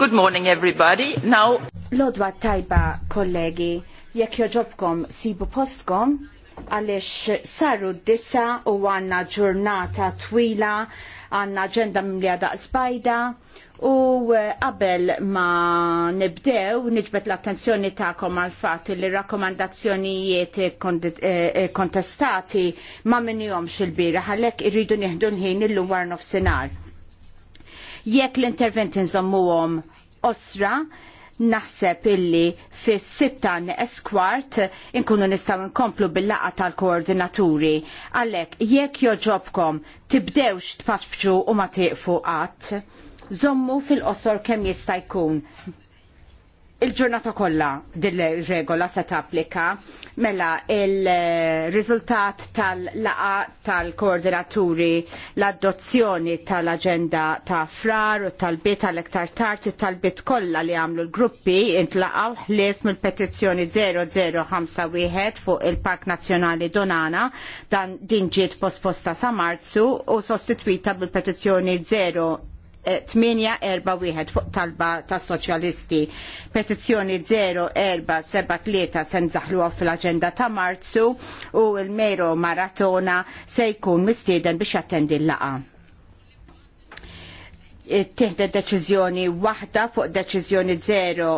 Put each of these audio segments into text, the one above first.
Good morning everybody. Now Lodwa tajba kollegi, jekk joġobkom sibu postkom għaliex saru d-disa u għanna ġurnata twila, għanna ġenda mimlija daqsbajda U eh, qabel ma nibdew, niġbet l-attenzjoni ta'kom għal fat li rakkomandazzjonijiet eh, kontestati ma minnijomx il-bira, għalek irridu nieħdu l-ħin il-lum war nofsinar. Jekk l-interventi nżommuhom osra, naħseb illi fis sitta eskwart inkunu nistaw nkomplu bil-laqa tal-koordinaturi. Għalek, jekk joġobkom tibdewx tpaċbċu u ma tiqfu qatt, zommu fil-qosor kemm jista' jkun il-ġurnata kollha din ir regola se tapplika mela il-riżultat tal-laqa tal-koordinaturi l-adozzjoni tal-aġenda ta' frar u tal-bit tal-iktar tard tal-bit kollha li għamlu l-gruppi intlaqgħu ħlief mill-petizzjoni 0051 fuq il-Park Nazzjonali Donana dan din ġiet posposta sa' Marzu u sostitwita bil-petizzjoni 0 841 eh, fuq talba tas soċjalisti. Petizzjoni 0473 se nżaħluha fl-aġenda ta' Marzu u l-Mero Maratona se jkun mistieden biex jattendi l laqgħa eh, tieħdet deċiżjoni waħda fuq deċiżjoni 0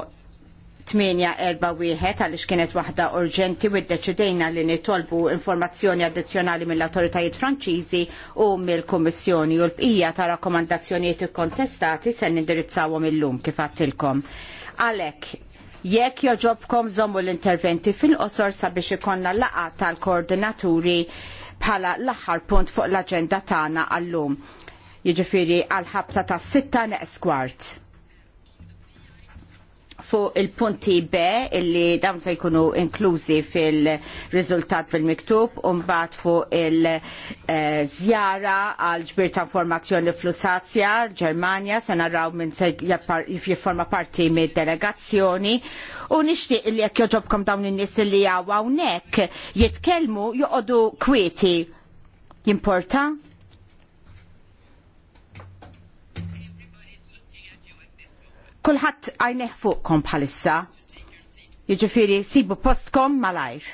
841 għaliex kienet waħda urġenti u ddeċidejna li nitolbu informazzjoni addizzjonali mill-autoritajiet Franċiżi u mill-Kummissjoni u l-bqija ta' rakkomandazzjonijiet ikkontestati se nindirizzawhom illum kif għattilkom. Għalhekk jekk joġobkom żommu l-interventi fil-qosor sabiex ikonna laqa tal-koordinaturi bħala l-aħħar punt fuq l-aġenda tagħna għallum. Jiġifieri għal ħabta ta' sitta neqskwart fuq il-punti B illi dawn se jkunu inklużi fil-riżultat fil miktub u mbagħad fuq il-żjara eh, għal ġbir ta' informazzjoni fl-Usazja, Ġermanja, se naraw minn se jifforma parti mid delegazzjoni u nixtieq li jekk joġobkom dawn in-nies li hawnhekk jitkellmu joqogħdu kwieti. Jimporta? Kulħadd għajneħ fuqkom bħalissa. Jiġifieri sibu postkom malajr.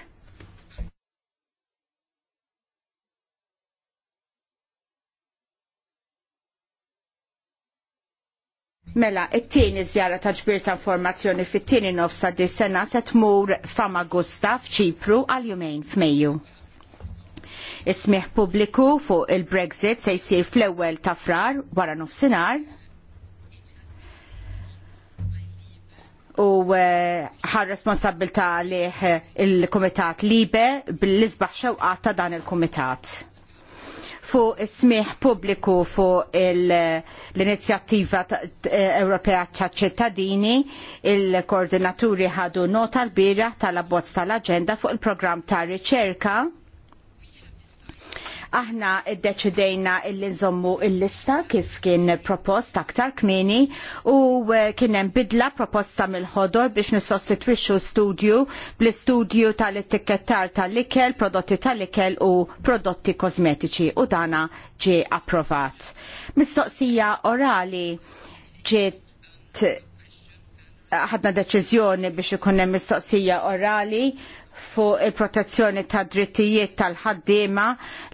Mela, it-tieni żjara ta' ġbir ta' informazzjoni fit-tieni nofsa di sena se tmur f'Amagusta f'Ċipru għal jumejn f'Mejju. Ismiħ pubbliku fuq il-Brexit se jsir fl-ewwel ta' frar wara nofsinhar u eh, ħar responsabilta għalih eh, il-Komitat Libe bil-lisbaħ xewqa ta' dan il-Komitat fu smieħ pubbliku fuq l-inizjattiva eh, Ewropea ċittadini, il-koordinaturi ħadu nota l-bira tal-abbozz tal-agenda fuq il-programm ta' riċerka Aħna ddeċidejna illi nżommu il-lista kif kien propost aktar kmieni u eh, kien hemm bidla proposta mill-ħodor biex nissostitwixxu studju bl-istudju tal-ittikettar tal-ikel, prodotti tal-ikel u prodotti kosmetiċi u dana ġie approvat. Mistoqsija orali ġiet eh, ħadna deċiżjoni biex ikun hemm mistoqsija orali fuq il-protezzjoni tad drittijiet tal-ħaddiema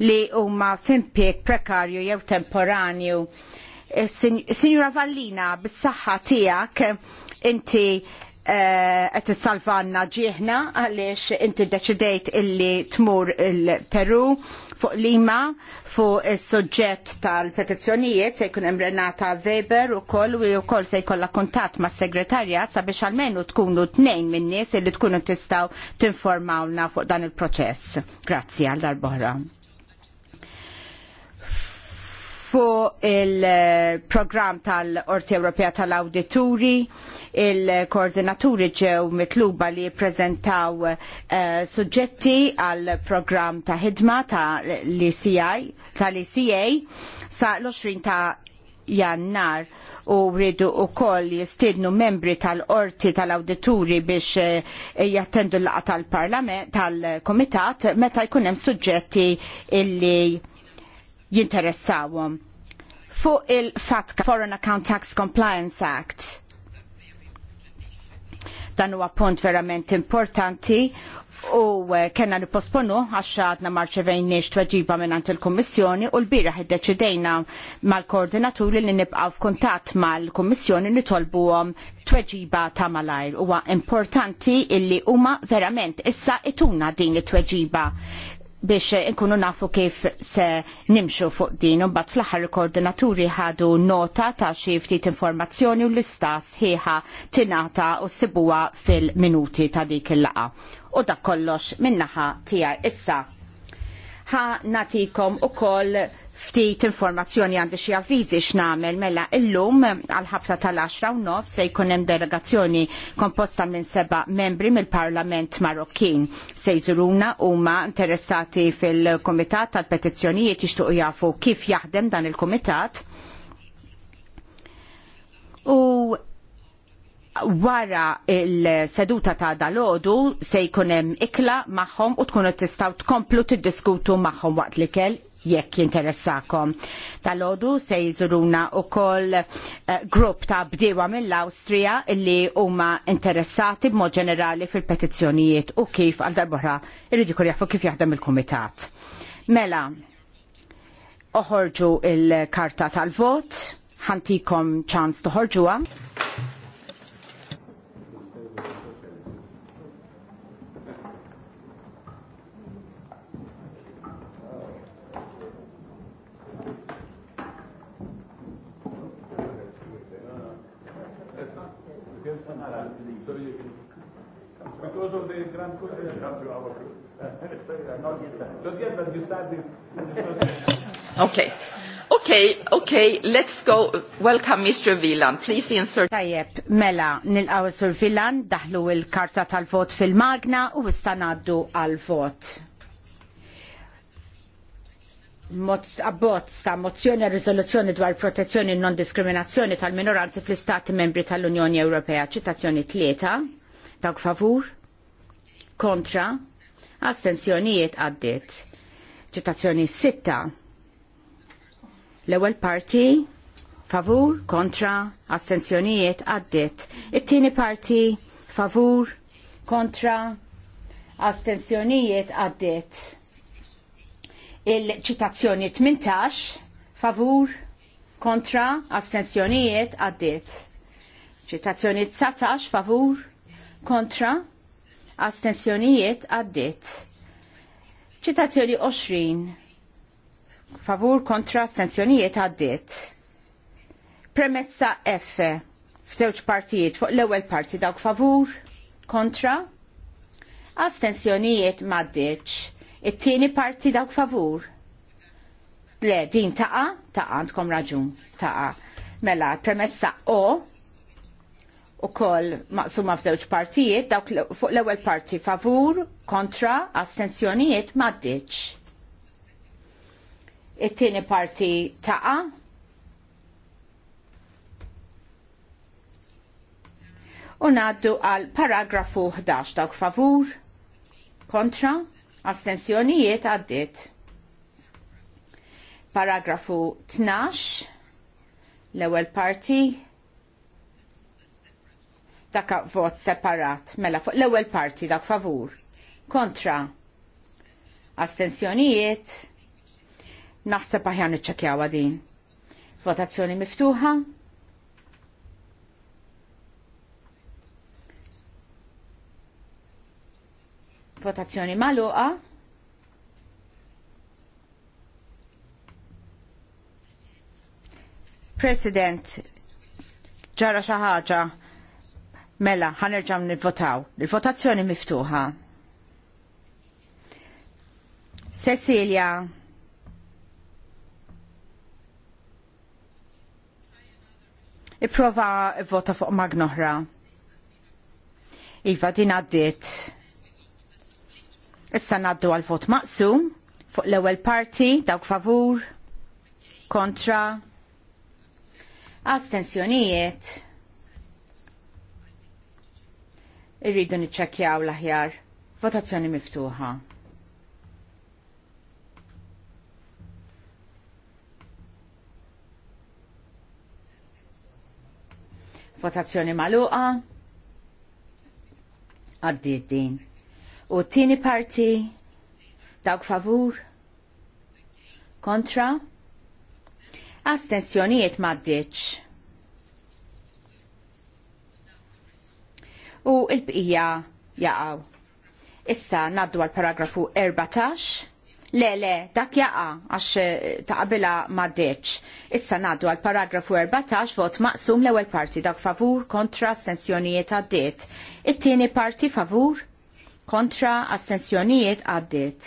li huma f'impjeg prekarju jew temporanju. Eh, Signora Vallina, bis-saħħa tiegħek inti Eh, qed issalvanna ġieħna għaliex inti ddeċidejt illi tmur il-Peru fuq Lima fuq is-suġġett tal-petizzjonijiet se jkun hemm Renata Weber ukoll u wkoll se jkollha kuntatt mas-segretarjat sabiex għalmenu tkunu tnejn min-nies illi tkunu tistgħu tinformawna fuq dan il-proċess. Grazzi għal darbohra fuq il-programm tal-Orti Ewropea tal-Awdituri, il-koordinaturi ġew mitluba li prezentaw uh, eh, suġġetti għal programm ta' ħidma tal-ECA e sa' l-20 ta' jannar u rridu wkoll jistidnu membri tal qorti tal-awdituri biex eh, jattendu l laqgħa tal-parlament tal kumitat meta jkun hemm suġġetti illi jinteressawhom. Fuq il-FATCA, Foreign Account Tax Compliance Act, dan huwa punt verament importanti u eh, kena niposponu għax għadna marċevejniex tweġiba minnant il-Kommissjoni u l-biraħ id-deċidejna mal-koordinaturi li nibqaw f'kuntatt mal-Kommissjoni nitolbuhom tweġiba ta' malajr. Huwa importanti illi huma verament issa ituna din it-tweġiba biex nkunu nafu kif se nimxu fuq din u bat fl-aħħar koordinaturi ħadu nota ta' xi ftit informazzjoni u l-istas ħiħa tingħata u ssibuha fil-minuti ta' dik il laqgħa U dak kollox min-naħa tiegħi issa. Ħa natikom ukoll ftit informazzjoni għandi xi avviżi x'namel mela illum għal ħabta tal-10 u nof se jkun hemm delegazzjoni komposta minn seba' membri mill-Parlament Marokkin. Se jżuruna huma interessati fil-Kumitat tal-Petizzjonijiet jixtuq jafu kif jaħdem dan il-Kumitat. U wara il-seduta ta' dalodu se jkun hemm ikla magħhom u tkunu tistgħu tkomplu tiddiskutu magħhom waqt li kell jekk jinteressakom. Tal-ħodu se jizuruna u koll eh, grupp ta' bdewa mill-Austria illi huma interessati b'mod ġenerali fil-petizzjonijiet u kif għal darbohra irridu jafu kif jaħdem il-komitat. Mela, oħorġu il-karta tal-vot, ħantikom ċans toħorġuha. So you can, because of the Grand Court, you have to Not yet. but you Okay. Okay, okay, let's go. Welcome Mr. Villan. Please insert. Tajjeb, mela, nilqaw Sir Villan, daħlu il-karta tal-vot fil-magna u issa għal-vot abbozz ta' mozzjoni għal e riżoluzzjoni dwar protezzjoni e non diskriminazzjoni tal-minoranzi fl-Istati membri tal-Unjoni Ewropea. Citazzjoni tlieta, dawk favur, kontra, astensjonijiet għaddit. Citazzjoni sitta, l-ewwel parti, favur, kontra, astensjonijiet għaddit. It-tieni parti, favur, kontra, astensjonijiet għaddit il-ċitazzjoni 18 favur kontra astensjonijiet għaddiet. ċitazzjoni 19 favur kontra astensjonijiet għaddiet. ċitazzjoni 20 favur kontra astensjonijiet għaddiet. Premessa F f'żewġ partijiet fuq l-ewwel parti dawk favur kontra astensjonijiet maddiċ It-tieni parti dawk favur. Le, din taqa, taqa, għandkom raġun, taqa. Mela, premessa O, u koll maqsuma f'żewġ partijiet, dawk fuq l-ewwel parti favur, kontra, astensjonijiet maddiċ. It-tieni parti taqa. U ngħaddu għal paragrafu 11 dawk favur, kontra, astensjonijiet għaddit. Paragrafu 12, l-ewel parti, dak vot separat, mela fuq l-ewel parti dak favur, kontra, astensjonijiet, naħseb aħjan iċċekjawa din. Votazzjoni miftuħa? votazzjoni maluqa. President, ġara xi ħaġa. Mela, ħanerġam nivvotaw. Il-votazzjoni miftuħa. Cecilia. Iprova vota fuq magnoħra. Iva, din għaddiet. Issa naddu għal vot maqsum fuq l-ewwel parti dawk favur kontra astensjonijiet irridu niċċekkjaw l-aħjar votazzjoni miftuħa. Votazzjoni maluqa għaddiet din. U t-tieni parti dawk favur kontra astensjonijiet maddiċ. U il-bqija jaqaw. Issa naddu għal paragrafu 14. Le, le, dak jaqa għax eh, taqabila maddeċ. Issa naddu għal paragrafu 14 vot maqsum l ewwel parti dak favur kontra astensjonijiet għaddiet. It-tieni parti favur kontra astensjonijiet għaddiet.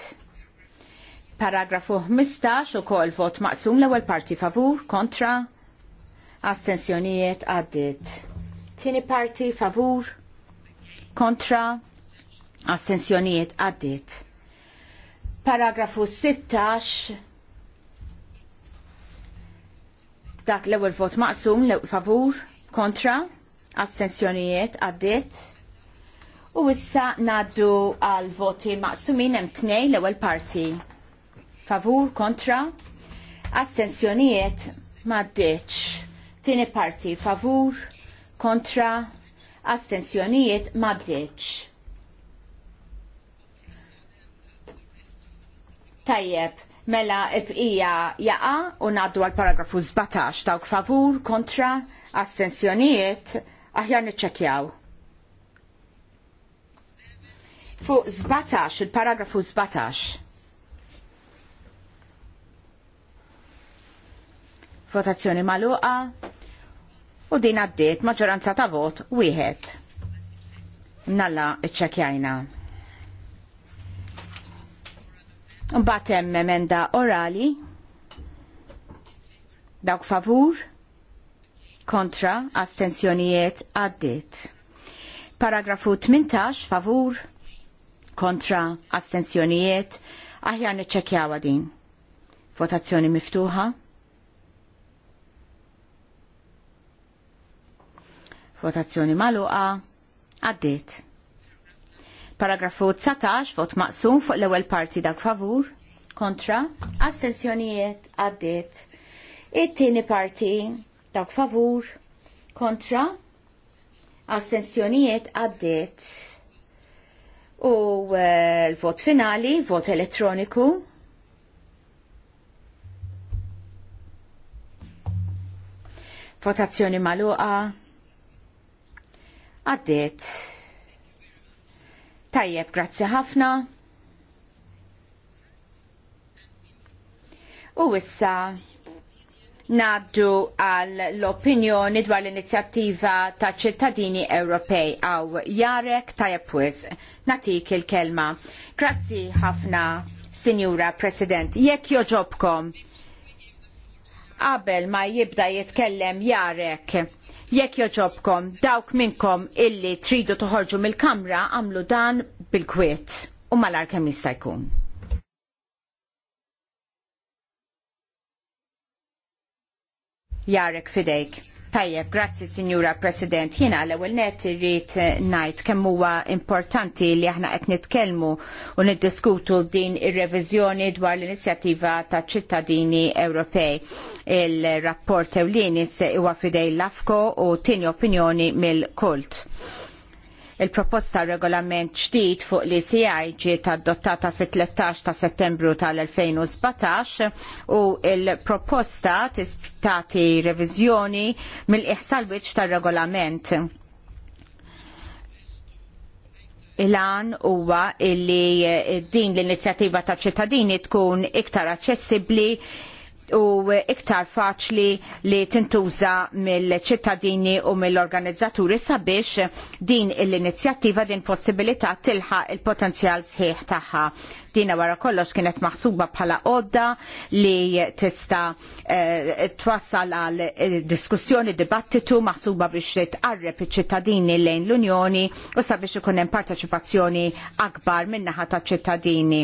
Paragrafu 15 u kol vot maqsum l-ewel parti favur kontra astensjonijiet għaddiet. Tini parti favur kontra astensjonijiet għaddiet. Paragrafu 16 dak l-ewwel vot maqsum l favur kontra astensjonijiet għaddiet U issa naddu għal voti maqsumin hemm tnej l-ewwel parti. Favur, kontra, astensjonijiet maddeċ. Tieni parti favur, kontra, astensjonijiet maddeċ. Tajjeb, mela ibqija jaqa u naddu għal paragrafu 17 dawk favur kontra astensjonijiet aħjar niċċekjaw fuq 17, il-paragrafu 17. Votazzjoni maluqa u din għaddiet maġġoranza ta' vot wieħed. Nalla iċċekjajna. Mbagħad hemm emenda orali dawk favur kontra astensjonijiet għaddiet. Paragrafu 18 favur kontra astenzjonijiet aħjar niċċekjawa din. Votazzjoni miftuħa. Votazzjoni maluqa. Għaddiet. Paragrafu 19, vot maqsum fuq l-ewwel parti dak favur. Kontra. Astenzjonijiet għaddiet. It-tieni parti dak favur. Kontra. Astenzjonijiet għaddiet. U eh, l-vot finali, vot elettroniku. Votazzjoni maluqa. Għaddit. Tajjeb, grazzi ħafna. U issa naddu għal l-opinjoni dwar l-inizjattiva ta' ċittadini Ewropej għaw Jarek Tajapwis. Natik il-kelma. Grazzi ħafna, Signora President. Jekk joġobkom, qabel ma jibda jitkellem Jarek, jekk joġobkom dawk minnkom illi tridu toħorġu mill-kamra għamlu dan bil-kwiet u mal-ar kemm jista' jkun. jarek fidejk. Tajjeb, grazzi Signora President. Jina l ewwel net irrit eh, ngħid kemm huwa importanti li aħna qed nitkellmu u niddiskutu din ir-reviżjoni dwar l-inizjattiva ta' ċittadini Ewropej. Il-rapport ewlieni se huwa fidej l-AFCO u tieni opinjoni mill-Kult Il-proposta regolament ġdid fuq li CI ġiet adottata fit-13 ta' settembru tal-2017 u il-proposta tistati reviżjoni mill-iħsal wiċ tal-regolament. Ilan huwa illi din l-inizjattiva ta' ċittadini tkun iktar aċċessibbli u iktar faċli li tintuża mill-ċittadini u mill-organizzaturi sabiex din l-inizjattiva din possibilità tilħaq il-potenzjal sħiħ tagħha. Dina wara kollox kienet maħsuba bħala qodda li tista eh, twassal għal eh, diskussjoni, dibattitu maħsuba biex tqarreb iċ-ċittadini lejn l-Unjoni u sabiex ikun hemm parteċipazzjoni akbar min-naħa taċ ċittadini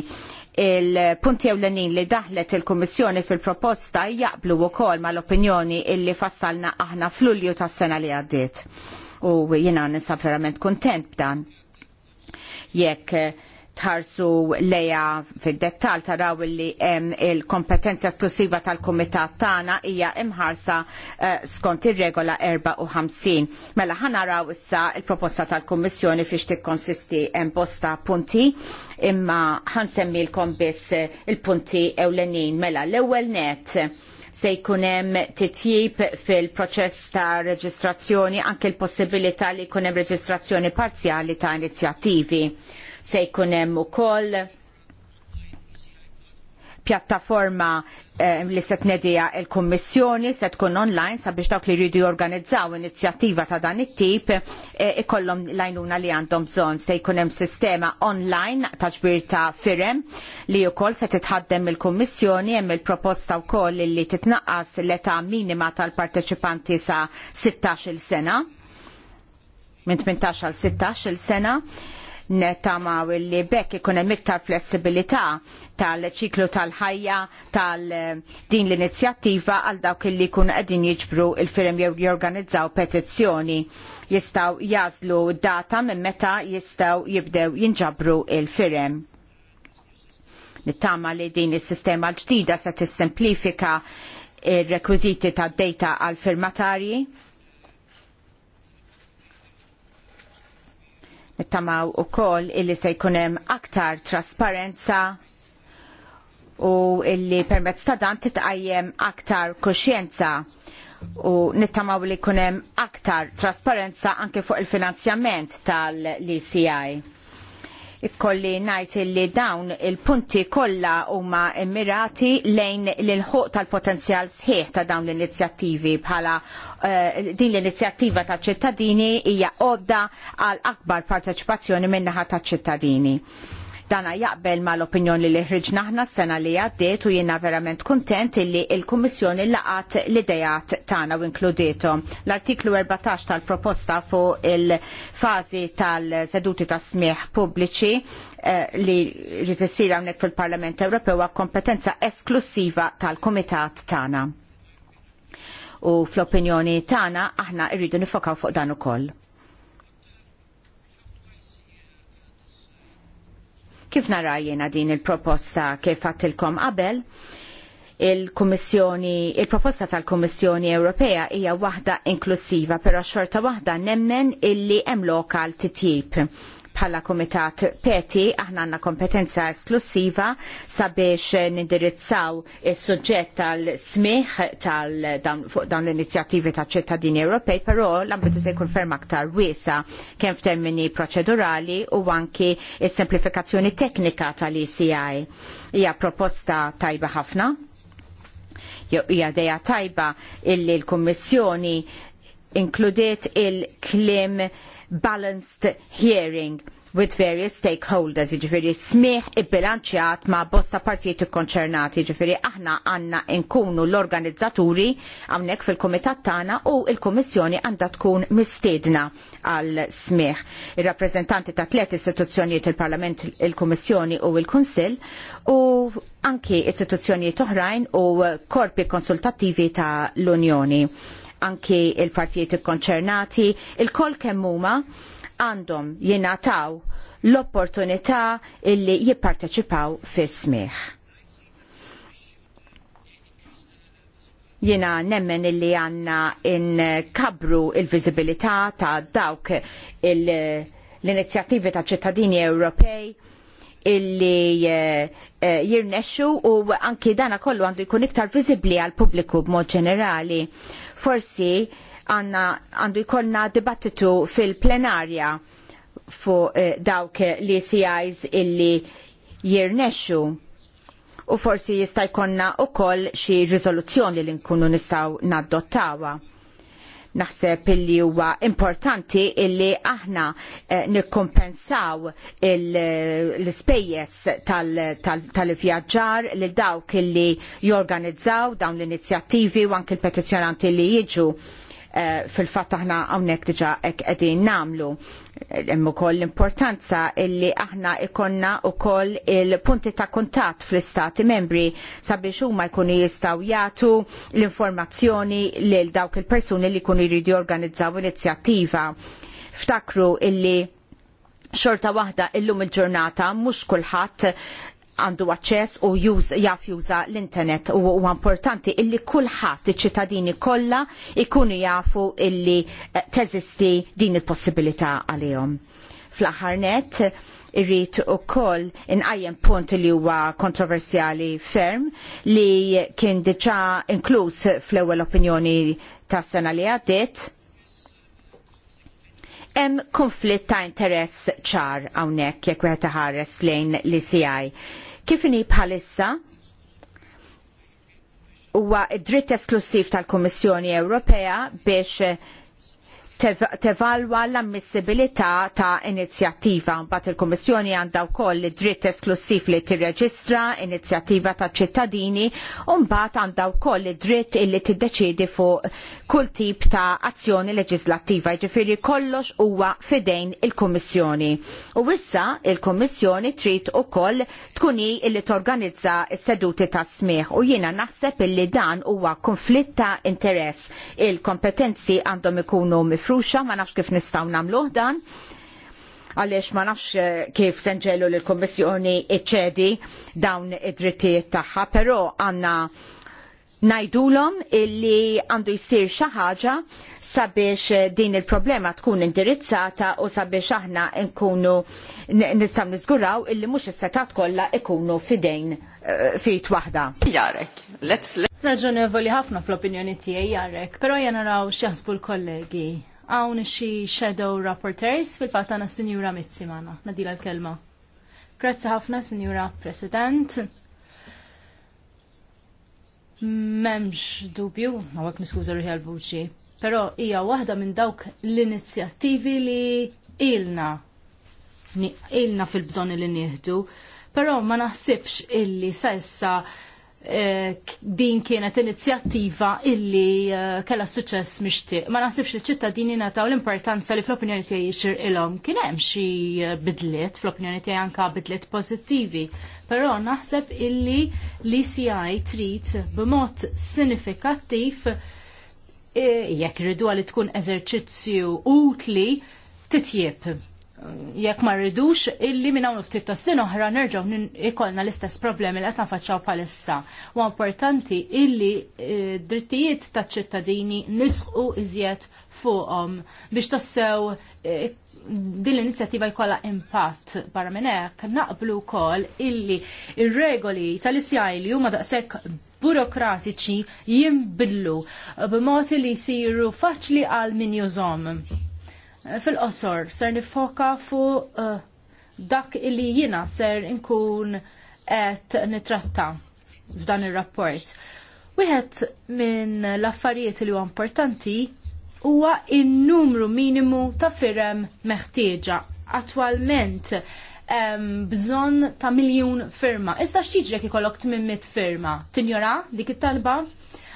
il-punti ewlenin li daħlet il-Kummissjoni fil-proposta jaqblu wkoll mal-opinjoni illi fassalna aħna fl-Ulju tas-sena li għaddiet. U jiena ninsab verament kuntent b'dan. Jekk tħarsu leja fil-dettal taraw li il-kompetenza esklusiva tal-Kumitat tagħna hija imħarsa eh, skont ir-regola 54. Mela ħa naraw issa il-proposta tal-Kummissjoni fiex tikkonsisti hemm bosta punti imma ħansemmilkom biss eh, il-punti ewlenin. Mela l-ewwel net se jkun hemm titjib fil-proċess ta' reġistrazzjoni anke l-possibilità li jkun hemm reġistrazzjoni parzjali ta' inizjattivi se jkun hemm ukoll pjattaforma eh, li se tnedija l kummissjoni se tkun online sabiex dawk li jridu jorganizzaw inizjattiva ta' dan it-tip eh, ikollhom ikollhom lajnuna li għandhom bżonn se jkun hemm sistema online ta' ġbir ta' firem li wkoll se titħaddem il-Kummissjoni hemm il-proposta wkoll li titnaqqas l-età minima tal-parteċipanti sa' 16-il sena minn 18 għal 16-il sena netamaw li bekk ikun hemm iktar flessibilità tal-ċiklu tal-ħajja tal-din l-inizjattiva għal dawk li jkunu qegħdin jiġbru il firem jew jorganizzaw petizzjoni jistgħu jażlu data minn meta jistgħu jibdew jinġabru il-firem. Nittama li din is-sistema l-ġdida se tissimplifika ir rekwiżiti tad-data għall firmatarji nittamaw u koll illi se jkunem aktar trasparenza u illi permezz ta' dan titqajjem aktar kuxjenza u nittamaw li hemm aktar trasparenza anke fuq il-finanzjament tal-ECI. Ikkolli ngħid li dawn il-punti kollha huma immirati lejn l-ħuq tal-potenzjal sħiħ ta' dawn l-inizjattivi bħala eh, din l-inizjattiva ta' ċittadini hija għodda għal akbar parteċipazzjoni min-naħa ta' ċittadini. Dana jaqbel mal-opinjoni li ħriġna aħna s-sena li għaddiet u jina verament kuntent illi il-Kummissjoni laqat l-idejat tagħna u inkludieto. L-artiklu 14 tal-proposta fuq il-fażi tal-seduti ta' smieħ pubbliċi eh, li rrid issir hawnhekk fil-Parlament Ewropew għak kompetenza esklusiva tal-Kumitat tagħna u fl-opinjoni tagħna aħna rridu nifokaw fuq dan ukoll. Kif nara jena din il-proposta kif għattilkom qabel, il il-proposta tal-Kummissjoni Ewropea hija waħda inklusiva, però xorta waħda nemmen illi hemm lokal titjib bħala Kumitat Peti aħna għandna kompetenza esklusiva sabiex nindirizzaw is-suġġett tal smigħ tal fuq dawn l-inizjattivi ta' ċittadini Ewropej, però l-ambitu se jkun ferm aktar wiesa kemm f'termini proċedurali u anki is-semplifikazzjoni teknika tal-ECI. Hija proposta tajba ħafna hija dejja tajba illi l-Kummissjoni inkludiet il-klim balanced hearing with various stakeholders, jiġifieri smigħ ibbilanċjat ma' bosta partijiet ikkonċernati, jiġifieri aħna għandna nkunu l-organizzaturi hawnhekk fil kumitat tagħna u l kummissjoni għandha tkun mistiedna għal smigħ Ir-rappreżentanti ta' tliet istituzzjonijiet il-Parlament, il-Kummissjoni u l kunsill u anki istituzzjonijiet oħrajn u korpi konsultattivi ta' l-Unjoni anki il-partijiet ikkonċernati, il-koll kemm huma għandhom jingħataw l-opportunità illi jipparteċipaw fis-smieħ. Jiena nemmen illi għanna inkabru il-vizibilità ta' dawk l-inizjattivi ta' ċittadini Ewropej illi eh, eh, jirnexxu u anki dana kollu għandu jkun iktar viżibbli għal pubbliku b'mod ġenerali forsi għandu jkollna dibattitu fil-plenarja fuq eh, dawk li CIs illi jirnexxu u forsi jista' jkollna wkoll xi riżoluzzjoni li nkunu nistgħu nadottawha. Naħseb illi huwa importanti illi aħna eh, nikkompensaw l-ispejjeż tal-vjaġġar li lil dawk illi jorganizzaw dawn l-inizjattivi u anke l-petizzjonanti li jiġu Eh, fil-fatt aħna hawnhekk diġà hekk qegħdin nagħmlu. Hemm ukoll l-importanza illi aħna ikonna wkoll il-punti ta' kuntatt fl-istati membri sabiex huma jkunu jistgħu jagħtu l-informazzjoni lil dawk il-persuni li jkunu jridu jorganizzaw inizjattiva. Ftakru illi xorta waħda illum il-ġurnata mhux kulħadd għandu aċċess u juz, jaf juża l-internet u huwa importanti illi kulħadd iċ-ċittadini kollha ikunu jafu illi eh, teżisti din il-possibilità għalihom. Fl-aħħar nett irrit ukoll inqajjem punt li huwa kontroversjali ferm li kien diġà inkluż fl-ewwel opinjoni tas sena li għaddiet Hemm konflitt ta' interess ċar hawnhekk jekk wieħed iħares lejn l eci Kif inhi bħalissa huwa dritt esklusiv tal-Kummissjoni Ewropea biex tevalwa l-ammissibilità ta' inizjattiva. Mbagħad il-Kummissjoni għandha wkoll id-dritt esklusiv li tirreġistra inizjattiva ta' ċittadini u mbagħad għandha wkoll id-dritt illi tiddeċiedi fuq kull tip ta' azzjoni leġislattiva. Jiġifieri kollox huwa fidejn il-Kummissjoni. U issa il-Kummissjoni trid ukoll tkun hi illi torganizza s-seduti ta' smigħ u jiena naħseb illi dan huwa konflitt ta' interess. Il-kompetenzi għandhom ikunu mifru mifruxa, ma nafx kif nistgħu nagħmluh dan għaliex ma nafx eh, kif senġelu l kummissjoni iċċedi dawn id-drittijiet tagħha, però għandna ngħidulhom illi għandu jsir xi ħaġa sabiex eh, din il-problema tkun indirizzata u sabiex aħna nkunu nistgħu niżguraw illi mhux is-setat kollha ikunu fidejn eh, fit waħda. Jarek, let's Raġonevoli ħafna fl-opinjoni tiegħi jarek, però jena naraw x'jaħsbu l-kollegi hawn xi shadow rapporteurs fil-fatt għandna Sinjura Mizzi magħna. Nadila l-kelma. Grazzi ħafna Sinjura President. M'hemmx dubju, ma niskuża ruħi għall-vuċi, però hija waħda minn dawk l-inizjattivi li ilna ilna fil-bżonni li nieħdu, però ma naħsibx illi sa issa din kienet inizjattiva illi eh, kella suċess mixtieq. Ma nasibx li ċittadini nataw l-importanza li fl-opinjoni tiegħi jixir ilhom. Kien hemm xi eh, bidliet, fl-opinjoni tiegħi anka bidliet pożittivi, però naħseb illi l-ECI trid b'mod sinifikattiv eh, jekk irridu li tkun eżerċizzju utli titjieb jekk ma rridux illi minn hawn ftit ta' snin oħra nerġgħu ikolna l-istess problemi li qed nafaċċaw bħalissa. U importanti illi eh, drittijiet taċ ċittadini nisqu iżjed fuqhom biex tassew eh, din l-inizjattiva jkollha impatt barra minn hekk naqblu wkoll illi ir-regoli tal-isjaj li huma daqshekk burokratiċi jinbidlu b'mod li jsiru faċli għal min jużom fil-qosor ser nifoka fuq eh, dak illi jiena ser nkun qed nitratta f'dan ir-rapport. Wieħed minn l-affarijiet li huwa importanti huwa in-numru minimu ta' firem meħtieġa. Attwalment um, bżonn ta' miljun firma. Iżda x'tiġri jekk ikollok 800 firma? Tinjora dik it-talba?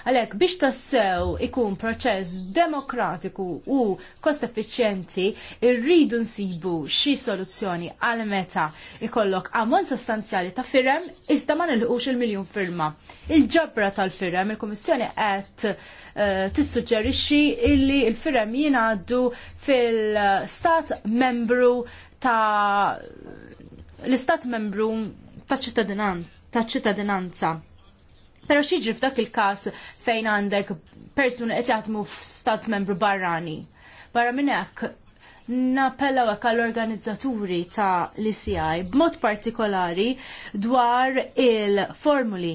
Għalhekk biex tassew ikun proċess demokratiku u kost effiċjenti irridu nsibu xi soluzzjoni għal meta ikollok ammont sostanzjali ta' firem iżda ma nilħuqux il miljon firma. Il-ġabra tal-firem il-Kummissjoni qed eh, tissuġġerixxi illi il-firem jingħaddu fil-stat membru ta' l-istat membru ta' ċittadinanza. Pero xieġri f'dak il-kas fejn għandek persuna qed jaħdmu f'stat membru barrani. Barra minn hekk nappellaw hekk għall-organizzaturi ta' l-ICI b'mod partikolari dwar il-formuli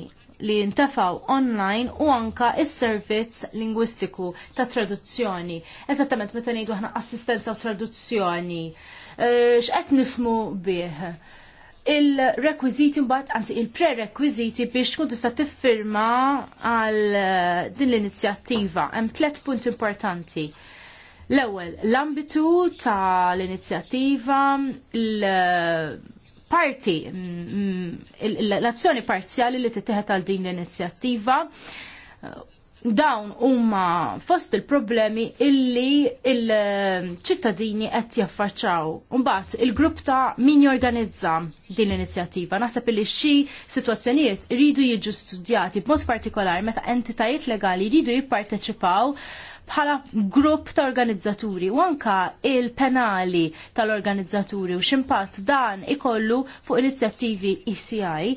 li jintafaw online u anka il servizz lingwistiku ta' traduzzjoni. Eżattament meta ngħidu aħna assistenza u traduzzjoni. Ehm, x'qed nifmu bih? il requisiti mbagħad anzi il prerequisiti biex tkun tista' tiffirma għal eh, din l-inizjattiva. Hemm tliet punt importanti. L-ewwel, l-ambitu tal inizjattiva l-parti, eh, mm, mm, l-azzjoni parzjali li tittieħed għal din l-inizjattiva, dawn huma fost il-problemi illi il-ċittadini qed jaffaċċaw. Mbagħad il-grupp ta' min jorganizza din l-inizjattiva naħseb illi xi sitwazzjonijiet iridu jiġu studjati b'mod partikolari meta entitajiet legali jridu jipparteċipaw bħala grupp ta' organizzaturi u anka il-penali tal-organizzaturi u ximpat dan ikollu fuq inizjattivi ECI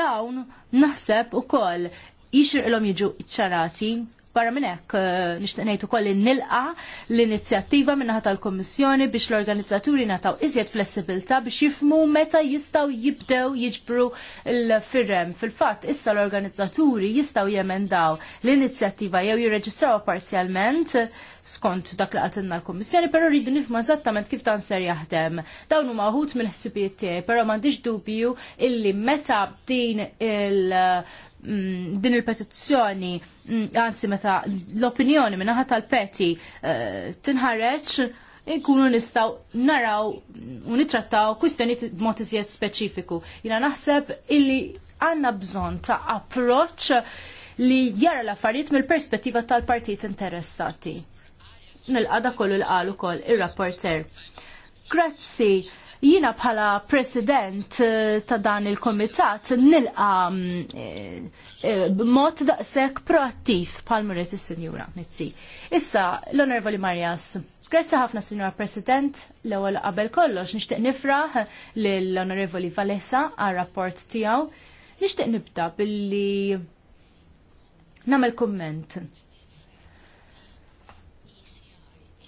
dawn naħseb u koll jixir il-om jiġu ċarati barra minn hekk eh, nixtieq ngħid ukoll nilqa l-inizjattiva minnaħa tal-Kummissjoni biex l-organizzaturi nataw iżjed flessibilta biex jifmu meta jistgħu jibdew jiġbru l-firrem. Fil-fatt issa l-organizzaturi jistgħu jemendaw l-inizjattiva jew jirreġistraw parzjalment skont dak li għatinna l komissjoni pero rridu nifma eżattament kif dan ser jaħdem. Dawn huma ħut mill-ħsibijiet tiegħi, però m'għandix dubju illi meta din il- Mm, din il-petizzjoni, mm, anzi meta l-opinjoni minna ħat tal-peti eh, tinħareċ, nkunu nistaw naraw u nitrattaw kwistjoni b'mod iżjed speċifiku. Jina naħseb illi għanna bżon ta' approċ li jara l-affarijiet mill-perspettiva tal-partijiet interessati. Nil-qada kollu l-qalu kol il-rapporter. Grazzi Jiena bħala president eh, ta' dan il-komitat nilqa b'mod mm, eh, eh, daqshekk proattiv bħal muret is-Sinjura Mizzi. Issa l-Onorevoli Marjas. Grazzi ħafna Sinjora President, l-ewwel qabel kollox nixtieq nifraħ lill-Onorevoli Valessa għar-rapport tiegħu. Nixtieq nibda billi nagħmel kumment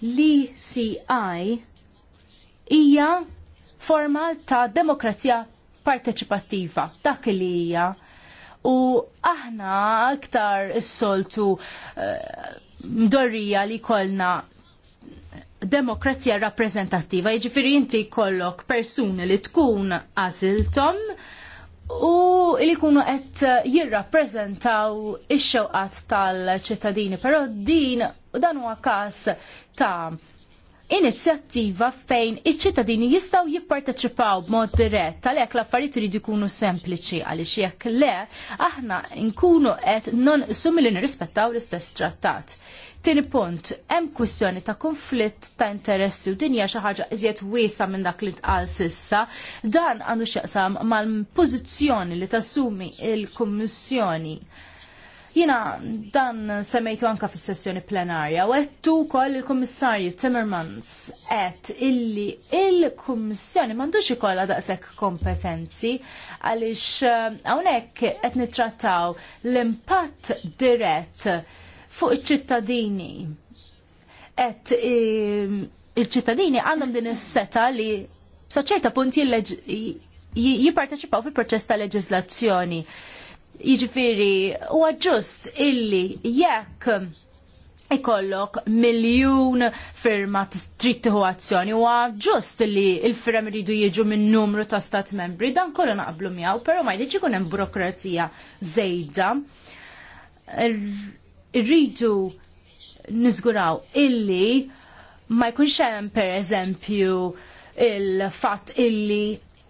l-ECI hija forma ta' demokrazija parteċipattiva, dak li hija. U aħna aktar is-soltu eh, mdorrija li kolna demokrazija rappresentativa, jiġifieri inti jkollok persuni li tkun għażilthom u li jkunu qed jirrappreżentaw ix-xewqat tal-ċittadini, però din dan huwa każ ta' inizjattiva fejn iċ-ċittadini jistgħu jipparteċipaw b'mod dirett għalhekk l-affarijiet iridu jkunu sempliċi għaliex jekk le aħna nkunu qed nonqsu milli nirrispettaw l-istess trattat. Tieni punt, hemm kwistjoni ta' konflitt ta' interessi u dinja xi ħaġa iżjed wiesa minn dak li tqal sissa, dan għandu x'jaqsam mal-pożizzjoni li tassumi il-Kummissjoni Jina dan semmejtu anka fis-sessjoni plenarja u għettu koll il-Kummissarju Timmermans għett illi il-Kummissjoni mandux ikolla daqsek kompetenzi għalix għawnek eh, għet nitrattaw l-impatt dirett fuq iċ-ċittadini. għett eh, il-ċittadini għandhom din is-seta li saċerta punti jipparteċipaw fil-proċess ta' leġizlazzjoni. Jiġifieri huwa ġust illi jekk ikollok miljun firma trid tieħu azzjoni huwa ġust li l-firm iridu jiġu minn numru ta' stat membri dan kollu naqblu miegħu, però ma jridx ikun hemm burokrazija żejda. Irridu niżguraw illi ma jkunx hemm pereżempju il-fatt illi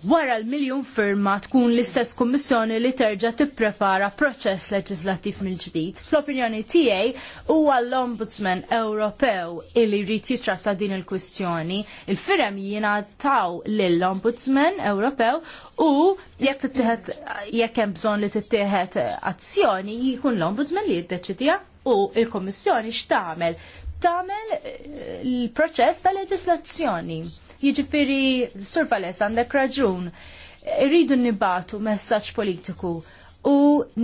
wara l-miljon firma tkun l-istess kummissjoni li terġa' tipprepara proċess leġislattiv mill-ġdid. Fl-opinjoni tiegħi huwa l-Ombudsman Ewropew illi jrid jitratta din il-kwistjoni. Il-firem jingħataw lill-Ombudsman Ewropew u jekk tittieħed jekk hemm bżonn li tittieħed azzjoni jkun l-Ombudsman li jiddeċidija u il-Kommissjoni x'tagħmel tagħmel eh, l-proċess ta' leġislazzjoni Jiġifieri Sur għandek raġun. Irridu nibatu messaġġ politiku u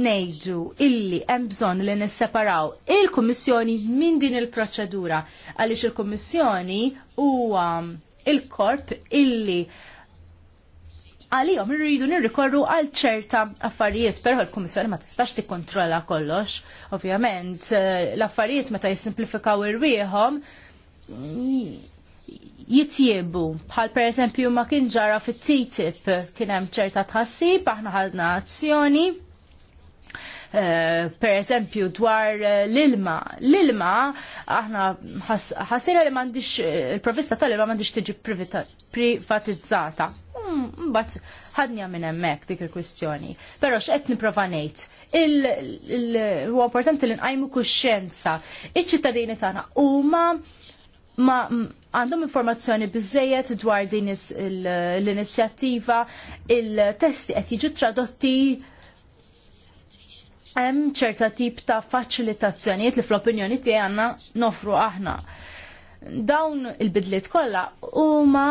ngħidu illi hemm bżonn li nisseparaw il-Kummissjoni minn din il-proċedura għaliex il-Kummissjoni huwa il-korp illi għalihom irridu nirrikorru għal ċerta affarijiet, però l-Kummissjoni ma tistax tikkontrolla kollox. Ovvjament, eh, l-affarijiet meta jissimplifikaw irwieħhom jitjiebu. Bħal per eżempju ma kien ġara fit-TTIP kien hemm ċerta tħassib, aħna ħadna azzjoni. Uh, per eżempju dwar eh, l-ilma. L-ilma aħna ħassina li m'għandix eh, il-provista tal-ilma m'għandix tiġi privatizzata. Mm, mbagħad mm, ħadnja minn hemmhekk dik il-kwistjoni. Però x'qed nipprova ngħid? Huwa il li nqajmu kuxjenza. Iċ-ċittadini tagħna huma ma għandhom informazzjoni bizzejet dwar din l-inizjattiva, il-testi qed jiġu tradotti hemm ċerta tip ta' faċilitazzjonijiet li fl-opinjoni tiegħi għandna nofru aħna. Dawn il-bidliet kollha huma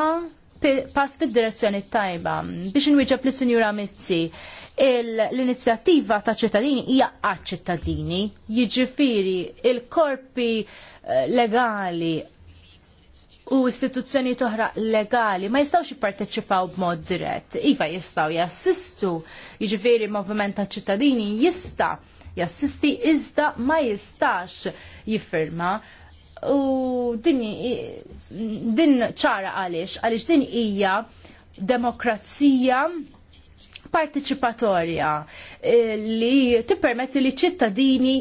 pass fid-direzzjoni tajba biex inwieġeb li sinjura Mizzi l-inizjattiva ta' ċittadini hija għad ċittadini, jiġifieri il-korpi eh, legali u istituzzjoni toħra legali ma jistawx jipparteċipaw b'mod dirett. Iva jistaw jassistu, jiġifieri movement ta' ċittadini jista jassisti iżda ma jistax jiffirma. U din, din ċara għaliex, għaliex din hija demokrazija partiċipatorja eh, li tippermetti li ċittadini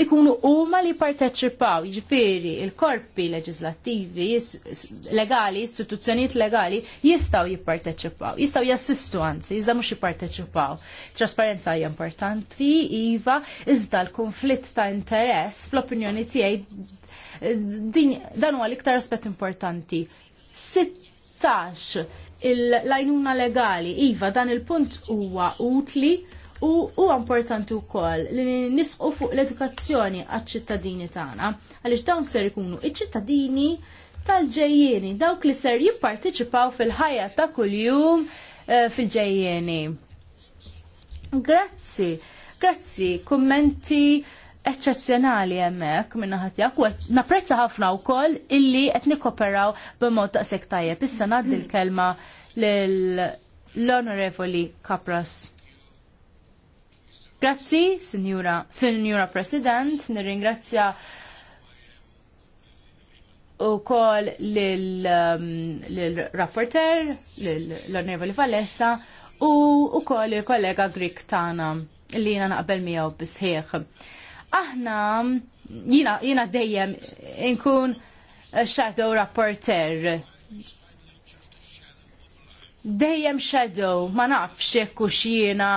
ikunu huma li parteċipaw, ġifiri, il-korpi leġislattivi, legali, istituzzjonijiet legali, jistaw jipparteċipaw, jistaw jassistu anzi, iżda mux jipparteċipaw. Trasparenza hija importanti, iva, iżda l-konflitt ta' interess, fl-opinjoni tiegħi, dan huwa l-iktar aspett importanti. 16 il-lajnuna legali, iva, dan il-punt huwa utli u huwa importanti wkoll li nisqu fuq l-edukazzjoni għaċ-ċittadini tagħna għaliex dawn ser ikunu iċ-ċittadini tal-ġejjieni dawk li ser jipparteċipaw fil-ħajja ta' kuljum eh, fil-ġejjieni. Grazzi, grazzi, kummenti eccezzjonali hemmhekk minna ħatjak u napprezza ħafna wkoll illi qed nikkoperaw b'mod ta' tajjeb. Issa ngħaddi l-kelma lill l-Onorevoli Kapras. Grazzi, Signora, Signora President, nirringrazzja u kol l-rapporter, um, l-Onorevoli Valessa, u u kol il-kollega Grik tana li jina naqbel miegħu bisħieħ. Aħna jina, jina dejjem inkun shadow rapporter. Dejjem shadow, ma nafx jekk jiena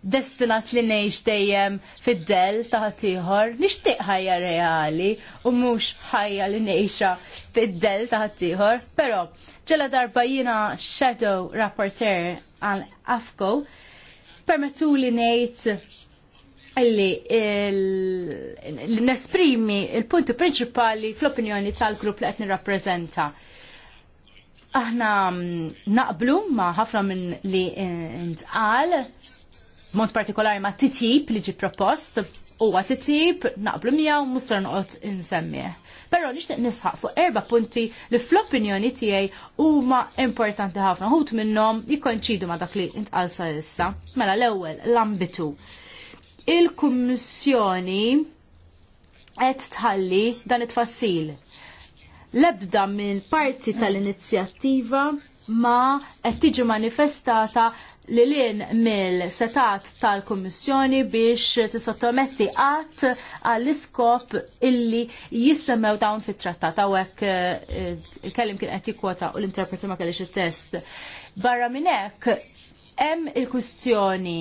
destinat li ngħix dejjem fid-del ta' ieħor, nixtieq ħajja reali u mhux ħajja li nejxa fid-del ta' ieħor, però ġela darba jiena shadow rapporteur għal Afko permettu li ngħid li nesprimi il-punti prinċipali fl-opinjoni tal-grupp li qed nirrappreżenta aħna mm, naqblu ma ħafna minn li intqal eh, mod partikolari ma' titjib li ġi propost u għatitib naqblu miegħu mustar noqgħod insemmie. Però nixtieq nisħaq fuq erba' punti li fl-opinjoni tiegħi huma importanti ħafna ħut minnhom jikonċidu ma' dak li intqal issa. Mela l-ewwel l-ambitu. Il-Kummissjoni qed tħalli dan it fassil Lebda mill parti tal-inizjattiva ma qed tiġi manifestata li l-in mill-setat tal-Kommissjoni biex tisottometti għat għall-iskop illi jissemmew dawn fit-trattat għawek eh, il-kellim kien għetti kwota u l-interpretu ma kellix il-test. Barra minnek, em il-kustjoni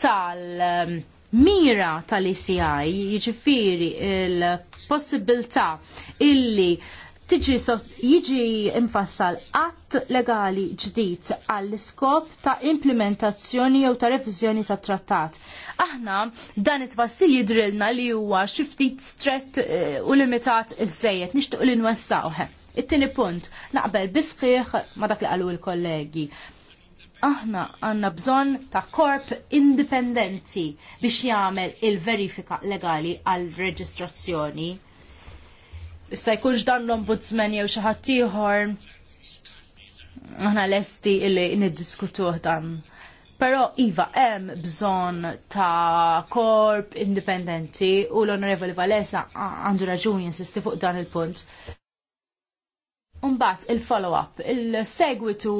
tal- mira tal-ICI, jġifiri il-possibilta illi tiġi jiġi infassal att legali ġdid għall-iskop ta' implementazzjoni jew ta' reviżjoni ta' trattat. Aħna dan it-tfassil jidrilna li huwa xi ftit strett eh, u limitat iż-żejjed nixtieq li nwessawh. It-tieni punt, naqbel bisħiħ ma' dak li qalu l-kollegi aħna għanna bżonn ta' korp indipendenti biex jagħmel il-verifika legali għal reġistrazzjoni issa jkunx dan l-ombudsman jew xi ħadd ieħor aħna lesti illi niddiskutuh dan. Però iva hemm bżonn ta' korp indipendenti u l-Onorevoli Valesa għandu raġuni insisti fuq dan il-punt. Umbat il-follow-up, il-segwitu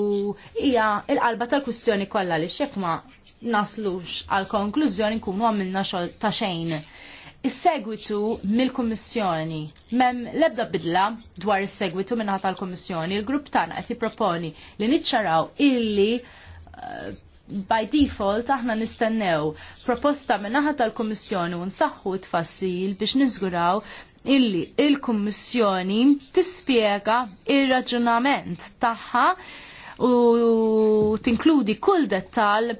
hija il-qalba tal-kustjoni kollha li xekk ma naslux għal konklużjoni nkunu għamilna xogħol ta' xejn. Is-segwitu mill-Kummissjoni. Mem lebda bidla dwar is-segwitu minn tal-Kummissjoni, il-grupp tagħna qed jipproponi li niċċaraw illi eh, by default aħna nistennew proposta minn naħa tal-Kummissjoni u nsaħħu tfassil biex niżguraw illi il-Kummissjoni tispjega ir-raġunament tagħha u tinkludi kull dettal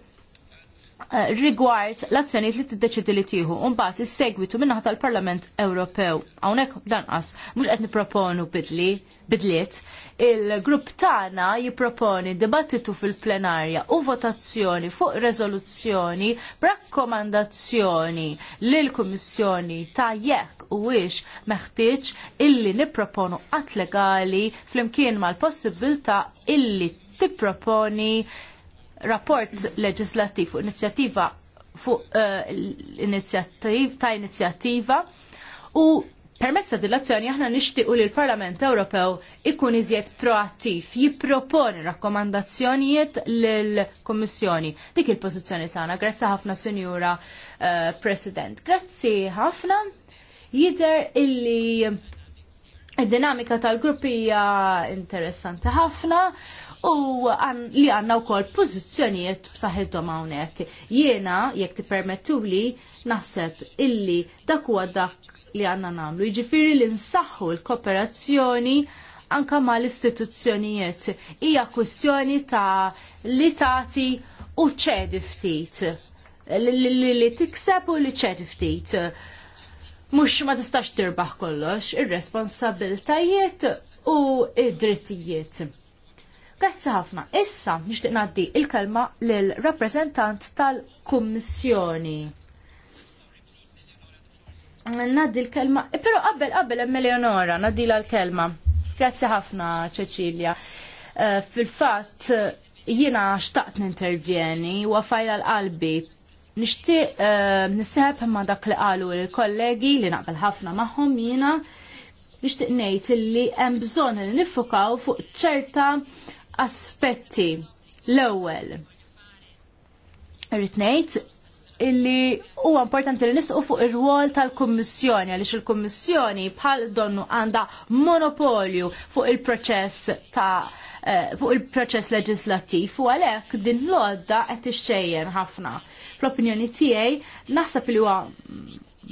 Eh, rigward l azzjonijiet li tiddeċidi li tieħu u mbagħad is-segwitu minnaħa tal-Parlament Ewropew. Hawnhekk lanqas mhux qed nipproponu bidli bidliet. Il-grupp tagħna jipproponi dibattitu fil-plenarja u votazzjoni fuq rezoluzzjoni b'rakkomandazzjoni lil kummissjoni ta' jekk u wix meħtieġ illi nipproponu qatt legali flimkien mal-possibilità illi tipproponi rapport leġislattiv fuq inizjattiva fuq eh, inizjattiv ta' inizjattiva u permezz ta' dilazzjoni aħna nixtiequ li l-Parlament Ewropew ikun iżjed proattiv, jipproponi rakkomandazzjonijiet lill-Kummissjoni. Dik il-pożizzjoni tagħna. Grazzi ħafna, Sinjura eh, President. Grazzi ħafna. Jider illi id-dinamika tal-grupp hija interessanti ħafna u li għanna u kol pozizjoniet b'saħħithom hawnhekk. Jiena jekk li, naħseb illi dak huwa dak li għanna namlu. Jiġifieri li nsaħħu l-kooperazzjoni anka ma l-istituzzjonijiet. Hija kwestjoni ta' li tagħti u ċedi ftit. Li tikseb u li ċedi ftit. Mux ma tistax tirbaħ kollox, ir-responsabiltajiet u id-drittijiet Grazzi ħafna. Issa nixtieq ngħaddi il-kelma lil rappreżentant tal-Kummissjoni. Naddi l-kelma, eh, però qabel qabel hemm Eleonora, naddi l-kelma. Grazzi ħafna Ċeċilja. Eh, fil-fatt jiena xtaqt nintervjeni u għafajla l-qalbi nishtiq eh, nisseħab ma dak li qalu l-kollegi li naqbel ħafna magħhom jiena nixtieq ngħid li hemm bżonn li nifukaw fuq ċerta aspetti. L-ewwel, irrid ngħid illi huwa importanti li nisqu fuq ir-rwol tal-Kummissjoni għaliex il-Kummissjoni bħal donnu għandha monopolju fuq il-proċess ta' eh, fuq il-proċess leġislattiv u għalhekk din l-għodda qed ixxejjer ħafna. Fl-opinjoni tiegħi naħseb li huwa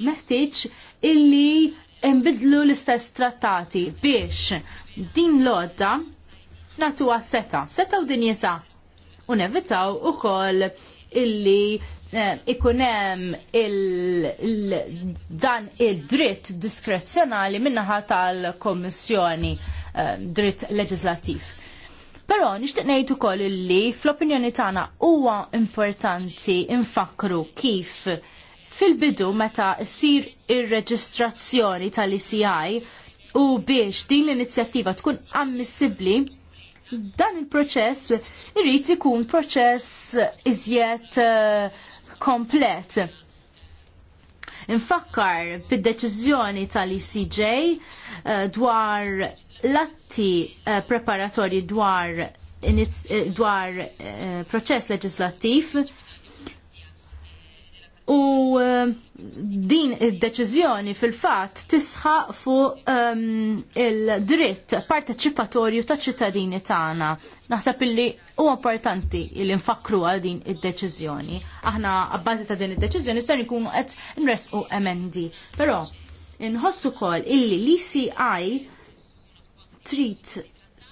meħtieġ illi nbidlu l-istess trattati biex din l-għodda natuha seta, seta u dinjeta. U nevitaw ukoll illi eh, ikunem il, dan il-dritt diskrezzjonali minnaħa tal komissjoni eh, dritt leġislattiv. Però nixtieq ngħid ukoll li fl-opinjoni tagħna huwa importanti infakru kif fil-bidu meta ssir ir-reġistrazzjoni tal-ICI u biex din l-inizjattiva tkun ammissibbli dan il-proċess irrit ikun proċess iżjed eh, komplet. Infakkar bid-deċiżjoni tal icj eh, dwar l-atti eh, preparatorji dwar dwar proċess leġislattiv U ehm, din id-deċiżjoni fil-fatt tisħa fuq um, il-dritt parteċipatorju ta' ċittadini tagħna. Naħseb illi huwa importanti li nfakru għal din id-deċiżjoni. Aħna abbażi ta' din id-deċiżjoni ser nkunu qed nresqu emendi. Però inħoss ukoll illi l-ECI trid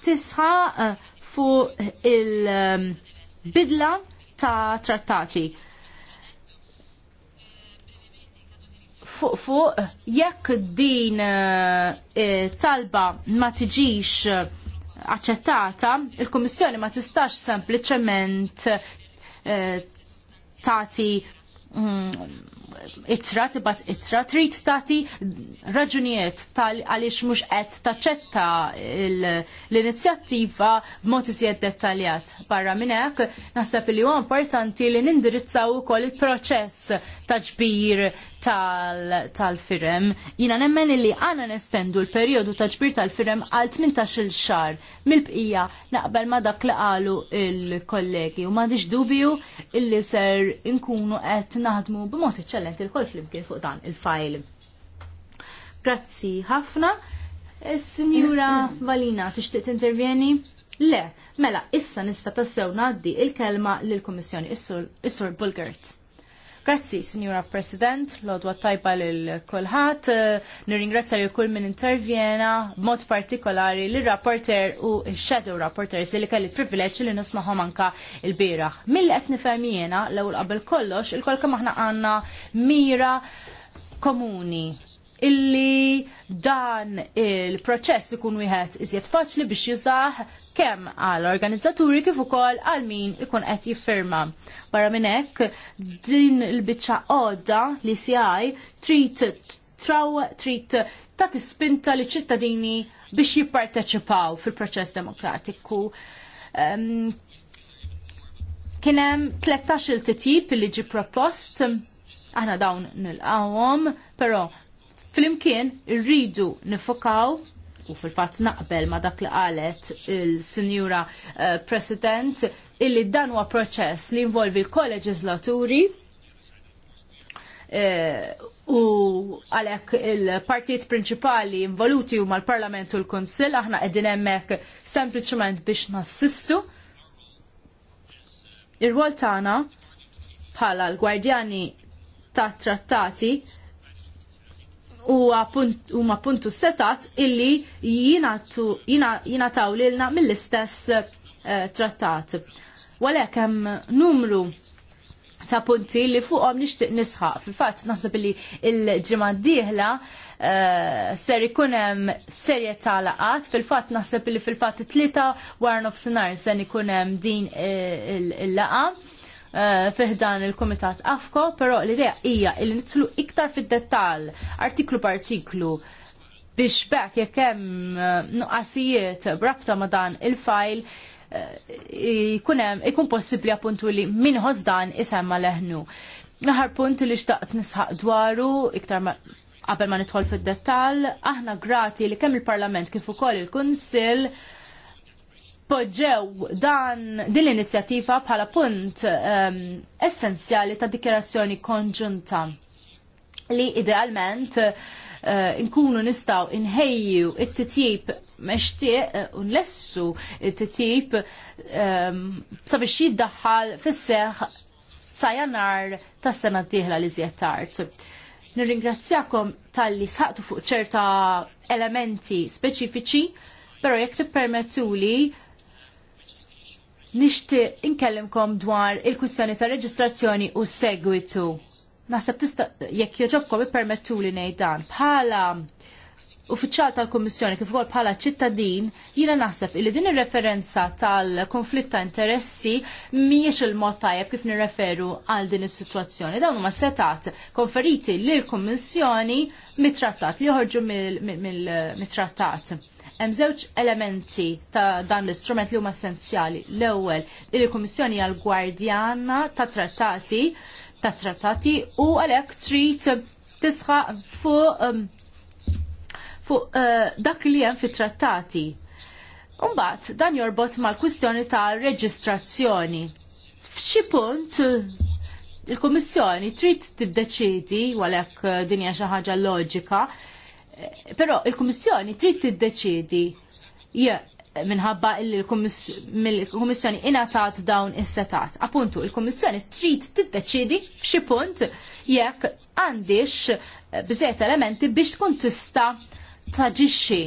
tisħa eh, fuq il-bidla ehm, ta' trattati fuq fuq jekk din eh, eh, talba ma tiġix eh, aċċettata, il-Kummissjoni ma tistax sempliċement tagħti mm, itra tibat itra trid tagħti raġunijiet tal għaliex mhux qed taċċetta l-inizjattiva b'mod iżjed dettaljat. Barra minn hekk naħseb li huwa importanti li nindirizzaw ukoll il-proċess ta' tal-firem. Jina nemmen li għana nestendu l-periodu ta' tal-firem għal 18 xar mill-bqija naqbel ma dak li qalu il-kollegi u m'għandix dubju illi ser inkunu qed naħdmu b'mod eċċellenti ovvjament il-kol flimkien fuq dan il-fajl. Grazzi ħafna. Eh, signora Valina, tixtieq intervjeni? Le, mela, issa nista tassew ngħaddi il-kelma lill kummissjoni is-Sur Bulgert. Grazzi, Signora President, l-odwa tajba l-kolħat. Eh, nirringrazzja li kull min intervjena, b'mod partikolari l-rapporter u shadow rapporter li kelli privileġġ li nismaħom anka il bira Mill qed nifhem jiena l-ewwel qabel kollox, il-kolka maħna għandna mira komuni illi dan il-proċess ikun wieħed iżjed faċli biex jiżaħ kemm għal organizzaturi kif ukoll għal min ikun qed jiffirma. Barra minn hekk din il-biċċa għodda li CI trid traw trid ta' tispinta li ċittadini biex jipparteċipaw fil-proċess demokratiku. Um, hemm 13 il-titjib li ġi propost aħna dawn nil però. Flimkien rridu nifokaw u fil-fatt naqbel ma dak li qalet il-Sinjura eh, President illi dan huwa proċess li involvi l kolleġislaturi eh, u għalek il-partijiet prinċipali involuti huma l-Parlament u l-Konsil, aħna qegħdin hemmhekk sempliċement biex nassistu. Ir-rwol tagħna bħala l-gwardjani ta' trattati huma puntu setat illi jingħataw lilna mill-istess eh, trattat. Walek hemm numru ta' punti li fuqhom nixtieq nisħaq. Fil-fatt naħseb li l-ġimgħa d-dieħla eh, ser ikun hemm serje ta' laqat, fil-fatt naħseb li fil-fatt tlieta wara nofsinhar se ikun hemm din eh, il-laqa Eh, fiħdan il-Komitat AFCO, però l-idea hija li nitlu iktar fid-dettall, artiklu b'artiklu, biex bekk jekk hemm eh, nuqqasijiet b'rabta ma' dan il-fajl eh, ikun hemm ikun possibbli appuntu li min dan isemma leħnu. Naħar punt li xtaqt nisħaq dwaru iktar ma' qabel ma nidħol fid-dettall, aħna grati li kemm il-Parlament kif ukoll il-Kunsill il il kunsill poġġew dan din l-inizjattiva bħala punt um, essenzjali ta' dikjerazzjoni konġunta li idealment uh, eh, nkunu nistaw inħejju it-titjib meċtieq eh, u nlessu it-titjib um, sabiex jiddaħħal fis-seħ sajanar tas sena d-dieħla li zjettart. tard. Nirringrazzjakom tal-li sħaqtu fuq ċerta elementi speċifiċi, pero jekk tippermettuli nixtieq inkellimkom dwar il-kwistjoni ta' reġistrazzjoni u segwitu. Naħseb tista' jekk joġobkom ippermettu li ngħid dan. Bħala uffiċjal tal-Kummissjoni kif ukoll bħala ċittadin, jiena naħseb li din ir-referenza tal-konflitt ta' interessi mhijiex il-mod tajjeb kif nirreferu għal din is-sitwazzjoni. Dawn huma setat konferiti lill-Kummissjoni mit-trattat li joħorġu mill-trattat. Mil, mil, mil, Hemm żewġ elementi ta' dan l-istrument li huma essenzjali. L-ewwel li l-Kummissjoni għal gwardjana ta' trattati ta' trattati u għalhekk trid tisħaq fuq um, fuq uh, dak li hemm fit-trattati. Umbat, dan jorbot mal-kwistjoni ta' reġistrazzjoni. F'xi punt il kummissjoni trid tiddeċidi għalhekk uh, din hija xi ħaġa loġika Però il-Kummissjoni trid tiddeċiedi minħabba il-Kummissjoni inatat dawn is-setat. Appuntu, il-Kummissjoni trid tiddeċiedi f'xi punt jekk għandix eh, bżejt elementi biex tkun tista taġixxi.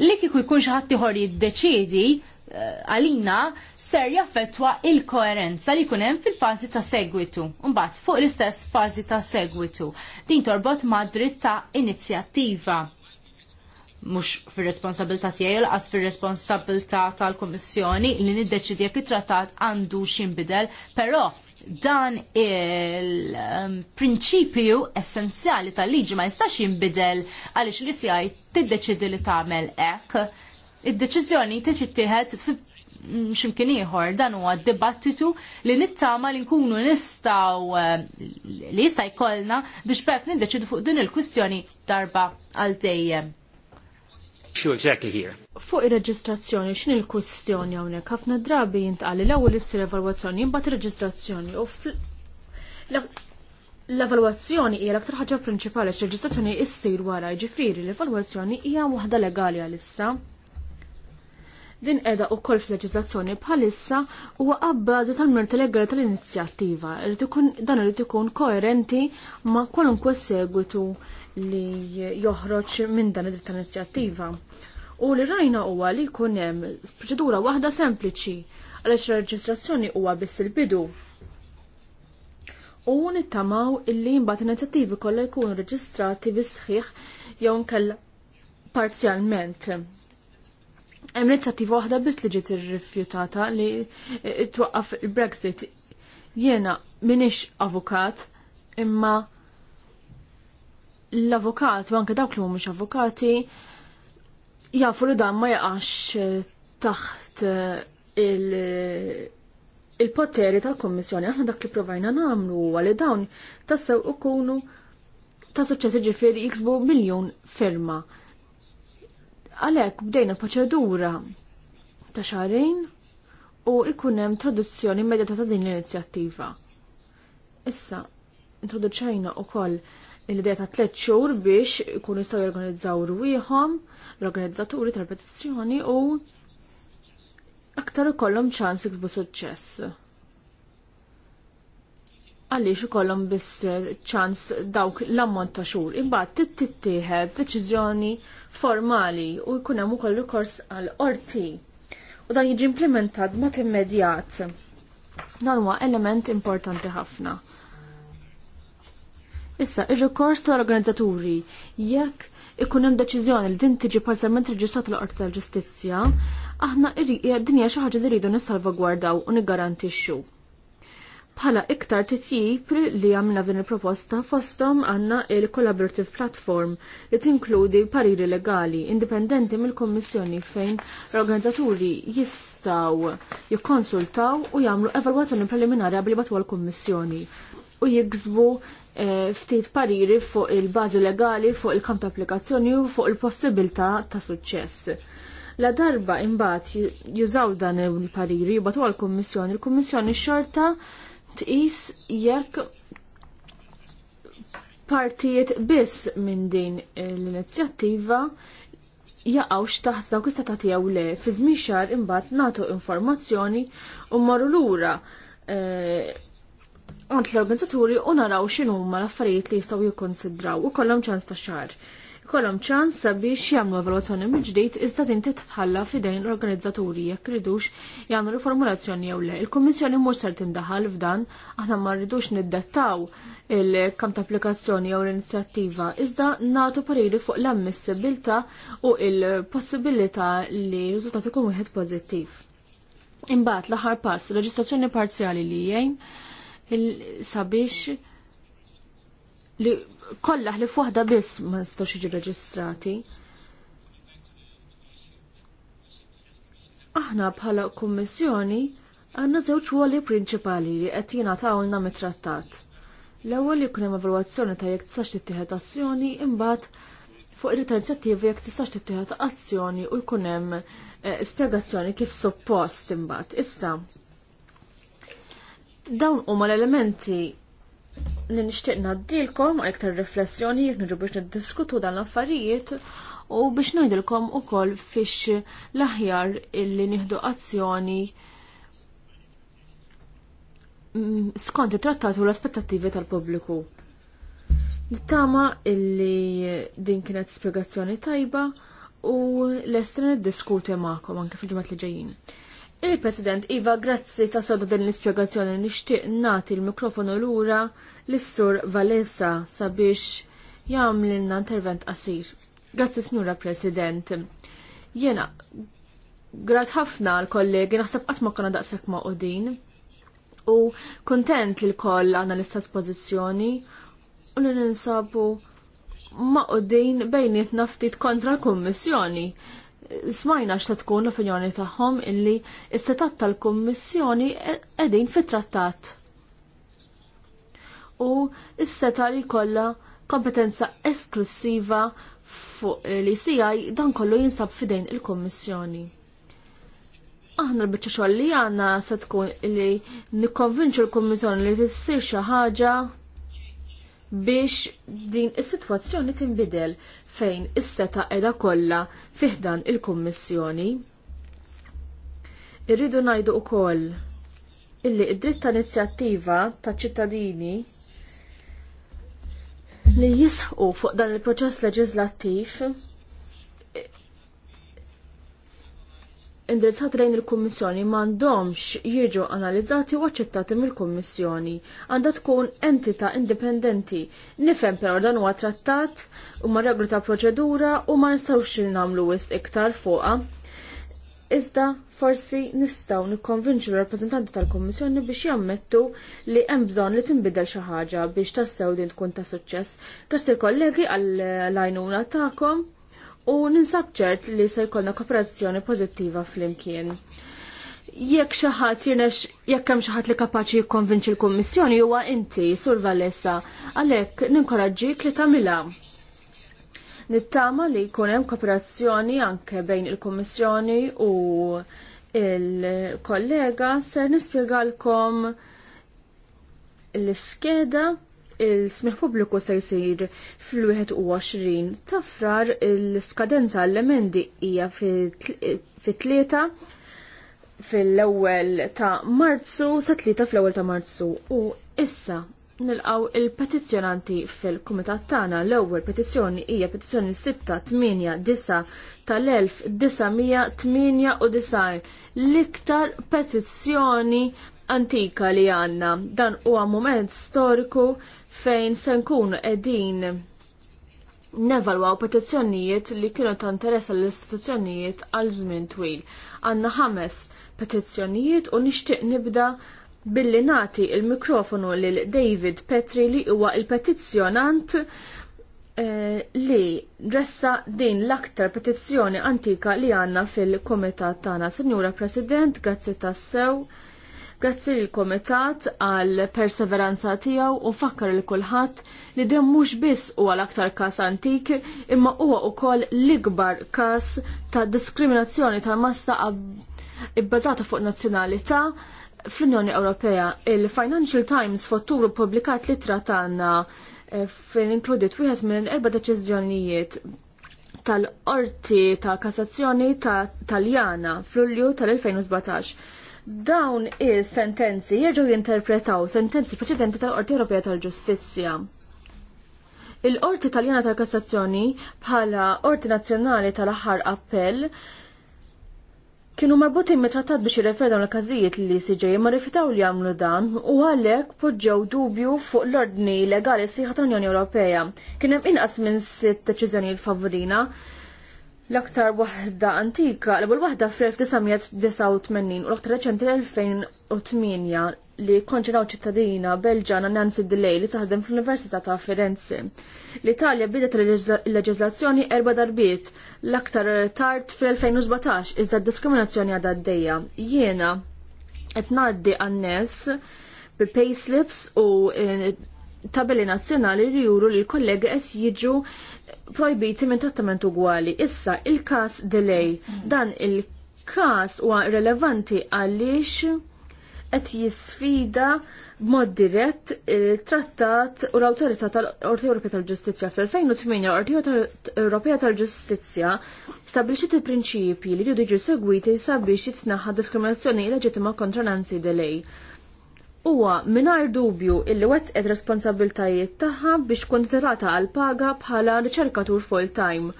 Li kieku jkun xi ħadd ieħor jiddeċiedi. Eh, għalina ser jaffettwa il-koerenza li kunem fil-fazi ta' segwitu. Mbagħad fuq l-istess fazi ta' segwitu. Din torbot ma' dritt ta' inizjattiva mux fil-responsabilta tiegħi laqas fil-responsabilta tal-Kummissjoni li niddeċidja ki it-trattat għandu xinbidel, però dan il-prinċipju essenzjali tal-liġi ma jistax jinbidel għaliex li sjaj tiddeċidi li tagħmel hekk id-deċiżjoni tiġi fi ximkien ieħor dan huwa dibattitu li nittama li nkunu nistaw eh, li jista' jkollna biex bekk niddeċidu fuq din il-kwistjoni darba għal dejjem. Xu exactly here. Fuq ir-reġistrazzjoni x'in il-kwistjoni hawnhekk ħafna drabi jintqali l-ewwel issir evalwazzjoni imbagħad ir-reġistrazzjoni u l-evalwazzjoni hija l-aktar ħaġa prinċipali x'reġistrazzjoni issir wara jiġifieri l-evalwazzjoni hija waħda legali għalissa. issa Din edha u kol fil-leġizlazzjoni bħalissa huwa għabbażi tal-merti legali tal-inizjattiva. Dan irid ikun koerenti ma' kwalunkwe segwitu li joħroġ minn dan id tal-inizjattiva. U li rajna huwa li jkun hemm proċedura waħda sempliċi għaliex reġistrazzjoni huwa biss il-bidu. U nittamaw illi mbagħad inizjattivi kollha jkunu reġistrati bisħiħ jew nkella parzjalment Hemm inizjattiva waħda biss li ġiet irrifjutata li twaqqaf il-Brexit. Jiena m'iniex avukat imma l-avukat u anke dawk li mhumiex avukati jafu li dan ma jaqax eh, taħt eh, il- il-poteri tal-Kommissjoni, aħna dak li provajna namlu għalli dawn tassew ukunu ta' suċċess ġifiri jiksbu miljon firma. Għalhekk bdejna proċedura ta' xarin u ikunem hemm traduzzjoni immedjata ta' din l-inizjattiva. Issa, introduċajna wkoll l-idea ta' tliet xhur biex ikunu jistgħu jorganizzaw rwieħhom, l-organizzaturi tal-petizzjoni u aktar ikollhom ċans iksbu suċċess għaliex ikollhom biss ċans dawk l-ammont ta' xhur. Imbagħad tittieħed deċiżjoni formali u jkun hemm ukoll rikors għal qorti. U dan jiġi implementat mod immedjat. Dan huwa element importanti ħafna. Issa, ir-rikors tal-organizzaturi jekk ikun hemm deċiżjoni li din tiġi parzialment reġistrat l qorti tal-Ġustizzja, aħna din hija xi ħaġa li rridu nissalvagwardaw u niggarantixxu. Bħala iktar titjib li għamna din il-proposta fostom għanna il-Collaborative Platform li tinkludi pariri legali indipendenti mill-Kommissjoni fejn l-organizzaturi jistaw jikkonsultaw u jagħmlu evalwazzjoni preliminari għabli batu għal kummissjoni u jiksbu e, ftit pariri fuq il-bażi legali, fuq il-kamp ta' applikazzjoni u fuq il-possibilità ta' suċċess. La darba imbagħad jużaw dan il-pariri batu għal kummissjoni il-Kummissjoni xorta il tqis jekk partijiet biss minn din l-inizjattiva jaqawx taħt dawk istatati jew le fi żmien xahar imbagħad nagħtu informazzjoni u marru lura eh, għand l-organizzaturi u naraw x'inhuma l-affarijiet li jistgħu jikkonsidraw u kollhom ċans ta' xahar kolom ċans sabiex jagħmlu evalwazzjoni mill-ġdid iżda din titħalla f'idejn l-organizzaturi jekk ridux jagħmlu riformulazzjoni jew le. il komissjoni mhux ser tindaħal f'dan aħna ma rridux niddettaw il kam ta' applikazzjoni jew l-inizjattiva iżda nagħtu pariri fuq l-ammissibilità u il possibilita li riżultat ikun wieħed pożittiv. Imbagħad l-aħħar pass, reġistrazzjoni parzjali li jgħin sabiex li kollha li waħda biss ma nistgħux jiġu reġistrati. Aħna bħala kummissjoni għandna żewġ ruoli prinċipali li qed jingħatawlna mit-trattat. L-ewwel jkun hemm evalwazzjoni ta' jekk tistax tittieħed azzjoni imbagħad fuq il-inizjattivi jekk tistax tittieħed azzjoni u jkun hemm eh, spjegazzjoni kif suppost imbagħad. Issa dawn huma l-elementi li nixtieq naddilkom għal iktar riflessjoni jek niġu biex niddiskutu dan l-affarijiet u biex ngħidilkom ukoll kol l-aħjar illi nieħdu azzjoni mm, skont it-trattatu l-aspettattivi tal-pubbliku. Nittama illi din kienet spiegazzjoni tajba u l-estrin id-diskuti ma'kom anke fil-ġemat li ġejjin. Il-President Iva, grazzi ta' sodda din l-ispiegazzjoni nishtiq nagħti l-mikrofonu lura l-Sur Valenza sabiex jagħmlilna intervent qasir. Grazzi, Snura President. Jena, grat ħafna l-kollegi, naħseb qatt ma konna daqshekk ma' qudin U kontent li l-koll għanna l-istess Pożizzjoni, u li ninsabu ma' qudin bejniet naftit kontra l kummissjoni Smajna xta tkun l-opinjoni tagħhom illi istatat tal kummissjoni qegħdin fit-trattat u s-seta li kolla kompetenza esklusiva fuq li CI dan kollu jinsab fidejn il-Kommissjoni. Aħna l-bicċa xogħol li għanna se tkun li nikkonvinċu l-Kommissjoni li tissir xi ħaġa biex din is-sitwazzjoni tinbidel fejn is-seta qiegħda kollha fiħdan il-Kummissjoni. Irridu ngħidu wkoll illi id dritta inizjattiva ta' ċittadini li jisħu fuq dan il-proċess leġislattiv indirizzati lejn il-Kummissjoni m'għandhomx jiġu analizzati u aċċettati mill-Kummissjoni. Għandha tkun entità indipendenti. Nifhem però dan huwa trattat u ma regru ta' proċedura u ma nistgħux nagħmlu wisq iktar fuqha iżda forsi nistgħu nikkonvinċu l-rappreżentanti tal-Kummissjoni biex jammettu li hemm bżonn li tinbidel xi ħaġa biex tassew din tkun ta' suċċess. Grazzi kollegi għall-għajnuna tagħkom u ninsab ċert li se jkollna kooperazzjoni pożittiva flimkien. Jekk xi ħadd jekk hemm xi ħadd li kapaċi jikkonvinċi l-Kummissjoni huwa inti, Sur Valessa, għalhekk ninkoraġġik li tagħmilha. Nittama li jkun hemm kooperazzjoni anke bejn il-Kummissjoni u il-kollega ser nispjegalkom l-skeda il-smiħ pubbliku se jsir fl-21 ta' frar il-skadenza l-emendi hija fit-tlieta fil-ewwel ta' Marzu sa tlieta fl-ewwel ta' Marzu u issa nilqaw il-petizzjonanti fil-kumitat tagħna l-ewwel petizzjoni hija petizzjoni 689 tal-1998 l-iktar petizzjoni antika li għandna. Dan huwa mument storiku fejn se nkunu qegħdin nevalwaw petizzjonijiet li kienu ta' interess għall istituzzjonijiet għal żmien twil. Għanna ħames petizzjonijiet u nixtieq nibda billi nati il-mikrofonu lil David Petri li huwa il-petizzjonant eh, li dressa din l-aktar petizzjoni antika li għanna fil-komitat tagħna. Sinjura President, grazzi tassew. Grazzi l komitat għal perseveranza tijaw u fakkar li kulħadd li dem mhux biss huwa l-aktar kas antik imma huwa kol l-ikbar kas ta' diskriminazzjoni tal-massa ibbażata fuq nazzjonalità Fl-Unjoni Ewropea, il-Financial Times f'Ottubru publikat litra tagħna eh, fejn inkludit wieħed minn erba' deċiżjonijiet tal-qorti tal-kassazzjoni ta' Taljana fl-Ulju tal-2017. Dawn is-sentenzi jerġgħu jinterpretaw sentenzi preċedenti tal-Qorti Ewropea tal-Ġustizzja. Il-Qorti Taljana tal-Kassazzjoni bħala Qorti Nazzjonali tal-aħħar Appell kienu marbutin me trattat biex jirrefer l-każijiet li siġej ma rifitaw li jagħmlu dan u għalhekk poġġew dubju fuq l-ordni legali sieħa tal-Unjoni Ewropea. Kien hemm inqas minn sitt deċiżjonijiet favorina l-aktar waħda antika, l-ewwel waħda fl-1989 u l-aktar reċenti l-2008 li konċinaw ċittadina Belġana Nancy Delay li taħdem fl-Università ta' Firenze. L-Italja bidet il-leġizlazzjoni erba darbiet l-aktar tard fl-2017 iżda diskriminazzjoni għadha d-dejja. Jiena qed ngħaddi għan payslips u eh, tabelli nazzjonali li juru li l-kollegi qed jiġu projbiti minn trattament ugwali. Issa il-każ delay mm. dan il-każ huwa relevanti għaliex qed jisfida b'mod dirett trattat u l-Awtorità tal-Qorti Ewropea tal-Ġustizzja fl-2008 l-Qorti Ewropea tal-Ġustizzja stabbilxiet il-prinċipji li jridu jiġu segwiti sabiex jitnaħħa diskriminazzjoni leġittima kontra Nancy Delay huwa mingħajr dubju illi wettqet responsabiltajiet tagħha biex tirata għal paga bħala riċerkatur full-time.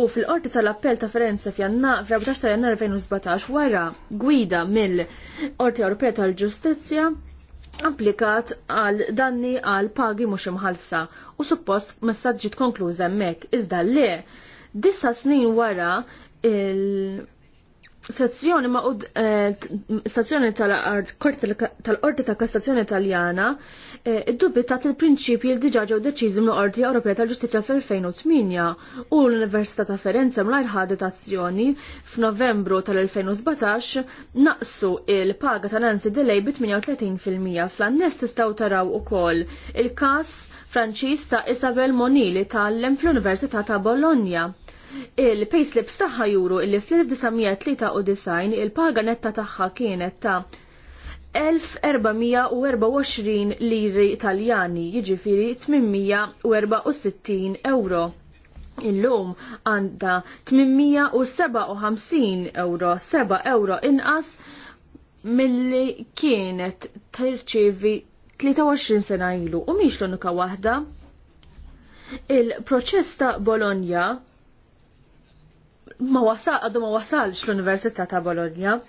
U fil-qorti tal-appell ta' Ferenza f'janna f'14 ta' jannar 2017 wara gwida mill-Qorti Ewropea tal-Ġustizzja applikat għal danni għal pagi mhux imħalsa u suppost messaġġi tkonkluż hemmhekk iżda le disa snin wara il- Sezzjoni ma' eh, stazzjoni tal-Qorti ta' Kastazzjoni Italjana eh, ta' il-prinċipji li diġa ġew deċizim l qorti Ewropea tal ġustizja fil 2008 u l-Università ta' Ferenza mlajr ħadet azzjoni f'Novembru tal-2017 naqsu il-paga ta' Nancy Delay bit 38%. fl annest tistgħu taraw ukoll il-każ Franċiż ta' Isabel Monili tal-lem fl-Università ta' Bologna Il-payslips taħħa juru li fl-1993 il-paga netta tagħha kienet ta' 1424 liri Taljani, jiġifieri 864 euro. Illum għandha 857 euro, 7 euro inqas milli kienet tirċievi 23 sena ilu u miex l-unika waħda. Il-proċess ta' Bologna ma wasal għadu ma wasalx l-Università ta' Bologna.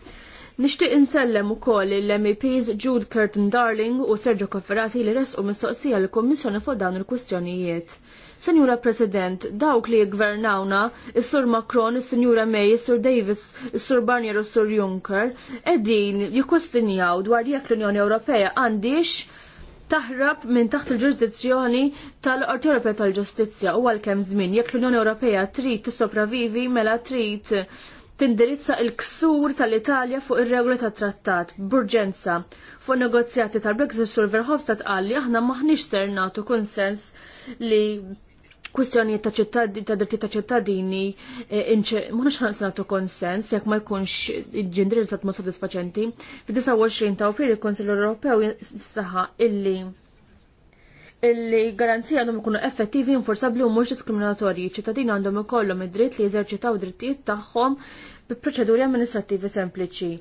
Nixtieq insellem ukoll l meps Jude Curtin Darling u Sergio Cofferati li resqu mistoqsija l kommissjoni fuq dawn il-kwistjonijiet. Senjura President, dawk li gvernawna, il sur Macron, is-Senjura May, is-Sur Davis, is-Sur Barnier u s-Sur Juncker, eddin jikkostinjaw dwar jekk l-Unjoni Ewropea għandix taħrab minn taħt il-ġurisdizzjoni tal-Qorti Ewropea tal-Ġustizzja u għalkemm żmien jekk l-Unjoni Ewropea trid tissopravivi mela trid tindirizza il-ksur tal-Italja fuq ir-regoli tat trattat b'urġenza fuq negozjati tal-Brexit Sur Verhofstadt qal li aħna maħniex ser nagħtu konsens li kwistjoni ta' ċittadini ta' dritti ta' ċittadini ma nix s-natu konsens jekk ma jkunx il-ġindri sat mod sodisfaċenti. fi 29 ta' April il-Konsil Ewropew jistaħa illi illi garanzija għandhom ikunu effettivi, inforzabli u mhux diskriminatorji. ċittadini għandhom ikollhom id-dritt li jeżerċitaw drittijiet tagħhom bi proċeduri amministrattivi sempliċi.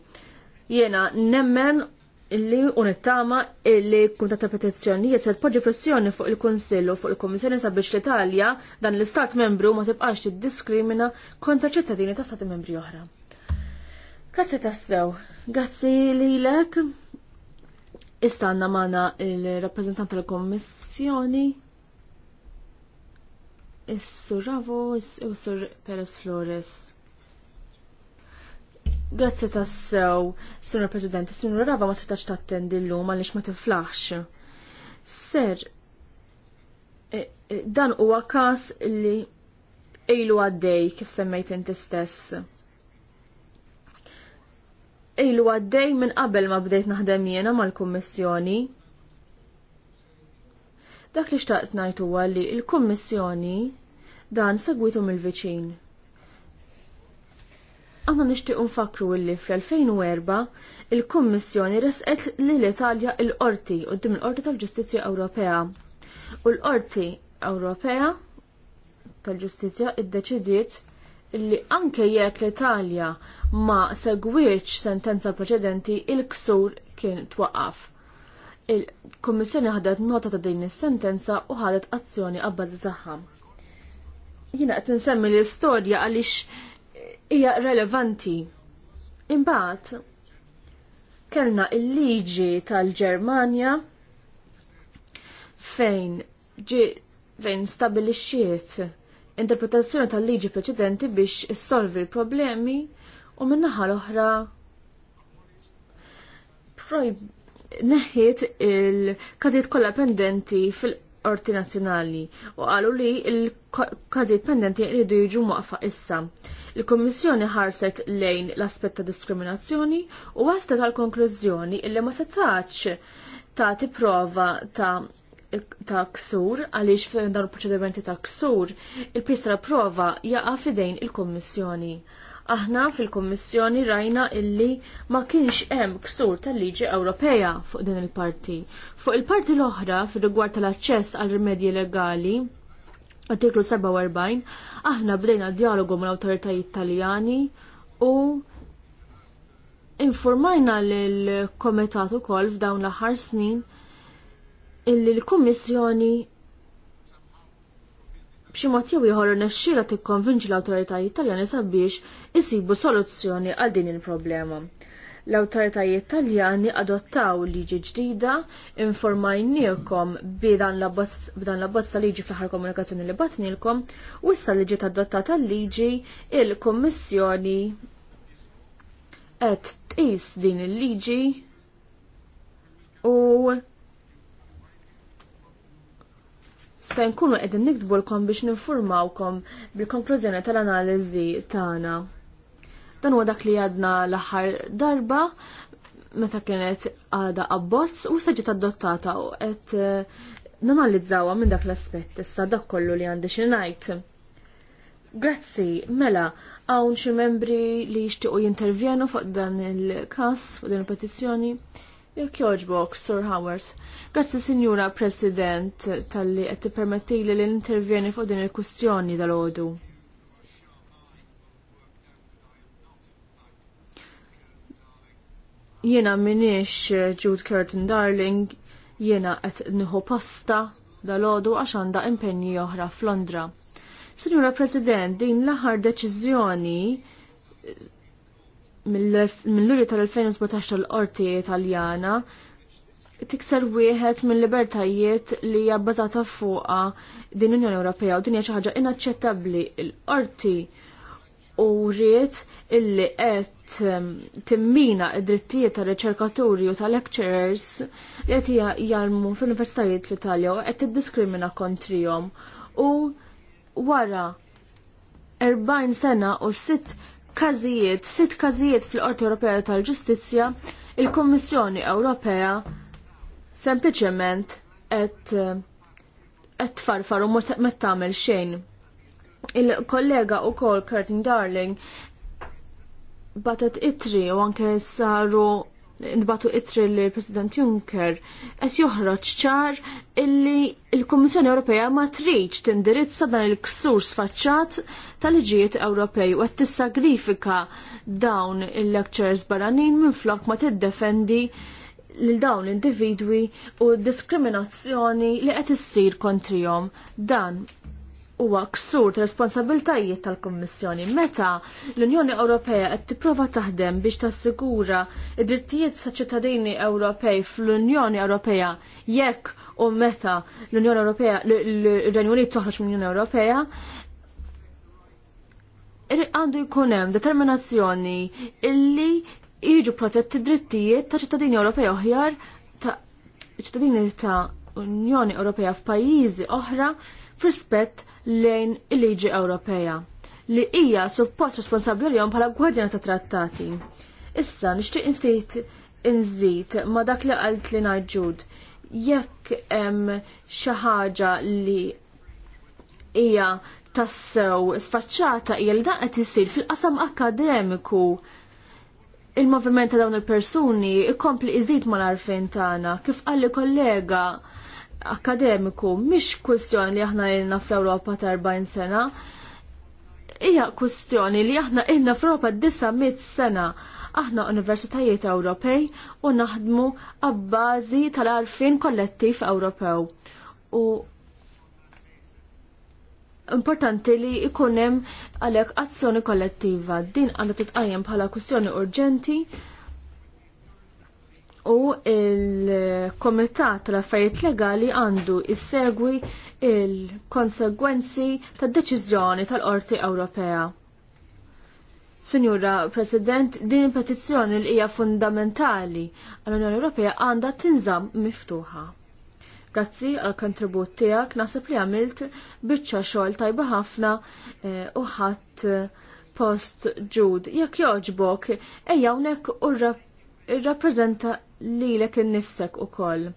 Jena nemmen illi unittama illi ta' petizzjonijiet se tpoġġi pressjoni fuq il-Kunsill u fuq il-Kummissjoni sabiex l-Italja dan l-Istat membru ma tibqax tiddiskrimina kontra ċittadini ta' stati membri oħra. Grazzi sew, grazzi lilek. Istanna mana il-rappresentant tal komissjoni Is-Sur Ravo, is-Sur Perez Flores. Grazzi tassew, Sr. President, Sr. Rava ma setax tattendi l-lum għalix ma tiflaħx. Ser, e, e, dan huwa kas li ejlu għaddej kif semmejt inti stess. Ejlu għaddej minn qabel ma bdejt naħdem jiena mal-Kummissjoni. Dak li xtaqt ngħid li l-Kummissjoni dan segwitu mill-viċin. Għanna nishtiq nfakru illi fl-2004 il-Kommissjoni resqet li l-Italja il-Qorti u dim il-Qorti tal-Ġustizja Ewropea. U l-Qorti Ewropea tal-Ġustizja id-deċidiet illi anke jekk l-Italja ma segwiċ sentenza preċedenti il-ksur kien twaqqaf. Il-Kommissjoni ħadet nota ta' din is-sentenza u ħadet azzjoni għabbażi tagħha. Jiena qed insemmi l-istorja għaliex hija relevanti. Imbagħad kellna il-liġi tal-Ġermanja fejn ġi fejn stabilixxiet interpretazzjoni tal-liġi preċedenti biex issolvi l-problemi u minnaħa l-oħra neħħiet il-każijiet kollha pendenti fil-qorti nazzjonali u qalu li il-każijiet pendenti jridu jiġu waqfa issa. Il-Kummissjoni ħarset lejn l-aspett ta' diskriminazzjoni u għasta tal-konklużjoni illi ma setax ta' prova ta' ta' ksur, għaliex fejn dan il-proċedimenti ta' ksur, il-pis prova jaqa' fidejn il-Kummissjoni. Aħna fil-Kummissjoni rajna illi ma kienx hemm ksur tal-liġi Ewropea fuq din il-parti. Fuq il-parti l-oħra fir rigward tal-aċċess għal rimedji legali, artiklu 47, aħna bdejna dialogu mal awtoritajiet Italjani u informajna l komitatu ukoll f'dawn l-aħħar snin illi l-Kummissjoni b'xi mod jew ieħor nexxiela tikkonvinċi l-awtoritajiet Italjani sabiex isibu soluzzjoni għal din il-problema. L-awtoritajiet Taljani adottaw liġi ġdida informajniekom b'dan l-abbozza liġi fl-aħħar komunikazzjoni li batnilkom u issa liġi adottata liġi il-Kummissjoni qed tqis din il-liġi u se nkunu qegħdin niktbulkom biex ninfurmawkom bil-konklużjoni tal-analiżi tagħna. Dan huwa dak li għadna l-aħħar darba meta kienet għada abbozz u saġġet adottata u qed eh, nanalizzawa minn dak l-aspett issa dak kollu li għandi xi ngħid. Grazzi, mela, għawn xi membri li jixtiequ jintervjenu fuq dan il-każ, fuq din il-petizzjoni. Jekk joġbok, Sir Howard. Grazzi, Sinjura President, tal-li qed permetti li l-intervjeni fuq din il-kustjoni dal ħodu Jiena minix eh, Jude Curtin Darling, jiena qed nħu pasta dal-ħodu għax għandha impenji oħra f'Londra. Sinjura President, din l-aħħar deċiżjoni eh, mill-lulju tal-2017 tal-qorti Italjana tikser wieħed mill-libertajiet li hija bbażata fuqha din l-Unjoni Ewropea u din hija xi ħaġa inaċċettabbli. Il-qorti u illi qed ehm, timmina id-drittijiet tal-riċerkaturi u tal-lecturers li qed jarmu fl-universitajiet fl-Italja u qed tiddiskrimina kontrihom. U wara 40 sena u sitt każijiet, sitt każijiet fil-Qorti Ewropea tal-Ġustizzja, il-Kommissjoni Ewropea sempliċement qed ehm, qed tfarfar u ma tagħmel xejn Il-kollega u kol Curtin Darling batet itri u anke saru nbatu itri li President Juncker es joħroġ ċar illi il-Kommissjoni Ewropea ma triċ tindirizza dan il-ksur sfaċċat tal ġiet Ewropej u għed tissagrifika dawn il-lectures baranin minn flok ma tiddefendi lil dawn l-individwi u diskriminazzjoni li qed issir kontrihom. Dan huwa ksur responsabiltajiet tal-Kommissjoni. Meta l-Unjoni Ewropea qed tipprova taħdem biex tassigura id-drittijiet sa' ċittadini Ewropej fl-Unjoni Ewropea jekk u meta l-Unjoni Ewropea l-Renju Unit toħroġ mill-Unjoni Ewropea, għandu jkun hemm determinazzjoni illi jiġu protetti drittijiet ta' ċittadini Ewropej oħjar ta' ċittadini ta' Unjoni Ewropea f'pajjiżi oħra f'rispett lejn il-liġi Ewropea li hija suppost responsabbli bħala gwardjana ta' trattati. Issa nixtieq inftit inżid ma' dak li qalt li naġud. jekk hemm xi ħaġa li hija tassew sfaċċata hija li dan qed isir fil-qasam akademiku il movimenta ta' dawn il-persuni ikompli iżid mal-arfin tagħna kif qalli kollega akademiku mhix kwistjoni li aħna ilna fl-Ewropa ta' 40 sena. Hija kwistjoni li aħna ilna fl-Ewropa 900 sena. Aħna universitajiet Ewropej u naħdmu għabbażi tal-arfin kollettiv Ewropew. U importanti li ikunem hemm azzjoni kollettiva. Din għandha titqajjem bħala kwistjoni urġenti u il-Komitat tal-Affarijiet Legali għandu issegwi il-konsegwenzi tad-deċiżjoni tal-Qorti Ewropea. Sinjura President, din il-petizzjoni li hija fundamentali għall-Unjoni Ewropea għandha tinżamm miftuħa. Grazzi għal kontribut tiegħek naħseb li għamilt biċċa xogħol tajba ħafna eh, u ħadd eh, post ġud. Jekk jogħġbok, ejja hawnhekk u rappreżenta li l innifsek u koll.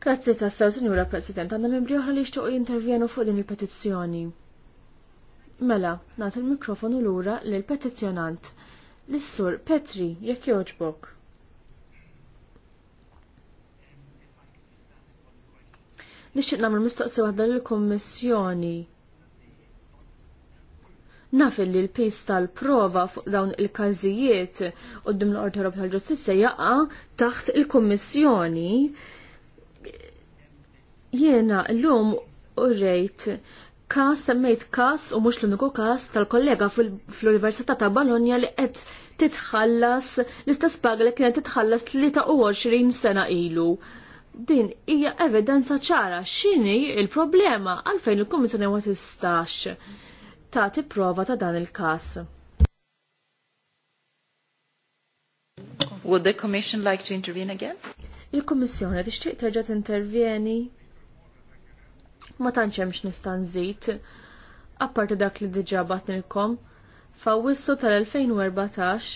Grazzi tassaw, Sinjura President, għanna membri oħra li xtuq jintervjenu fuq din il-petizzjoni. Mela, nat il-mikrofonu l-ura l-petizjonant, l-sur Petri, jekk joġbok. Nixtieq nagħmel mistoqsi waħda l kummissjoni Naf li l-pis tal-prova fuq dawn il-każijiet qudiem l-Qorti Ewropea tal-Ġustizzja jaqa' taħt il-Kummissjoni. Jiena llum rejt kas semmejt kas u mhux l-uniku kas tal-kollega fl-Università ta' Bologna li qed titħallas l-istess paga li kienet titħallas 23 sena ilu din hija evidenza ċara x'inhi l problema għalfejn il-Kummissjoni ma tistax tagħti prova ta' dan il-każ. Would the Commission like to intervene again? Il-Kommissjoni tixtieq terġa' tintervjeni ma tantx hemmx nista' nżid apparti dak li diġà batnilkom f'Awwissu tal-2014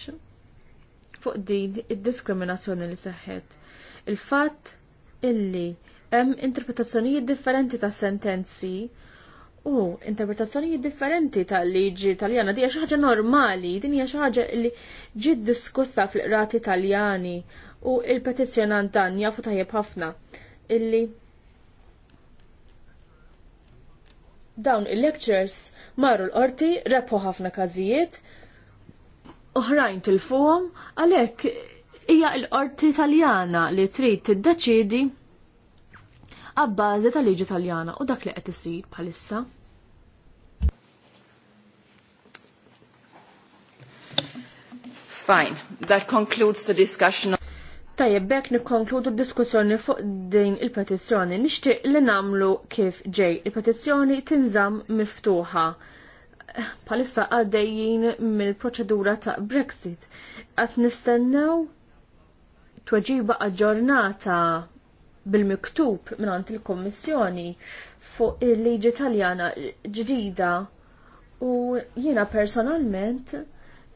fuq din id-diskriminazzjoni li seħħet. Il-fatt illi hemm interpretazzjonijiet differenti tas sentenzi u interpretazzjonijiet differenti tal-liġi taljana di xi ħaġa normali, din hija xi ħaġa li ġiet diskussa fil-qrati Italjani u il-petizzjonant dan jafu tajjeb ħafna illi dawn il-lectures marru l-qorti repu ħafna każijiet oħrajn tilfuhom għalhekk hija l-qorti taljana li trid tiddeċiedi għabbażi tal-liġi taljana u dak li qed isir bħalissa. Fine, that concludes the discussion. Tajjeb bekk nikkonkludu d-diskussjoni fuq din il-petizzjoni. Nixtieq li namlu kif ġej. Il-petizzjoni tinżam miftuħa. Palissa għaddejjin mill-proċedura ta' Brexit. Qed nistennew tweġiba aġġornata bil-miktub mingħand il-Kommissjoni fuq il-liġi Taljana ġdida u jiena personalment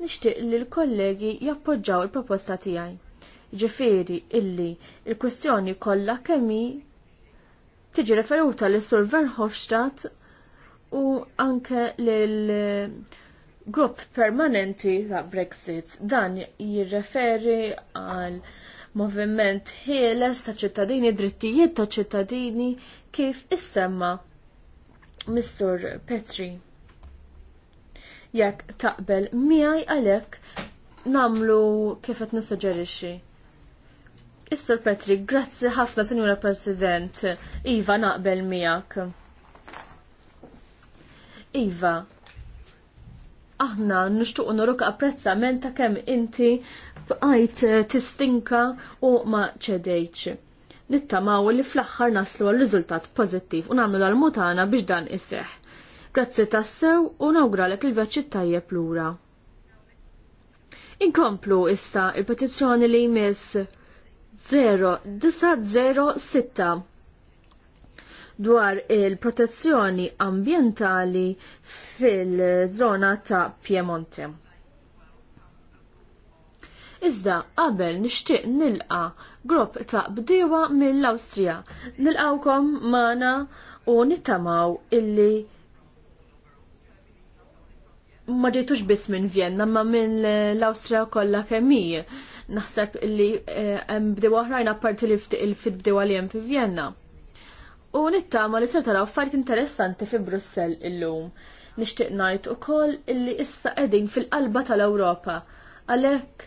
nixtieq li l-kollegi jappoġġaw il-proposta tiegħi. Ġifieri illi il-kwestjoni kollha kemm tiġi referuta l sur Verhofstadt u anke lil grupp permanenti ta' Brexit. Dan jirreferi għal moviment ħieles ta' ċittadini, drittijiet ta' ċittadini kif issemma Mr. Petri jekk taqbel miegħi għalhekk namlu kif qed nissuġġerixxi. Istor Patrick, grazzi ħafna Sinjura President. Iva naqbel miegħek. Iva, aħna nixtuq nuruk apprezzament ta' kemm inti bqajt tistinka u ma ċedejċ. Nittamaw li fl-aħħar naslu għal riżultat pożittiv u nagħmlu l mutana biex dan isseħ. Grazzi tassew u nawgralek il-veċċi tajjeb lura. Inkomplu issa il-petizzjoni li jmiss 0906 dwar il-protezzjoni ambientali fil-żona ta' Piemonte. Iżda qabel nixtieq nilqa grupp ta' bdiewa mill-Awstrija. Nilqawkom mana u nittamaw illi ma ġejtux biss minn Vienna, ma minn l-Awstrija kollha kemm hi. Naħseb li eh, hemm bdew oħrajn apparti li il-fit bdewa li hemm fi Vienna. U nittama li se taraw affarijiet interessanti fi Brussell illum. Nixtieq ngħid ukoll illi issa qegħdin fil-qalba tal-Ewropa. Għalhekk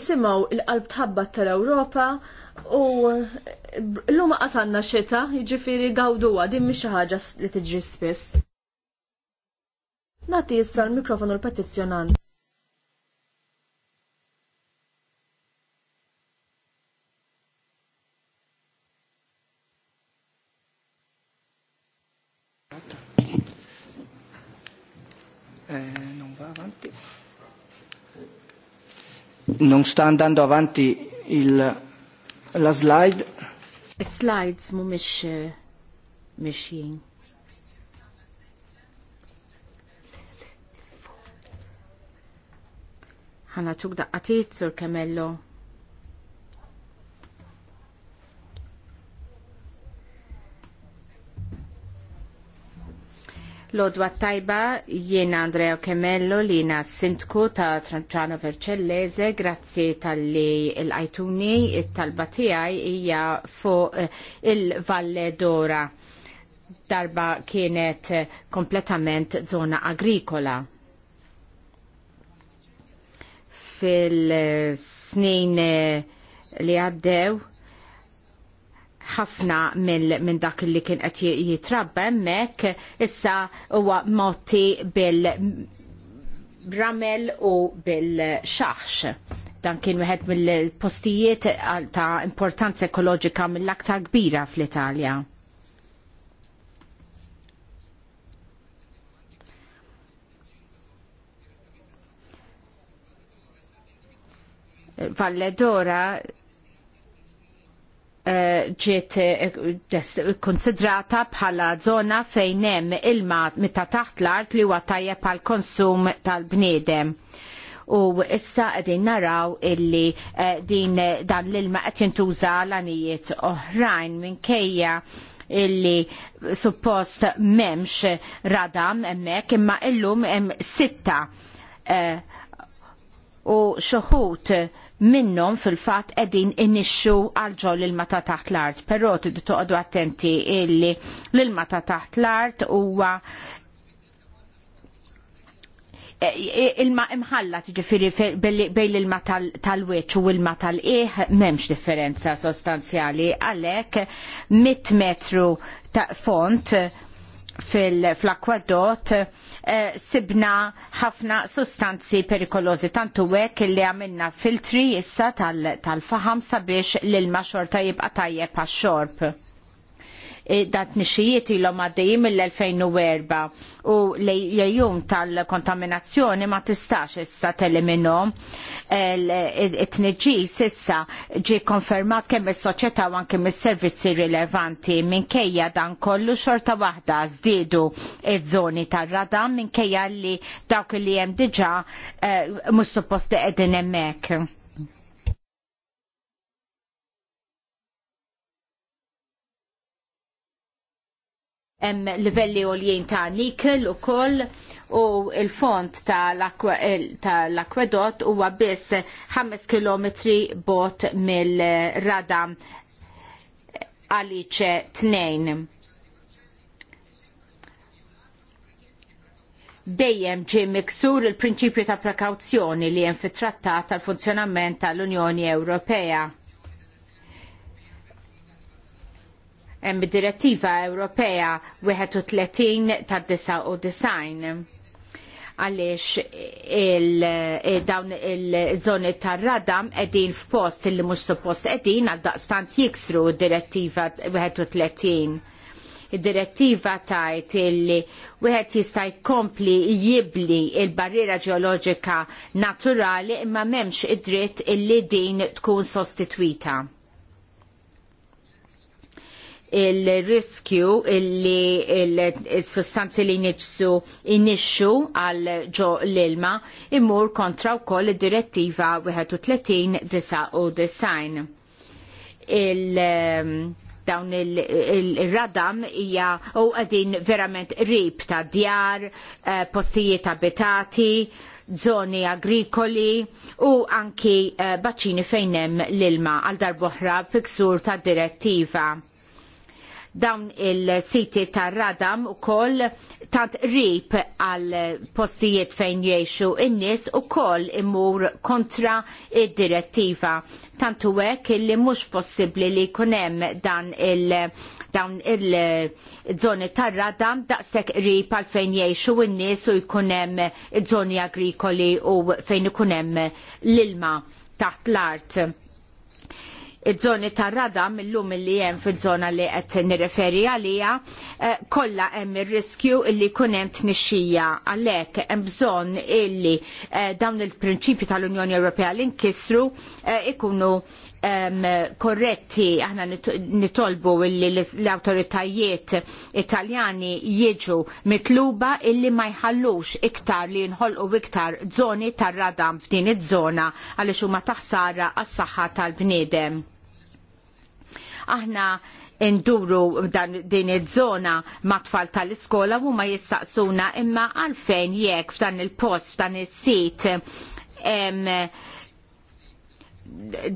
isimgħu l qalb tħabba tal-Ewropa u l-lum qasanna xita, jiġifieri gawduha din mhix xi ħaġa li tiġi spiss. Nati issa l-mikrofonu l petizjonant eh, non sta andando avanti il, la slide. Slides mu mish, mixjin. ħana ċuk daqqatit sur kemello. Lodwa tajba Jiena Andrea Kemello li jina sintku ta' Tranċano Vercellese, grazzi tal-li l ajtuni tal talba tijaj hija fuq eh, il-Valle Dora. Darba kienet kompletament zona agrikola fil-snin eh, li għaddew ħafna minn dak li kien qed jitrabba hemmhekk issa huwa motti bil ramel u bil-xaħx. Dan kien wieħed mill-postijiet ta' importanza ekoloġika mill-aktar kbira fl-Italja. Valledora eh, ġiet eh, konsidrata bħala żona fejn hemm ilma meta taħt l-art li huwa tajjeb għal konsum tal-bniedem. U issa qegħdin naraw illi eh, din dan l-ilma qed jintuża l-anijiet oħrajn minkejja illi suppost m'hemmx radam hemmhekk imma illum hemm sitta u xoħut minnom fil-fat edin inixxu għalġo l-ilma taħt l-art, pero tiddu toqdu attenti illi l-ilma ta' taħt l-art huwa eh, eh, il-ma imħalla tiġifiri bejn il ilma tal-weċ u l-ma tal-iħ memx differenza sostanzjali għalek 100 metru ta' font fil-akwadot eh, sibna ħafna sustanzi perikolożi tantu hekk li għamilna filtri issa tal-faham sabiex l-ilma xorta jibqa tajjeb għax-xorb E, dat nixijiet ilhom għaddejjin mill-2004 u lejjum tal-kontaminazzjoni ma tistax issa teliminom e, e, it-tniġis issa ġie konfermat kemm is-soċjetà u anke mis-servizzi rilevanti minkejja dan kollu xorta waħda żdiedu iż-żoni tar-radam minkejja li dawk li hemm diġà mhux suppost qegħdin hemmhekk hemm livelli għoljien ta' nikel u koll u il-font tal-akwedot ta huwa biss 5 km bot mill-rada għalice 2. Dejjem ġie miksur il-prinċipju ta' prekawzjoni li hemm fit-trattat tal-funzjonament tal-Unjoni Ewropea hemm direttiva Ewropea 31 tad-99 għaliex dawn il-żoni tar-radam qegħdin f'post li mhux suppost qegħdin għal daqstant jiksru d-direttiva 31. Id-direttiva tajt li wieħed jista' jkompli jibli il-barriera ġeoloġika naturali imma m'hemmx id-dritt illi din tkun sostitwita il-riskju illi il-sustanzi li nixxu inixxu għal ġo l-ilma imur kontra u koll direttiva 31-99. Il- um, dawn il-radam hija u għadin verament rib ta' djar, eh, postijiet abitati, zoni agrikoli u anki eh, baċini fejnem l-ilma għal darboħra fiksur ta' direttiva dawn il-siti tar radam ukoll tant qrib għal postijiet fejn jgħixu in-nies ukoll imur kontra id-direttiva. Tant u hekk li mhux possibbli li jkun hemm dan il dawn il-żoni tar radam daqshekk qrib għal fejn jgħixu in-nies u jkun hemm żoni agrikoli u fejn ikun hemm l-ilma taħt l-art iż-żoni ta' radam illum li hemm fiż-żona li qed nirreferi għaliha eh, kollha hemm ir-riskju illi jkun hemm tnixxija għalhekk hemm bżonn illi eh, dawn il-prinċipji tal-Unjoni Ewropea li nkissru eh, ikunu korretti aħna nitolbu illi l-awtoritajiet italjani jiġu mitluba illi ma jħallux iktar li nħolqu iktar żoni tar-radam f'din iż-żona għaliex huma taħsara għas-saħħa tal-bniedem aħna induru dan din iż-żona mat tfal tal-iskola u ma jistaqsuna imma għalfejn jekk f'dan il-post f'dan is-sit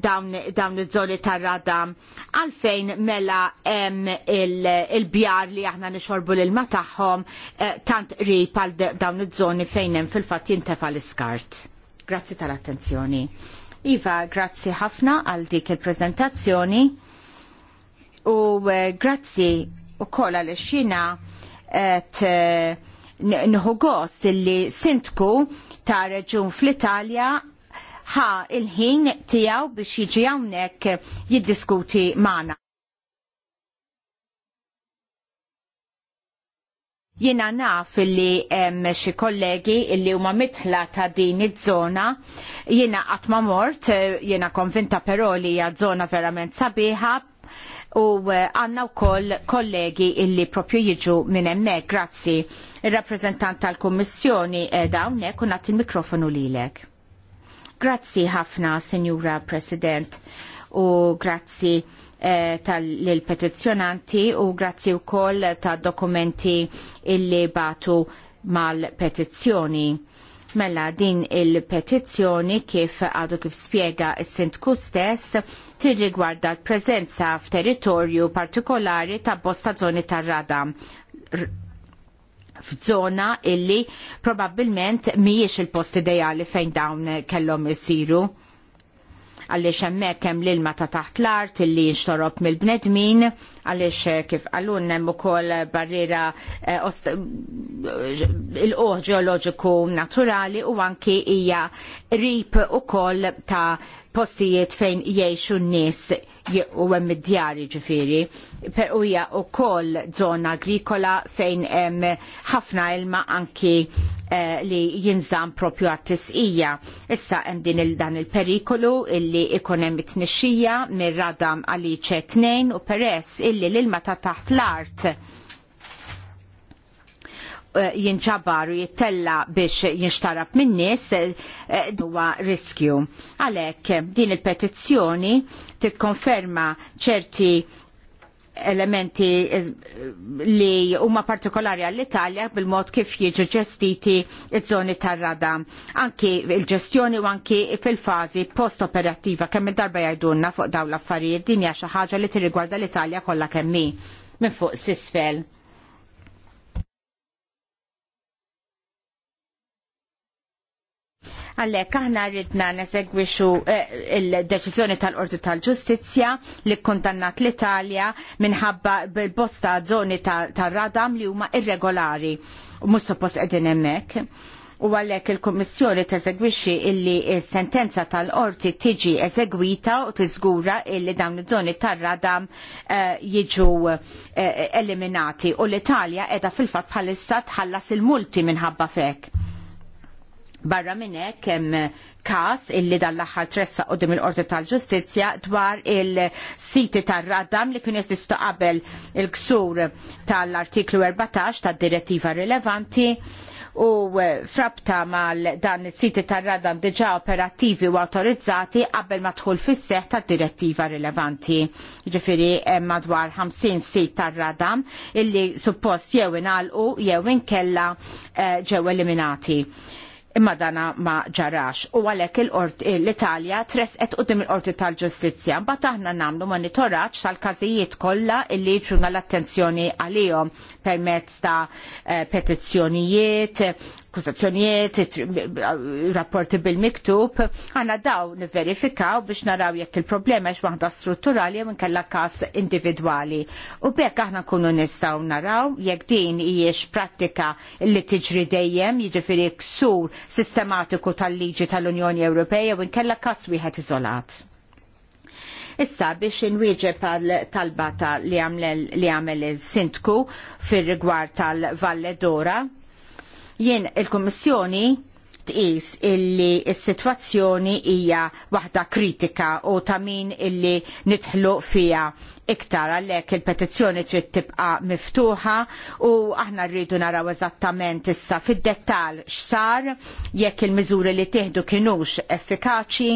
dawn iż-żoni tar-radam għalfejn mela hemm il-bjar li aħna nixorbu l-ilma tagħhom eh, tant qrib għal dawn iż-żoni fejn hemm fil-fatt jintefa' l-iskart. Grazzi tal-attenzjoni. Iva, grazzi ħafna għal dik il-preżentazzjoni u eh, grazzi u kolla li xina et eh, nħu gost li sintku ta' reġun fl-Italja ħa il-ħin tijaw biex jiġi għawnek jiddiskuti maħna. Jina naf li xi kollegi illi huma mitħla ta' din iż-żona, jiena qatt ma mort, jiena konvinta però li hija żona verament sabiħa, u eh, għanna wkoll kollegi illi propju jiġu minn hemmhekk. Grazzi. il rappreżentant tal kommissjoni dawnek u nagħti il mikrofonu lilek. Grazzi ħafna, Signora President, u grazzi eh, tal-petizjonanti u grazzi wkoll tad dokumenti illi batu mal-petizzjoni Mela din il-petizzjoni kif għadu kif spiega s-sindku stess tirrigwarda l-prezenza f'territorju partikolari ta' bosta zoni tar rada f'żona illi probabbilment mhijiex il-post ideali fejn dawn kellhom isiru għaliex hemmhekk hemm l-ilma ta' taħt l-art illi jinxtorob mill-bnedmin għaliex eh, kif għallun hemm ukoll barriera eh, il-qoħ ġeoloġiku naturali u anki hija rip ukoll ta' postijiet fejn jiexu n-nies u hemm id djari ġifiri. Per uja u koll zona agrikola fejn hemm ħafna ilma anki eh, li jinżam propju għat-tisqija. Issa hemm din il-dan il-perikolu illi ikun hemm it-tnixxija mir-radam għaliċe tnejn u peress illi l-ilma ta' taħt l-art Eh, jinġabar u jittella biex jinxtarab minnis nies eh, eh, huwa riskju. Għalhekk din il-petizzjoni tikkonferma ċerti elementi li huma partikolari għall-Italja bil-mod kif jiġu ġestiti iż-żoni tar-rada. Anki il-ġestjoni u anki fil-fażi post-operattiva kemm il-darba jgħidulna fuq dawn l-affarijiet din hija xi ħaġa li tirrigwarda l-Italja kollha kemm hi minn fuq s-isfel. Għallek, aħna rridna nesegwixu eh, il-deċizjoni tal-Qorti tal-Ġustizja li kondannat l-Italja minħabba bil-bosta zoni tal-radam li huma irregolari u mhux suppost qegħdin hemmhekk. U għalhekk il-Kummissjoni tesegwixi illi s-sentenza tal-qorti tiġi eżegwita u tiżgura illi dawn iż-żoni tar-radam eh, jiġu eh, eliminati u l-Italja qiegħda fil-fatt bħalissa tħallas il-multi minħabba fek Barra minn hekk hemm każ illi dan l-aħħar tressa dim il-Qorti tal-Ġustizzja dwar il-siti tar-radam li kien jesistu qabel il-ksur tal-artiklu 14 tad-direttiva rilevanti u eh, frabta mal dan is-siti tar-radam diġà operattivi u awtorizzati qabel ma tħul fis-seħħ tad-direttiva rilevanti. Ġifiri hemm madwar 50 sit tar-radam illi suppost jew inalqu jew inkella eh, ġew eliminati imma dana ma ġarax. U għalhekk l-Italja tresqet qudiem il-Qorti tal-Ġustizzja. Mbagħad aħna nagħmlu monitoraġġ tal-każijiet kollha li jiġuna l-attenzjoni għalihom permezz ta' eh, petizzjonijiet, akkużazzjonijiet, rapporti bil-miktub, għanna daw niverifikaw biex naraw jekk il-problema x waħda strutturali jew nkella kas individwali. U bekk aħna nkunu nistgħu naraw jekk din hijiex prattika li tiġri dejjem, jiġifieri ksur sistematiku tal-liġi tal-Unjoni Ewropea u nkella kas wieħed iżolat. Issa biex inwieġeb għal talbata li għamel il-sintku fir rigward tal-Valle Dora, Jien il-Kummissjoni tqis illi s-sitwazzjoni hija waħda kritika u ta' min illi nitħlu fiha iktar għalhekk il-petizzjoni trid tibqa miftuħa u aħna rridu naraw eżattament issa fid-dettall x'sar jekk il-miżuri li tieħdu kinux effikaċi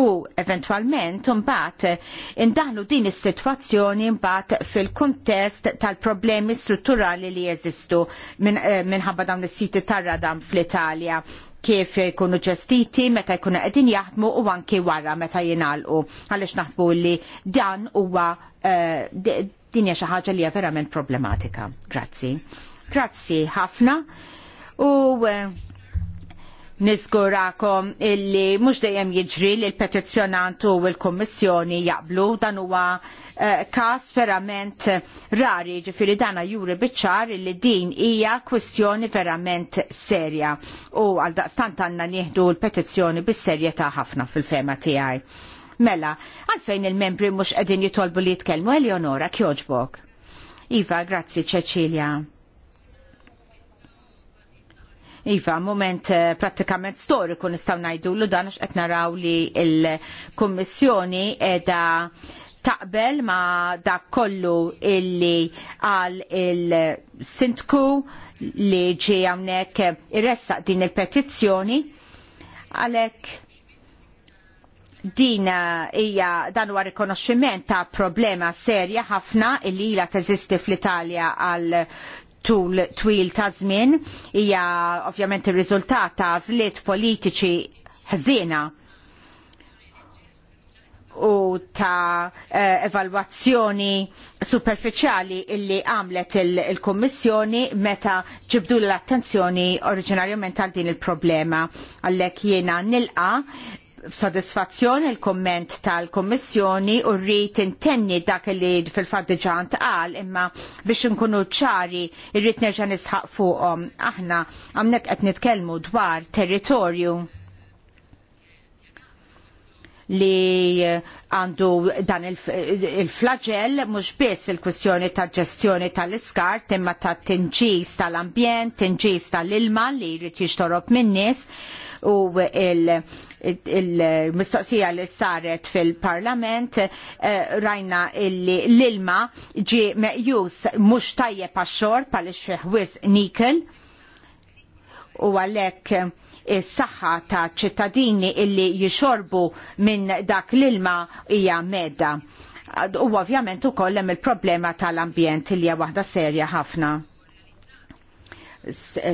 u eventualment mbagħad indaħlu din is-sitwazzjoni mbagħad fil-kuntest tal-problemi strutturali li jeżistu eh, minħabba dawn is-siti tar-radam fl-Italja kif jkunu ġestiti, meta jkunu qegħdin jaħdmu u anki wara meta jingħalqu. Għaliex naħsbu li dan huwa eh, din hija xi ħaġa li hija verament problematika. Grazzi. Grazzi ħafna. U eh, Nizgurakom illi mhux dejjem jiġri li l petizzjonantu u l-Kummissjoni jaqblu dan huwa eh, każ verament rari ġifieri dana juri biċ-ċar illi din hija kwistjoni verament serja u għaldaqstant għandna nieħdu l-petizzjoni bis-serjetà ħafna fil-fema tiegħi. Mela, għalfejn il-membri mhux qegħdin jitolbu li jitkellmu Eleonora kjoġbok. Iva, grazzi Ċeċilja. Iva, moment eh, pratikament storiku nistaw najdu l dan għax qed naraw li l-Kummissjoni edha taqbel ma dak kollu illi għal il-sintku li ġie hawnhekk irressaq din il-petizzjoni għalhekk din hija dan huwa rikonoxximent ta' problema serja ħafna illi ilha teżisti fl-Italja għal tul twil ta' żmien hija ovvjament ir-riżultat ta' żliet politiċi ħżiena u ta' eh, evalwazzjoni superfiċjali illi għamlet il kummissjoni meta ġibdu l-attenzjoni oriġinarjament għal din il-problema. Għallek jiena nilqa B'sodisfazzjoni l-komment tal kummissjoni u rrid intenni dak li fil-fatt diġà ntqal imma biex inkunu ċari rrid nerġa' nisħaq fuqhom. Aħna hawnhekk qed nitkellmu dwar territorju li eh, għandu dan il-flagell mhux biss il-kwestjoni ta' ġestjoni tal-iskart imma ta' tinġis tal-ambjent, tinġis tal-ilma li jrid jixtorob min-nies u il-mistoqsija li saret fil-parlament eh, rajna li l-ilma ġi meqjus mhux tajjeb għax-xorb għaliex fih wisq nikel u għalhekk is-saħħa ta' ċittadini illi jixorbu minn dak l-ilma hija medda. U ovvjament ukoll hemm il-problema tal-ambjent li hija waħda serja ħafna.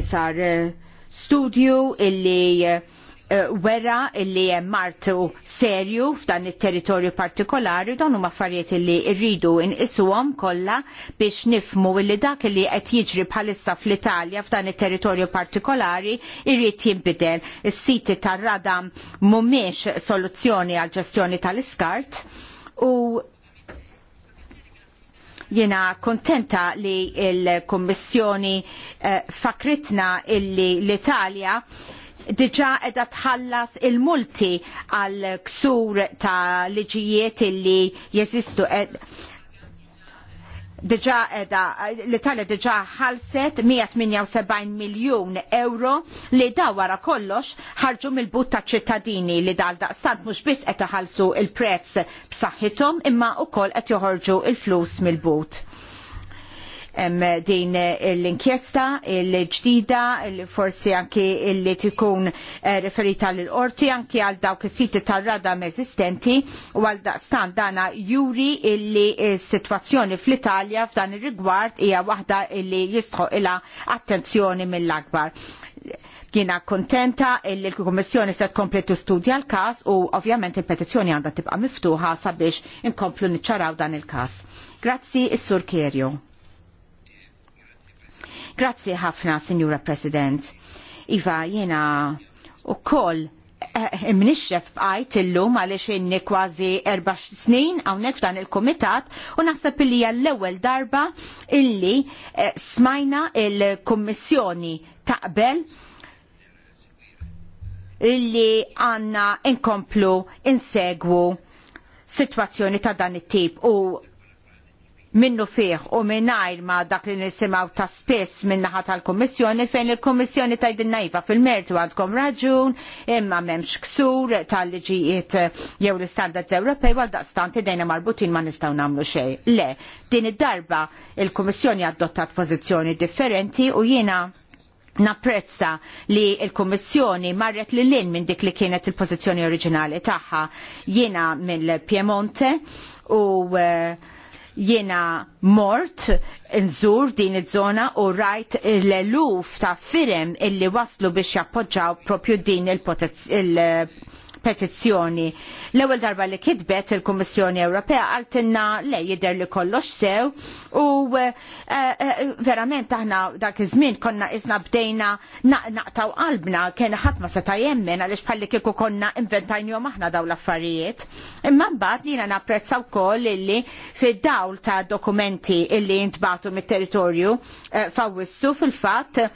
Sar eh, studju illi eh, Eh, wera illi hemm martu serju f'dan it-territorju partikolari dan huma affarijiet illi rridu inqisuhom kollha biex nifmu illi dak illi qed jiġri bħalissa fl-Italja f'dan it-territorju partikolari irrid jinbidel. Is-siti tar-radam mhumiex soluzzjoni għal ġestjoni tal-iskart u Jiena kontenta li l kummissjoni eh, fakritna illi l-Italja diġà qiegħda tħallas il-multi għal ksur ta' liġijiet illi jeżistu diġa edha l-Italja diġa ħalset 178 miljon euro li daw wara kollox ħarġu mill-but ta' ċittadini li dal daqstant mhux biss qed ħalsu il-prezz b'saħħithom imma wkoll qed joħorġu il-flus mill-but hemm din eh, l-inkjesta l-ġdida li forsi anki li tikun eh, riferita l qorti anke għal dawk is-siti tar-radam eżistenti u għal daqstan dana juri illi eh, s-sitwazzjoni fl-Italja f'dan ir-rigward hija waħda li jistħoq ilha attenzjoni mill-akbar jiena kontenta li l-Kummissjoni se tkompli studja l-każ u ovvjament il-petizzjoni għandha tibqa' miftuħa sabiex inkomplu niċċaraw dan il-każ. Grazzi is-Sur Kerju. Grazzi ħafna, Signora President. Iva, jena u koll eh, eh, imnixxef bqajt illum għaliex inni kważi erba snin hawnhekk f'dan il-kumitat u naħseb li hija l-ewwel darba illi eh, smajna il-Kummissjoni taqbel illi għandna inkomplu insegwu sitwazzjoni ta' dan it-tip u minnu fih u minnajr ma dak li nisimaw ta' spess naħa tal kummissjoni fejn il kummissjoni tajdinna iva fil-mertu għandkom raġun imma memx ksur tal-liġijiet eh, jew l-standards Ewropej għal daqstanti dejna marbutin ma nistaw namlu xej. Le, din id-darba il kummissjoni adottat pożizzjoni differenti u jiena napprezza li l kummissjoni marret li lin minn dik li kienet il-pożizzjoni oriġinali tagħha jiena mill-Piemonte u uh, Jiena mort nżur din iż-żona u rajt l-eluf ta' firem illi waslu biex jappoġġaw propju din il-protezzjoni il -protez il petizzjoni. L-ewwel darba li kitbet il-Kummissjoni Ewropea għaltinna le jidher li kollox sew u eh, eh, verament aħna dak iż-żmien konna isna bdejna naqtaw qalbna kien ħadd ma seta' jemmen għaliex bħalli kieku konna inventajnihom aħna daw l-affarijiet. Imma mbagħad jiena napprezza wkoll illi fid-dawl ta' dokumenti illi jintbagħtu mit-territorju eh, fawissu fil-fatt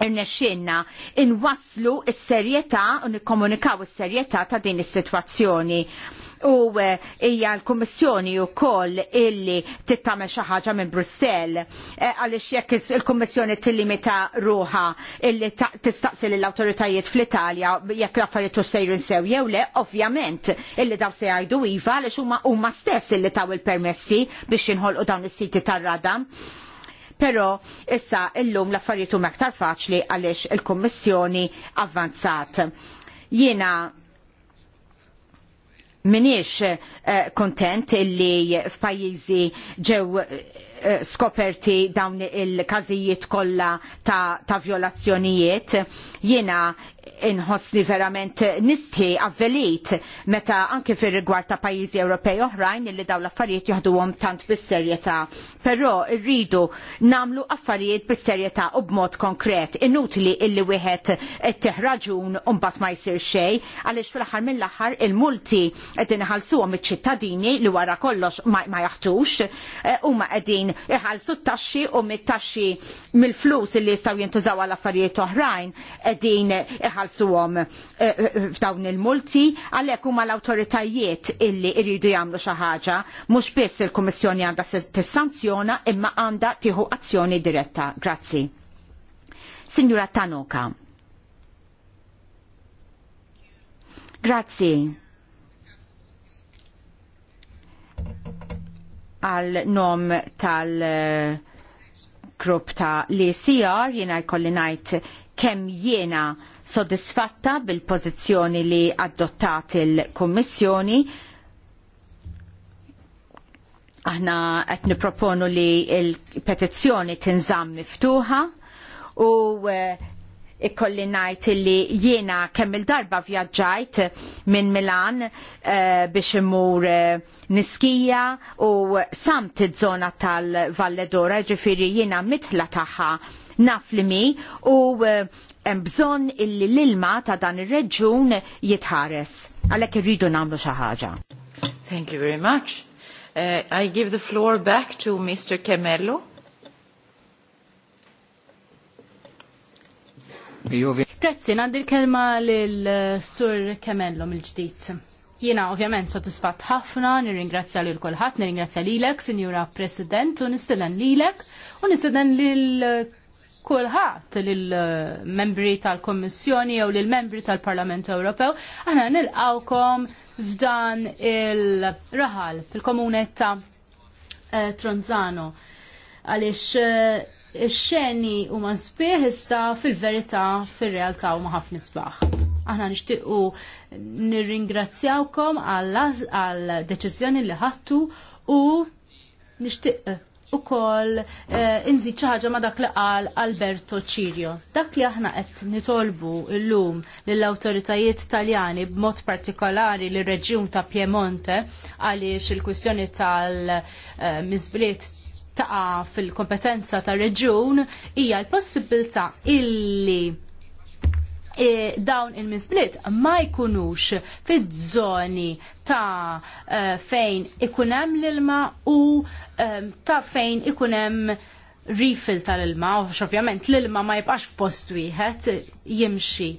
irnexxinna inwasslu s-serjetà u nikkomunikaw is-serjetà ta' din is-sitwazzjoni. U eh, hija l-Kummissjoni wkoll illi tittamel xi ħaġa minn Brussell eh, għaliex jekk il-Kummissjoni tillimita ruha illi tistaqsi lill awtoritajiet fl-Italja jekk l-affarijiet sejrin sew jew le, ovvjament illi daw se jgħidu iva għaliex huma stess illi taw il-permessi biex jinħolqu dawn is-siti tar-radam però issa illum l-affarijiet huma aktar faċli għaliex il-Kummissjoni avvanzat. Jiena minix eh, kontent uh, illi f'pajjiżi ġew eh, skoperti dawn il każijiet kollha ta', ta violazzjonijiet. Jiena inħossni verament nistħi avvelit meta anke fir rigward ta' pajjiżi Ewropej oħrajn illi dawn l-affarijiet jaħduhom tant bis-serjetà. Però rridu nagħmlu affarijiet bis-serjetà u b'mod konkret. Inutli illi wieħed teħraġun u mbagħad ma jsir xejn għaliex fl-aħħar mill-aħħar il-multi qed inħallsuhom iċ-ċittadini li wara kollox ma jaħtux eh, huma qegħdin iħallsu t-taxxi u mit-taxxi mill-flus illi jistgħu jintużaw għal affarijiet oħrajn qegħdin iħallsu iħallsuhom eh, eh, f'dawn il-multi għalhekk huma l-awtoritajiet illi jridu jagħmlu xi ħaġa mhux biss il-Kummissjoni għandha tissanzjona imma għandha tieħu azzjoni diretta. Grazzi. Signora Tanoka. Grazzi. għal nom tal eh, grupp ta' LCR, sijar jina jkolli najt kemm jiena sodisfatta bil-pożizzjoni li adottat il-Kummissjoni aħna qed nipproponu li l-petizzjoni tinżamm miftuħa u e, ikkolli ngħid li jiena kemm il-darba vjaġġajt minn Milan e, biex imur e, niskija u samt iż-żona tal-Valledora jiġifieri jiena mitla tagħha naflimi mi u eh, hemm bżonn illi l-ilma ta' dan ir-reġjun jitħares. Għalhekk irridu nagħmlu xi ħaġa. Thank you very much. Uh, I give the floor back to Mr. Kemello. Grazzi, nandil kelma l-sur eh, Kemello mill-ġdijt. Jena ovvjament soddisfatt ħafna, nirringrazzja lil kulħadd, nirringrazzja lilek, Signora President, u nistiden lilek, u nistiden lil kulħadd lil membri tal-Kommissjoni jew lill-membri tal-Parlament Ewropew, aħna nilqawkom f'dan il-raħal fil-komunetta ta eh, Tronzano għaliex il eh, ix-xeni huma sbieħ iżda fil-verità fir-realtà huma ħafna sbaħ. Aħna nixtiequ nirringrazzjawkom għall deċiżjoni li ħattu u nixtieq u eh, inżid ċaħġa ma dak li qal Alberto Cirio. Dak li aħna qed nitolbu llum lill-awtoritajiet Taljani b'mod partikolari lir reġjun ta' Piemonte għaliex il-kwistjoni tal-miżbliet taqa' fil-kompetenza tar reġjun hija l-possibilità illi E, dawn il-misblit ma jkunux fid-żoni ta' e, fejn ikun hemm l-ilma u e, ta' fejn ikun hemm refill tal-ilma, ovvjament l-ilma ma jibqax f'post wieħed jimxi.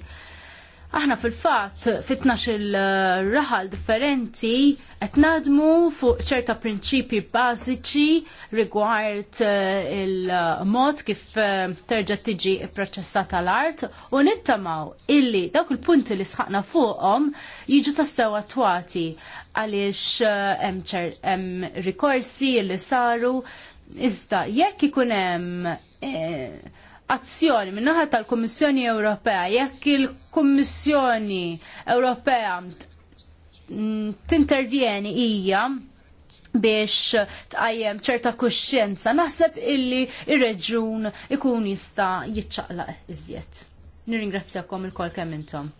Aħna fil-fat, fitnax il-raħal differenti, qed nadmu fuq ċerta prinċipi bażiċi rigward eh, il-mod kif eh, terġa' tiġi pproċessata l-art u nittamaw illi dawk il-punti li sħaqna fuqhom jiġu tassew attuati għaliex eh, hemm rikorsi li saru iżda jekk ikun hemm azzjoni min-naħa tal-Kummissjoni Ewropea jekk il-Kummissjoni Ewropea tintervjeni hija biex tqajjem ċerta kuxjenza naħseb illi ir-reġun ikun jista' jiċċaqlaq iżjed. Nirringrazzjakom il-kol kemm intom.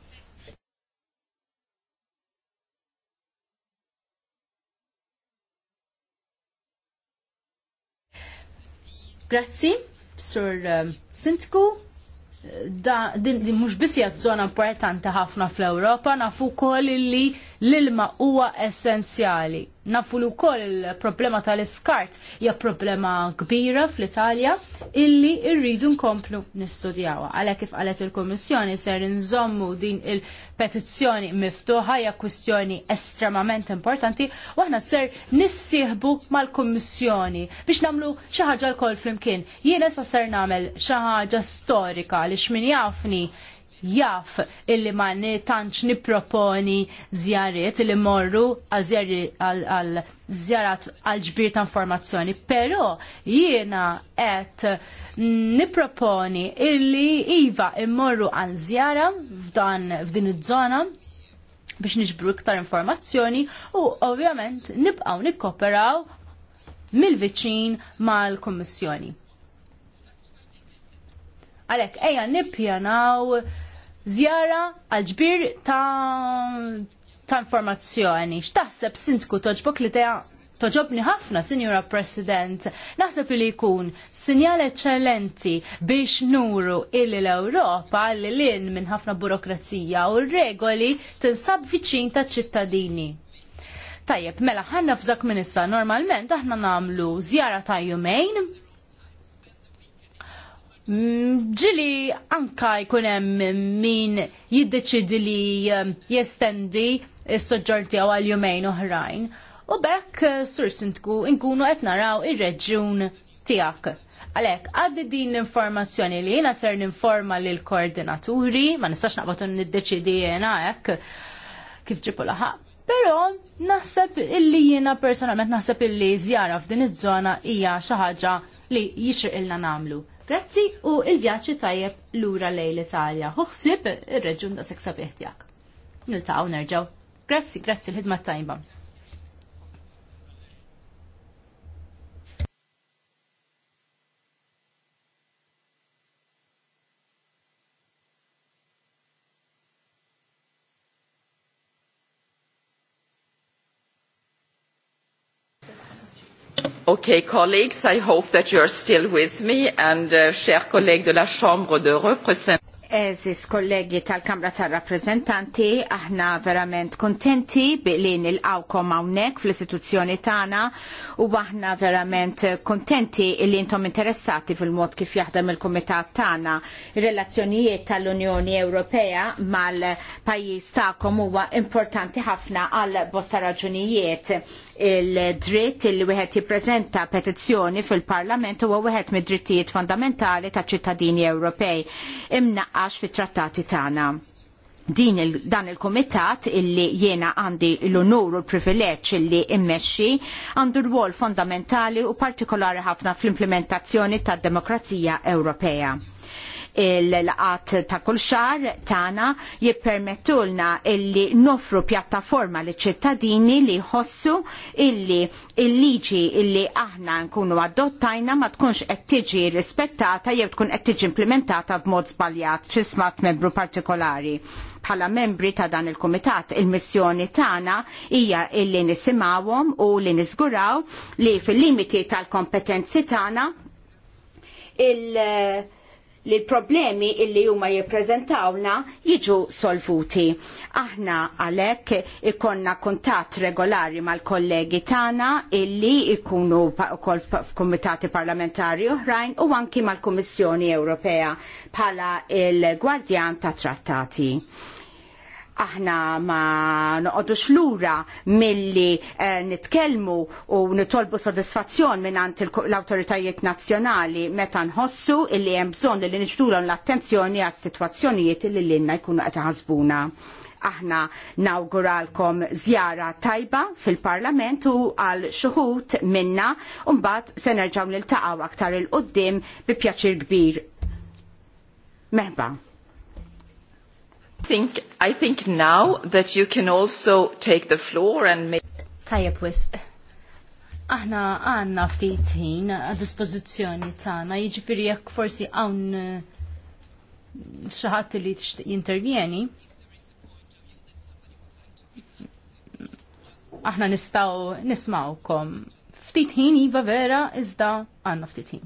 Grazzi sur eh, Sintku, da din, din mhux biss hija żona importanti ħafna fl-Ewropa, nafu wkoll li l-ilma huwa essenzjali. Nafu li wkoll problema tal-iskart hija problema kbira fl-Italja illi rridu nkomplu nistudjawa. Għalhekk kif qalet il-Kummissjoni ser nżommu din il-petizzjoni miftuħa hija kwistjoni estremament importanti u aħna ser nissieħbu mal-Kummissjoni biex nagħmlu xi ħaġa l-kol flimkien. Jiena sa ser nagħmel xi ħaġa storika li xmin jafni jaf illi ma tantx niproponi zjarriet illi morru għal zjarat għal ġbir ta' informazzjoni, pero jiena qed niproponi illi iva immorru għal zjara f'dan f'din iż-żona biex niġbru iktar informazzjoni u ovvjament nibqaw nikkoperaw mill-viċin mal-Kommissjoni. Għalek, eja nipjanaw Zjara għalġbir ġbir ta' ta' informazzjoni. X'taħseb sindku toġbok li teha toġobni ħafna, Signora President. Naħseb li jkun sinjal eċċellenti biex nuru illi l-Ewropa li l-in minn ħafna burokrazija u regoli tinsab viċin ta' ċittadini. Tajjeb, mela ħanna f'żak minn issa normalment aħna namlu zjara ta' jumejn Mm, ġili anka jkunem min jiddeċidi li ehm, jestendi s-soġġorti għaw għal-jumejn oħrajn. U bekk eh, sur sintku inkunu qed naraw ir-reġjun tiegħek. Għalek, għaddi din l-informazzjoni li jena ser ninforma l-koordinaturi, ma nistax naqbatu niddeċidi jena ek kif ġipu laħa. Pero naħseb illi jena personalment naħseb illi zjara f'din iż-żona hija xi ħaġa li jixriq ilna namlu. Grazzi u il vjaċi tajjeb lura lejn l-Italja. Uħsib ir-reġun da seksa biħtjak. Niltaqgħu nerġgħu. Grazzi, grazzi l-ħidma tajba. Okay, colleagues, I hope that you are still with me and, uh, chers collègues de la Chambre de représentants. Eżis kollegi tal-Kamra tal-Rappresentanti, aħna verament kontenti li nil kom għawnek fl-istituzzjoni tagħna u aħna verament kontenti li intom interessati fil-mod kif jaħdem il-Komitat tagħna. Ir-relazzjonijiet tal-Unjoni Ewropea mal-pajjiż tagħkom huwa importanti ħafna għal bosta raġunijiet il-dritt li wieħed jippreżenta petizzjoni fil-Parlament huwa wieħed mid-drittijiet fondamentali taċ ċittadini Ewropej. Imna għax fit-trattati tagħna din il, dan il kumitat illi jiena għandi l-onur u l-privileġġ illi immexxi għandu rwol fondamentali u partikolari ħafna fl-implementazzjoni tad-demokrazija Ewropea il-laqat ta' kull xar tagħna jippermettulna illi nofru pjattaforma li ċittadini li jħossu illi il-liġi illi aħna nkunu adottajna ma tkunx qed tiġi rispettata jew tkun qed tiġi implementata b'mod żbaljat f'xi smat membru partikolari bħala membri ta' dan il-komitat il-missjoni tagħna hija illi nisimgħuhom u li niżguraw li fil-limiti tal-kompetenzi tagħna il- li l-problemi illi huma jippreżentawna jiġu solvuti. Aħna għalhekk ikonna kuntatt regolari mal-kollegi tagħna illi ikunu wkoll f'kumitati parlamentari oħrajn u anki mal-Kummissjoni Ewropea bħala il-Gwardjan ta' Trattati aħna ma noqodux lura milli eh, nitkellmu u nitolbu sodisfazzjon mingħand l-awtoritajiet nazzjonali meta nħossu illi hemm bżonn li nixtulhom l-attenzjoni għas sitwazzjonijiet illi lilna jkunu qed ħasbuna. Aħna nawguralkom żjara tajba fil-Parlament u għal xuħut minna u mbagħad se nerġgħu niltaqgħu aktar il-qudiem bi pjaċir kbir. Merba. Think, I think now that you can also take the floor and make... Tajab wis. Aħna għanna ftit ħin a dispożizzjoni tagħna, jiġifieri jekk forsi hawn eh, xi ħadd li jintervjeni. Aħna nistgħu nismawkom. Ftit ħin iva vera iżda għandna ftit ħin.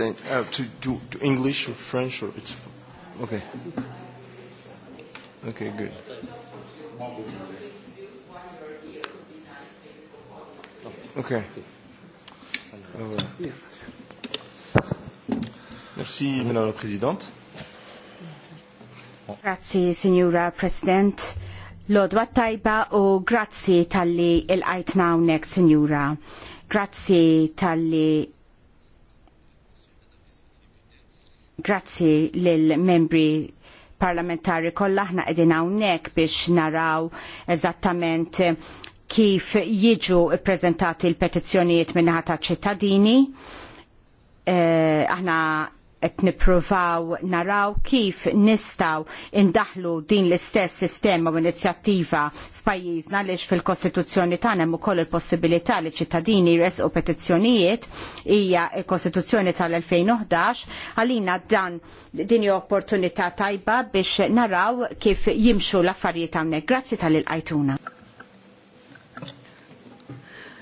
thing uh, to, do to English or French or it's okay. Okay, good. Okay. uh, Merci, Madame la Présidente. Grazie, Signora President. Lodwa tajba u grazzi tal-li il-għajtna nawnek, Signora. Grazzi tal-li Grazzi lill-membri parlamentari kollha aħna qegħdin hawnhekk biex naraw eżattament kif jiġu ppreżentati l-petizzjonijiet min-naħa taċ ċittadini. Eh, aħna qed nippruvaw naraw kif nistgħu indaħlu din l-istess sistema u inizjattiva f'pajjiżna għaliex fil-Kostituzzjoni tagħna hemm ukoll il-possibilità li ċittadini jresqu petizzjonijiet hija l-Kostituzzjoni tal-2011 għalina dan din hija opportunità tajba biex naraw kif jimxu l-affarijiet hawnhekk. Grazzi tal-ilqajtuna.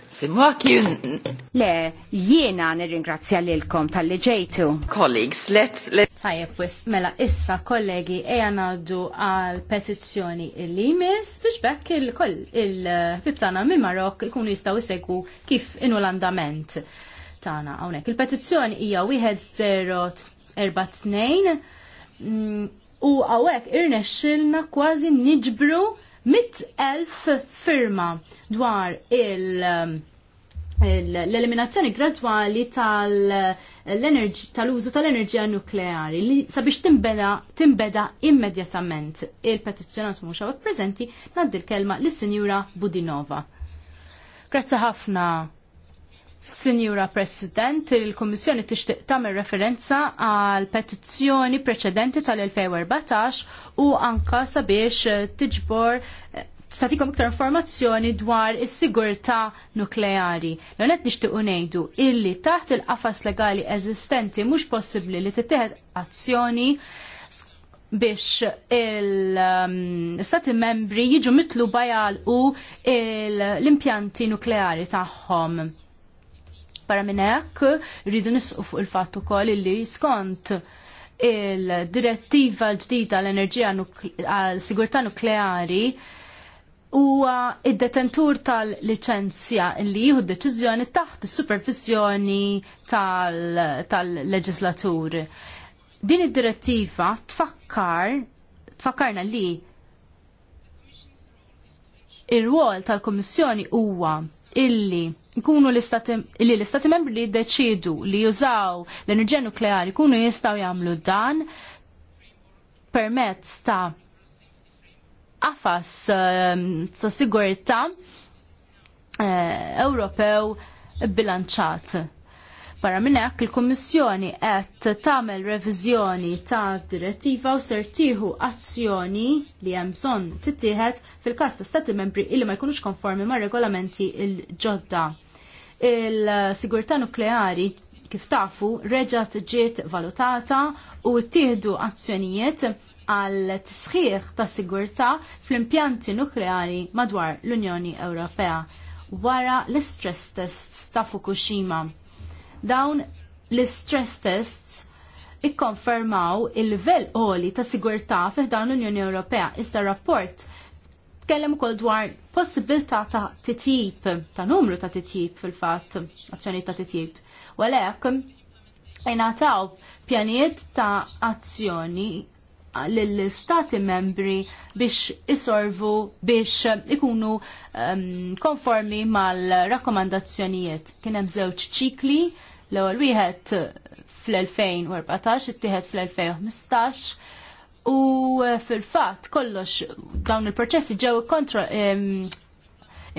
Simwa kien. Le, jiena nirringrazzja lilkom tal-li ġejtu. Colleagues, let's... let's... Tajjeb, wist, mela, issa, kollegi, eja ngħaddu għal petizzjoni il-limis biex bekk il-bibtana il, minn Marok ikunu jistaw jsegwu kif inu l-andament tana għawnek. Il-petizzjoni hija 1042 mm, u għawek irnexxilna kważi niġbru 100.000 firma dwar il- um, l-eliminazzjoni gradwali tal-użu tal-enerġija nukleari li sabiex timbeda immedjatament il-petizzjonat mhux hawnhekk prezenti ngħaddi kelma lis-Sinjura Budinova. Grazzi ħafna Sinjura President, il-Kommissjoni tixtieq tagħmel referenza għal petizzjoni preċedenti tal-2014 u anka sabiex eh, tiġbor eh, tatikom iktar informazzjoni dwar is-sigurtà nukleari. L-għonet nixtiequ ngħidu illi taħt il-qafas legali eżistenti mhux possibbli li titteħed azzjoni biex il-stati ehm, membri jiġu bajal u l-impjanti nukleari tagħhom Barra minn hekk rridu nisqu fuq il-fatt ukoll illi skont il-direttiva l-ġdida l-enerġija għal-sigurtà nukleari huwa id-detentur tal-liċenzja li jieħu deċiżjoni taħt is-supervizjoni tal-leġislatur. Din id-direttiva tfakkar tfakkarna li ir wol tal komissjoni huwa illi kunu li l-istati membri li jiddeċidu li jużaw l-enerġija nukleari kunu jistaw jagħmlu dan permezz ta' għafas ehm, ta' sigurtà eh, Ewropew bilanċat. Barra minn hekk il-Kummissjoni qed tagħmel reviżjoni ta' direttiva u sertiħu azzjoni li hemm bżonn tittieħed fil-każ ta' stati membri illi ma jkunux konformi mar regolamenti il ġodda il-sigurtà nukleari kif tafu reġat ġiet valutata u ttieħdu azzjonijiet għal tisħiħ ta' sigurtà fl-impjanti nukleari madwar l-Unjoni Ewropea wara l-stress tests ta' Fukushima. Dawn l-stress tests ikkonfermaw il-livell oli ta' sigurtà fiħdan dawn l-Unjoni Ewropea iżda rapport tkellem ukoll dwar possibilità ta' titjib, ta' numru ta' titjib fil-fatt, azzjoni ta' titjib. U għalhekk jnataw pjanijiet ta' azzjoni lill istati membri biex isorvu biex ikunu um, konformi mal-rakkomandazzjonijiet. Kien hemm żewġ ċikli, l-ewwel wieħed fl-2014, it-tieħed fl-2015, u eh, fil-fat kollox dawn il-proċessi ġew kontra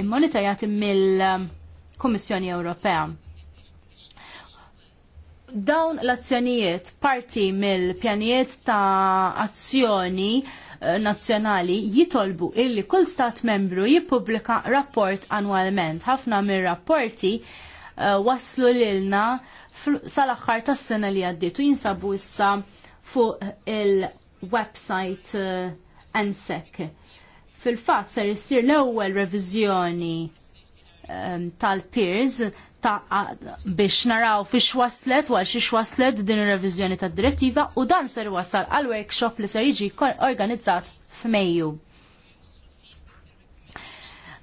immonitorjati mill-Kummissjoni Ewropea. Dawn l-azzjonijiet parti mill-pjanijiet ta' azzjoni eh, nazzjonali jitolbu illi kull stat membru jippubblika rapport annwalment. Ħafna mir-rapporti uh, waslu lilna sal-axħar tas-sena li għaddiet u jinsabu issa fuq il- website uh, ENSEC. Fil-fatt ser jissir l-ewwel reviżjoni um, tal-peers biex naraw fiex waslet wa xiex waslet din ir-reviżjoni tad-direttiva u dan ser wasal għal workshop li ser jiġi organizzat f'Mejju.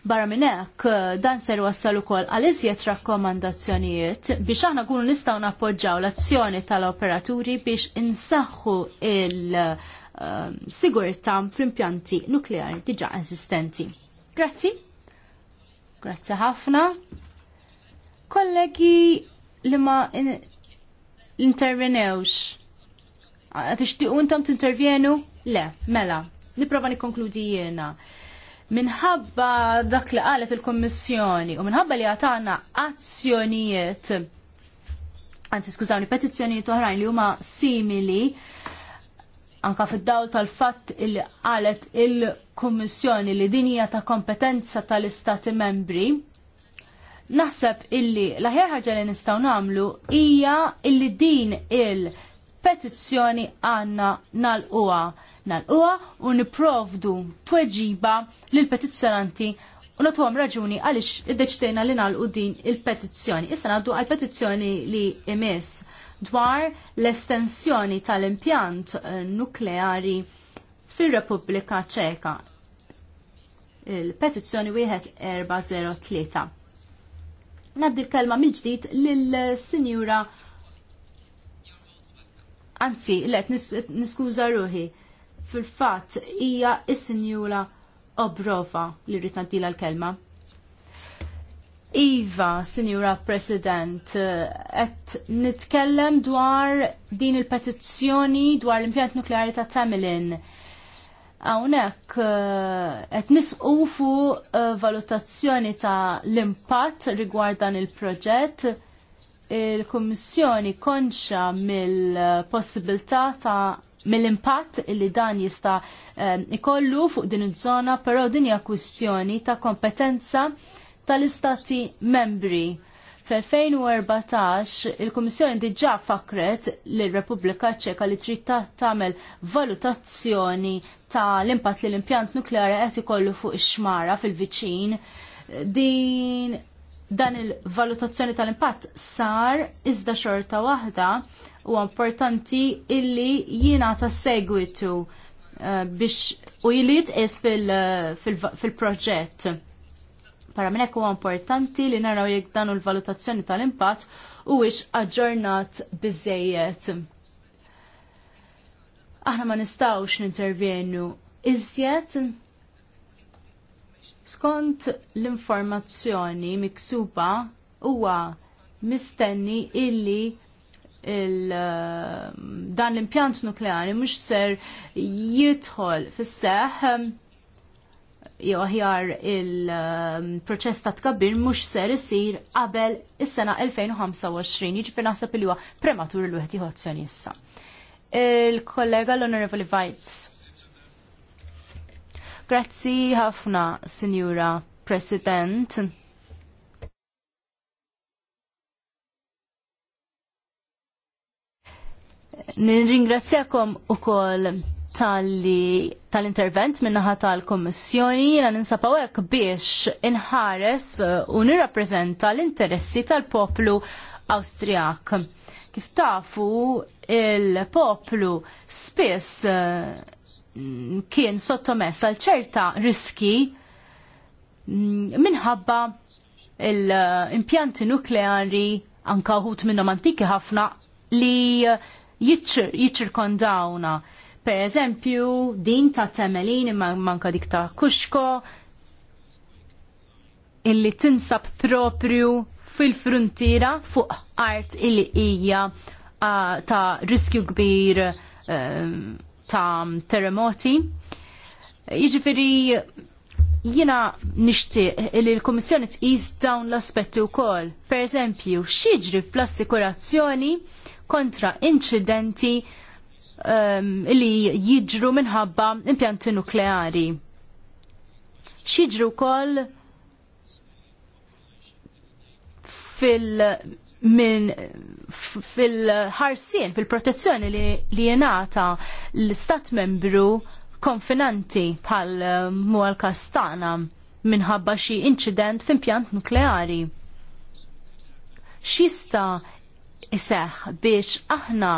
Barra minn hekk eh, dan ser wassal ukoll għal iżjed rakkomandazzjonijiet biex aħna nkunu nistgħu nappoġġaw l-azzjoni tal-operaturi biex insaħħu il-sigurtà eh, fl-impjanti nukleari diġà eżistenti. Grazzi. Grazzi ħafna. Kollegi li ma intervenewx. Ah, tam intom intervjenu Le, mela. Niprofa nikkonkludi jiena minħabba dak li qalet il-Kommissjoni u minħabba li għatana azzjonijiet, anzi skużawni, petizzjonijiet oħrajn li huma simili, anka fid-dawl tal-fatt li qalet il-Kommissjoni li dinija ta' kompetenza tal-Istati membri, naħseb illi l-aħjar ħaġa li nistgħu nagħmlu hija illi din il-petizzjoni għandna nal-qwa nalquha u niprovdu tweġiba lil petizzjonanti u nagħtuhom raġuni għaliex deċtejna li nal din il-petizzjoni. Issa ngħaddu għal petizzjoni li imiss dwar l-estensjoni tal-impjant eh, nukleari fir-Repubblika Ċeka. Il-petizzjoni wieħed 403. Naddi l-kelma mill-ġdid lill-Sinjura Anzi, let niskuża ruħi fil-fatt hija is-Sinjura Obrova li rrid nadila l-kelma. Iva, Sinjura President, qed nitkellem dwar din il-petizzjoni dwar l-impjant nukleari ta' Tamilin. Hawnhekk eh, qed nisqu fuq eh, valutazzjoni ta' l-impatt rigward dan il-proġett il-Kummissjoni konxa mill-possibilità ta' mill-impatt li dan jista eh, ikollu fuq din iż-żona, però din hija kwistjoni ta' kompetenza tal-istati membri. Fl-2014 il-Kummissjoni diġà fakret l repubblika Ċeka li trid tagħmel valutazzjoni ta' l-impatt li l-impjant nukleari qed ikollu fuq ix-xmara fil-viċin. Din dan il-valutazzjoni tal-impatt sar iżda xorta waħda u importanti illi jina ta' segwitu uh, biex u jilit is eh, fil-proġett. Para minnek u importanti li naraw jek danu l-valutazzjoni tal-impatt u ix aġġornat bizzejiet. Aħna ma nistawx nintervjenu iżjed skont l-informazzjoni miksuba huwa mistenni illi Eh, dan l-impjant nukleari mhux ser jidħol fis seħħ eh, jew aħjar il-proċess eh, ta' tkabbir mhux ser isir qabel is-sena 2025, jiġifieri naħseb li huwa prematur il wieħed se issa. Il-kollega l honorable Vajts. Grazzi ħafna, Sinjura President. Nirringrazzjakom ukoll tal-intervent tal minnaħa tal-Kommissjoni jena ninsabaw hekk biex inħares uh, u nirrappreżenta l-interessi tal-poplu Awstrijak. Kif tafu il-poplu spiss uh, kien sottomess għal ċerta riski mm, minħabba l-impjanti nukleari anka wħud minnhom antiki ħafna li jiċirkondawna. Per eżempju, din ta' temelini manka dik ta' kuxko, illi tinsab proprju fil-frontiera fuq art illi hija ta' riskju kbir ehm, ta' terremoti. Jiġifieri jina nixtieq li l-Kummissjoni tqis dawn l-aspetti wkoll. Per eżempju, x'jiġri fl-assikurazzjoni kontra inċidenti um, ehm, li jiġru minħabba impjanti nukleari. Xidru kol fil min fil-ħarsien, fil-protezzjoni li, li jenata l-stat membru konfinanti bħal eh, mual kastana minħabba xi inċident f'impjant nukleari. Xista iseħ biex aħna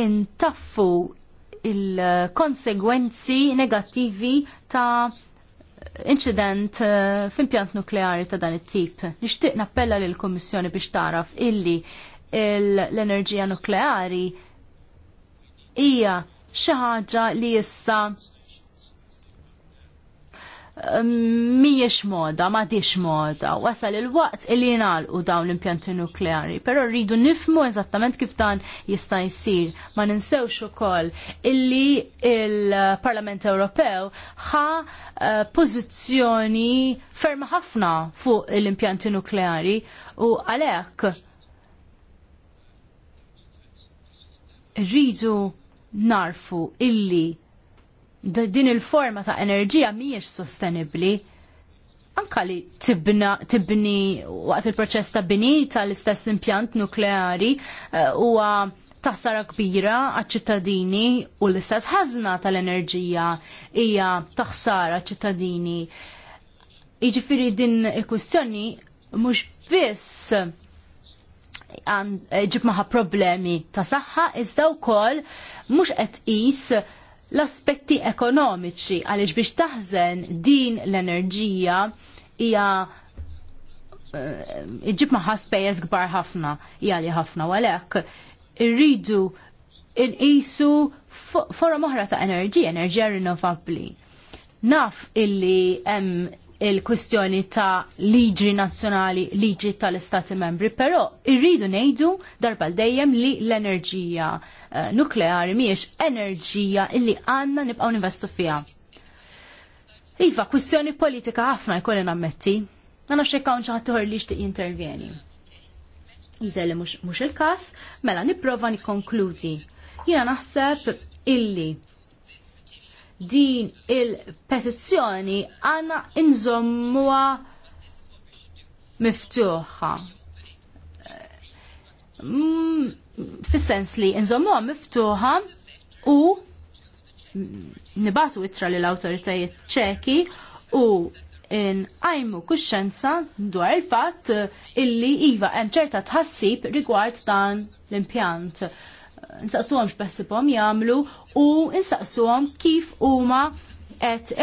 intaffu il-konsegwenzi negattivi ta' incident eh, fil-pjant nukleari ta' dan it-tip. Nixtieq nappella lill kummissjoni biex taraf illi l-enerġija nukleari hija xi ħaġa li issa miex moda, ma diex moda, wasal il-waqt illi u dawn l-impjanti nukleari, pero rridu nifmu eżattament kif dan jista' jsir. Ma ninsewx ukoll illi il-Parlament Ewropew ħa uh, pożizzjoni ferma ħafna fuq l-impjanti nukleari u għalhekk rridu narfu illi din il-forma ta' enerġija mhijiex sostenibbli anka li tibna, tibni waqt il-proċess ta' bini tal-istess impjant nukleari eh, huwa uh, taħsara kbira għal-ċittadini u l-istess ħażna tal-enerġija hija taħsara ċittadini. Iġifiri din il-kustjoni mhux biss ġib maħa problemi ta' saħħa iżda wkoll mhux qed qis l-aspetti ekonomiċi għaliex biex taħżen din l-enerġija hija eh, iġib maħħa spejjeż kbar ħafna jgħali ħafna għalhekk irridu inqisu forma oħra ta' enerġija, enerġija rinnovabbli. Naf illi hemm il-kwistjoni ta' liġi nazzjonali, liġi tal-istati membri, però irridu nejdu darba dejjem li l-enerġija eh, nukleari miex enerġija illi għanna nibqaw investu fija. Iva, kwistjoni politika ħafna jkolli nammetti, ma nafx jekk hawn xi ħadd li jixtieq jintervjeni. Jidher li mhux il-każ, mela nipprova nikkonkludi. Jiena naħseb illi din il-petizzjoni għanna inżommuha miftuħa. Mm, fis-sens li inżommuwa miftuħa u nibatu itra l autoritajiet ċeki u għajmu kuxċenza dwar il-fatt illi iva hemm ċerta tħassib rigward dan l-impjant nsaqsuhom x'beħsibhom jagħmlu u nsaqsuhom kif huma qed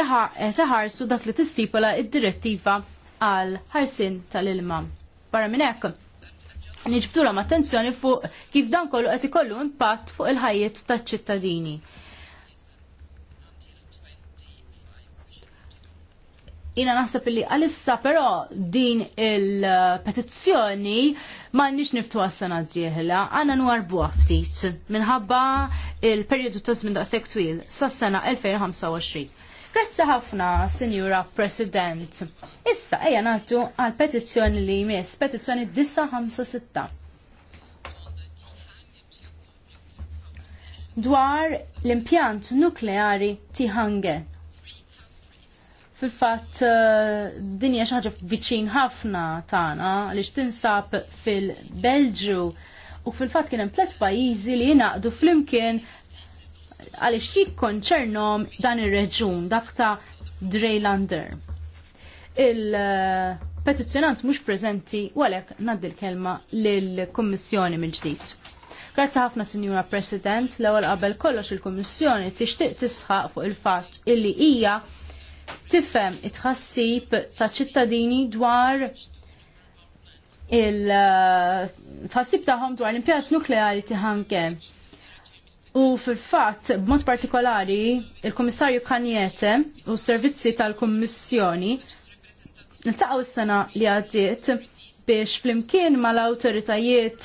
iħarsu dak li tistipula d direttiva għal ħarsin tal-ilma. Barra minn hekk, niġbtulhom attenzjoni fuq kif dan kollu qed ikollu impatt fuq il-ħajjiet taċ-ċittadini. Jina naħseb li għalissa però din il-petizzjoni ma nix niftu għas-sena d-dieħla, għanna nwar ftit minħabba il-periodu ta' żmien daqshekk twil sas-sena 2025. Grazzi ħafna, Signora President. Issa ejja nagħtu għal petizzjoni li jmiss, petizzjoni 956. dwar l-impjant nukleari Tihange fil-fatt eh, dinja xaħġa viċin ħafna tagħna li tinsab fil-Belġu u fil-fatt kien hemm tliet pajjiżi li jingħaqdu flimkien għaliex jikkonċernom dan ir-reġun dak ta' Drejlander. Il-petizzjonant mhux preżenti u għalhekk ngħaddi l-kelma lill-Kummissjoni mill-ġdid. Grazzi ħafna Signora President, l-ewwel qabel kollox il-Kummissjoni tixtieq tisħaq fuq il-fatt illi hija tifhem it-tħassib ta' ċittadini dwar il-tħassib uh, tagħhom dwar l-impjat nukleari tiħanke. U fil-fatt, b'mod partikolari, il-Kummissarju Kanjete u s-servizzi tal-Kummissjoni niltaqgħu s-sena li għaddiet biex flimkien mal-awtoritajiet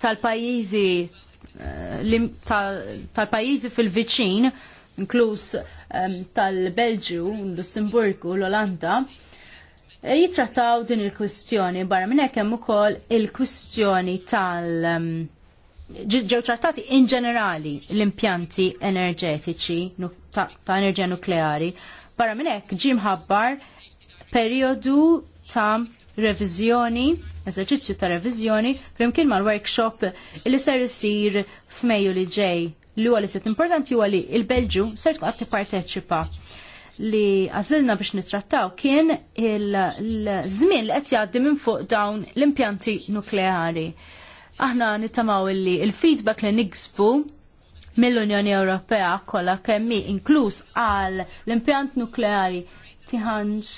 tal-pajjiżi uh, tal-pajjiżi fil-viċin, inkluż tal-Belġu, Lussemburgu, l-Olanda, e, jitrattaw din il-kwistjoni barra minn hekk hemm ukoll il-kwistjoni tal- ġew trattati in ġenerali l-impjanti enerġetiċi ta' enerġija nukleari. Barra minn hekk ġie mħabbar perjodu ta' reviżjoni, eżerċizzju ta' reviżjoni, flimkien mal-workshop li ser isir f'Mejju li ġej li huwa li sitt importanti huwa li il-Belġu ser tkun qed tipparteċipa li għazilna biex nitrattaw kien il-żmien li qed jgħaddi minn fuq dawn l-impjanti nukleari. Aħna nittamaw li il-feedback li niksbu mill-Unjoni Ewropea kollha kemmi inkluż għal l-impjant nukleari tiħanġ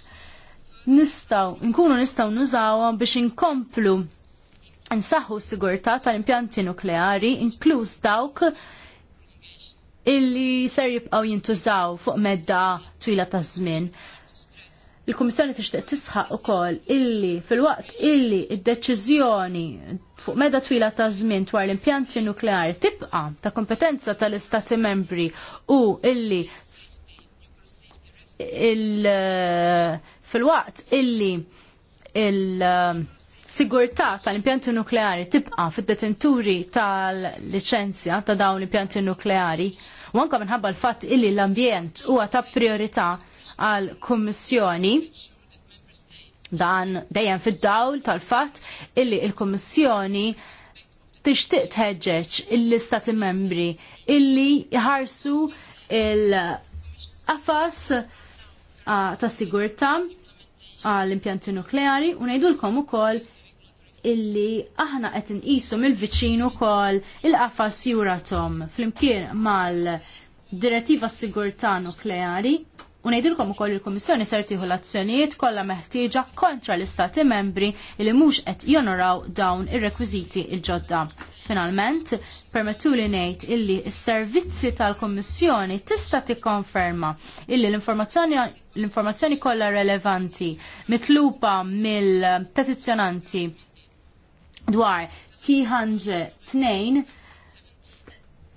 nistaw, nkunu nistaw nużawhom biex inkomplu nsaħħu s-sigurtà tal-impjanti nukleari, inkluż dawk illi ser jibqgħu jintużaw fuq medda twila ta' żmien. Il-Kummissjoni tixtieq tisħaq ukoll illi fil-waqt illi id-deċiżjoni fuq medda twila ta' żmien dwar l-impjanti nukleari tibqa' ta' kompetenza tal-Istati membri u illi il, fil-waqt illi il, il sigurtà tal-impjanti nukleari tibqa' fid-detenturi tal-liċenzja ta' dawn l-impjanti nukleari u anke minħabba l-fatt illi l-ambjent huwa ta' priorità għal kummissjoni dan dejjem fid-dawl tal-fatt illi l-Kummissjoni tixtieq tħeġġeġ il istati membri illi jħarsu il-qafas ah, ta' sigurtà għall impjanti nukleari u ngħidulkom ukoll illi aħna qed inqisu mill-viċin ukoll il-qafas Juratom flimkien mal-Direttiva Sigurtà Nukleari u ngħidilkom ukoll il-Kummissjoni ser tieħu l-azzjonijiet kollha meħtieġa kontra l-Istati membri li mhux qed jonoraw dawn ir-rekwiżiti l-ġodda. Finalment, permettuli ngħid illi s-servizzi tal-Kummissjoni tista' tikkonferma illi l-informazzjoni l-informazzjoni kollha relevanti mitluba mill-petizzjonanti dwar T102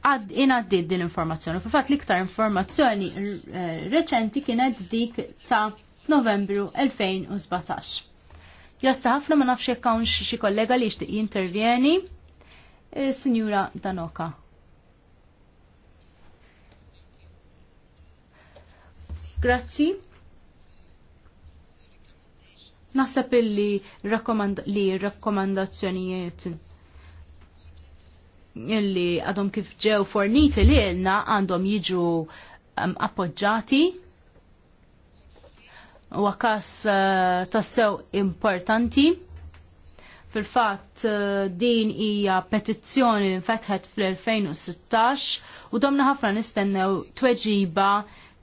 għad inaddit din informazzjoni. Fafat l-iktar informazzjoni eh, reċenti kienet dik ta' novembru 2017. Grazzi ħafna ma nafx jekk hawnx xi kollega li jixtieq jintervjeni. Eh, Sinjura Danoka. Grazzi. Naħseb illi li rakkomandazzjonijiet illi għadhom kif ġew forniti li għilna għandhom jiġu um, appoġġati u għakas uh, tassew importanti. Fil-fat uh, din hija petizzjoni nfetħet fl-2016 u domna ħafna nistennew tweġiba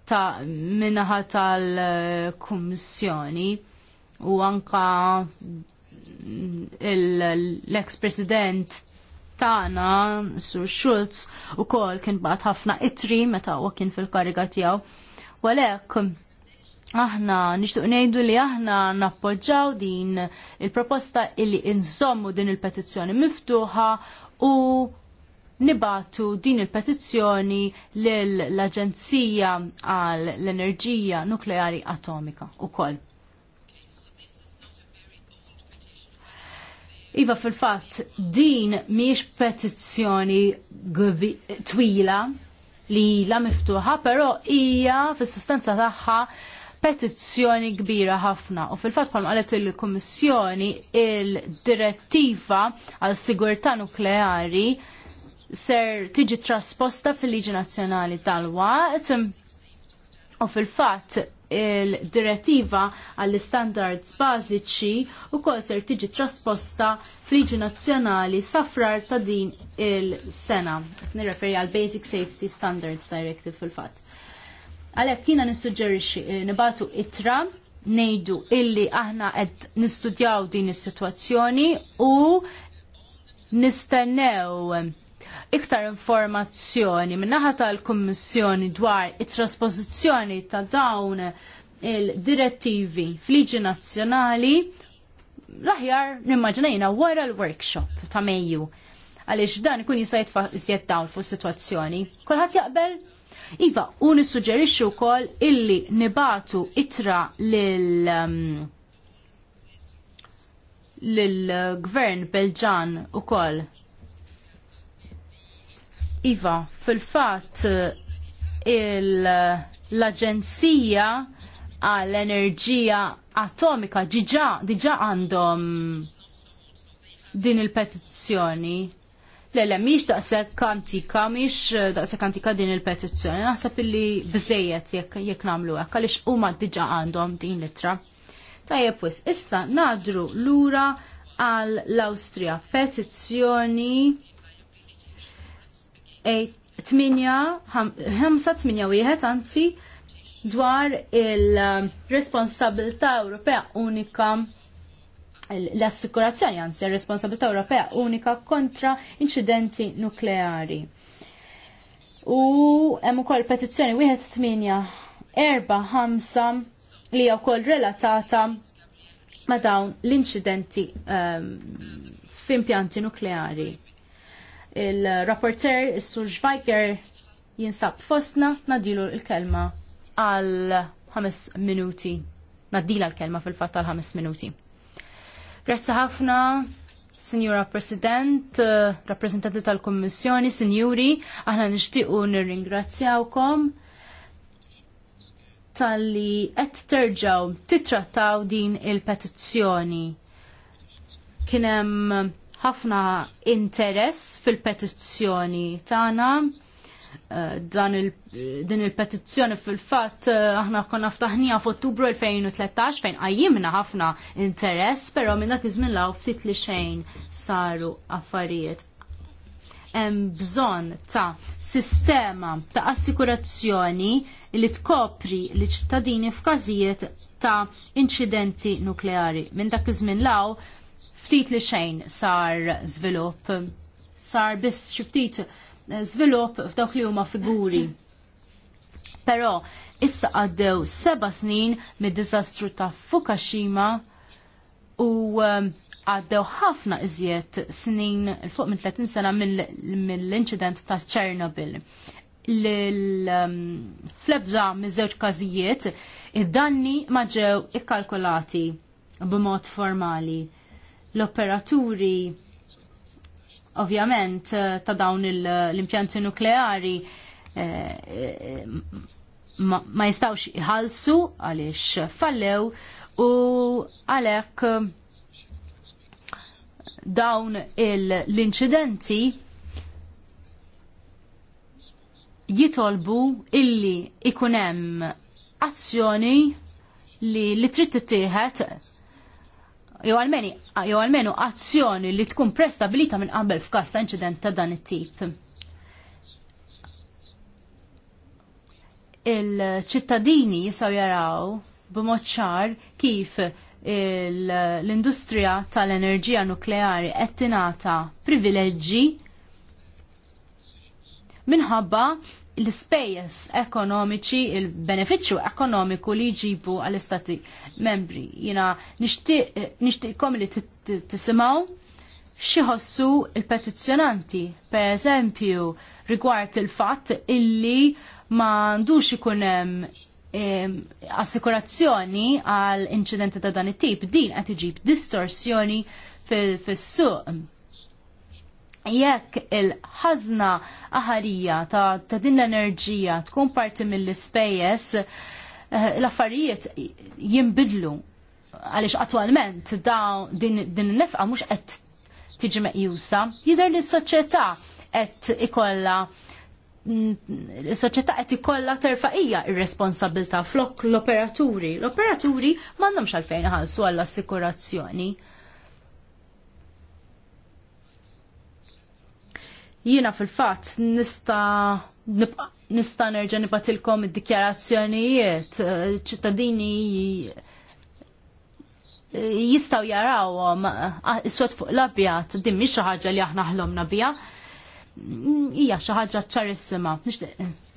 ta' minnaħa tal-Kummissjoni uh, u anka l-ex-president tana, Sur Schultz, u kol kien bat ħafna itri meta u kien fil-kariga tijaw. Walek, aħna nishtuq nejdu li aħna nappoġġaw din il-proposta illi inżommu din il-petizzjoni miftuħa u nibatu din il-petizzjoni l-Aġenzija għall enerġija Nukleari Atomika u koll. Iva fil-fatt din miex petizzjoni twila li la miftuħa, però hija fis-sustanza tagħha petizzjoni kbira ħafna. U fil-fatt bħalma għalet il-Kummissjoni il-direttiva għal sigurtà nukleari ser tiġi trasposta fil-liġi nazzjonali tal-waqt u fil fat il-direttiva għall-standards bażiċi u kol ser tiġi trasposta fliġi nazzjonali safrar ta' din il-sena. Nirreferi għal Basic Safety Standards Directive fil-fat. Għalek kina nissuġġerixi eh, nibatu itra nejdu illi aħna qed nistudjaw din is-sitwazzjoni u nistennew iktar informazzjoni minnaħa tal-Kummissjoni dwar it-trasposizzjoni ta' dawn il-direttivi fl-liġi nazzjonali l-aħjar nimmaġinajna wara l-workshop ta' Mejju għaliex dan ikun jista' jitfa' iżjed dawn fuq sitwazzjoni. Kulħadd jaqbel? Iva, u nissuġġerixxi wkoll illi nibatu itra lil lil um, lill-gvern Belġan ukoll Iva, fil-fat l-Aġenzija għall enerġija atomika diġa, diġa għandhom din il-petizzjoni. Lele, miex daqsek antika, miex eh, daqsek antika din il-petizzjoni. Naħseb illi bżejjed jekk jek namlu hekk għaliex huma diġa għandhom din litra. Tajjeb pwis, issa nadru lura għal l-Awstrija petizzjoni 8-8 anzi dwar il-responsabilità Ewropea unika l-assikurazzjoni anzi il-responsabilità Ewropea unika kontra incidenti nukleari. U hemm ukoll petizzjoni wieħed tminja erba' ħamsa li hija wkoll relatata ma' dawn l-inċidenti um, f'impjanti nukleari il-rapporter, il-sur Schweiger, jinsab fostna, nadilu il-kelma għal 5 minuti. Nadila l-kelma fil-fat għal 5 minuti. Grazzi ħafna, Signora President, rappresentanti tal-Kommissjoni, Signori, aħna nixtiequ nirringrazzjawkom tal-li qed terġaw titrattaw din il-petizzjoni. Kienem ħafna interess fil-petizzjoni tagħna. Eh, il, din il-petizzjoni fil-fatt eh, aħna konna ftaħnija f'Ottubru 2013 fejn qajjimna ħafna interess, però minn dak iż-żmien law ftit li xejn saru affarijiet. Hemm bżonn ta' sistema ta' assikurazzjoni li tkopri li ċittadini f'każijiet ta' inċidenti nukleari. Minn dak iż-żmien law ftit li xejn sar żvilupp. Sar biss xi ftit żvilupp f'dawk li huma figuri. Però issa għaddew seba' snin mid-diżastru ta' Fukushima u um, għaddew ħafna iżjed snin fuq minn 30 sena mill-inċident ta' Chernobyl. Um, Fl-ebda minn żewġ każijiet id-danni ma ġew ikkalkulati b'mod formali l-operaturi ovvjament eh, ta' dawn l-impjanti nukleari eh, eh, ma, jistawx jħalsu għaliex fallew u għalek dawn l-inċidenti jitolbu illi ikunem azzjoni li li trid tittieħed jew almenu azzjoni li tkun prestabilita minn qabel f'każ ta' inċident ta' dan it-tip. Il-ċittadini jistgħu jaraw b'mod ċar kif l-industrija tal-enerġija nukleari qed tingħata privileġġi minħabba l-spejjes ekonomiċi, il-beneficju ekonomiku li jġibu għall-istati membri. Jina nishtiqkom li tisimgħu xieħossu il-petizjonanti, per eżempju, rigward il-fat illi ma ndux ikunem assikurazzjoni għal incidenti ta' dan it-tip, din għat iġib distorsjoni fil-suq jekk il-ħazna aħarija ta', ta din l-enerġija tkun parti mill-ispejjeż eh, l-affarijiet jimbidlu għaliex attwalment din, din nefqa mhux qed tiġi meqjusa, jidher li s-soċjetà qed ikolla mm, s-soċjetà qed ikollha terfaqija ir-responsabilità flok l-operaturi. L-operaturi m'għandhomx għalfejn iħallsu għall-assikurazzjoni. Jiena fil-fatt nista' nista' nerġa' nibatilkom id-dikjarazzjonijiet eh, ċittadini jistaw jarawhom eh, iswet fuq labja abjad din mhix xi ħaġa li aħna ħlomna bija. Hija xi ħaġa ċarissima.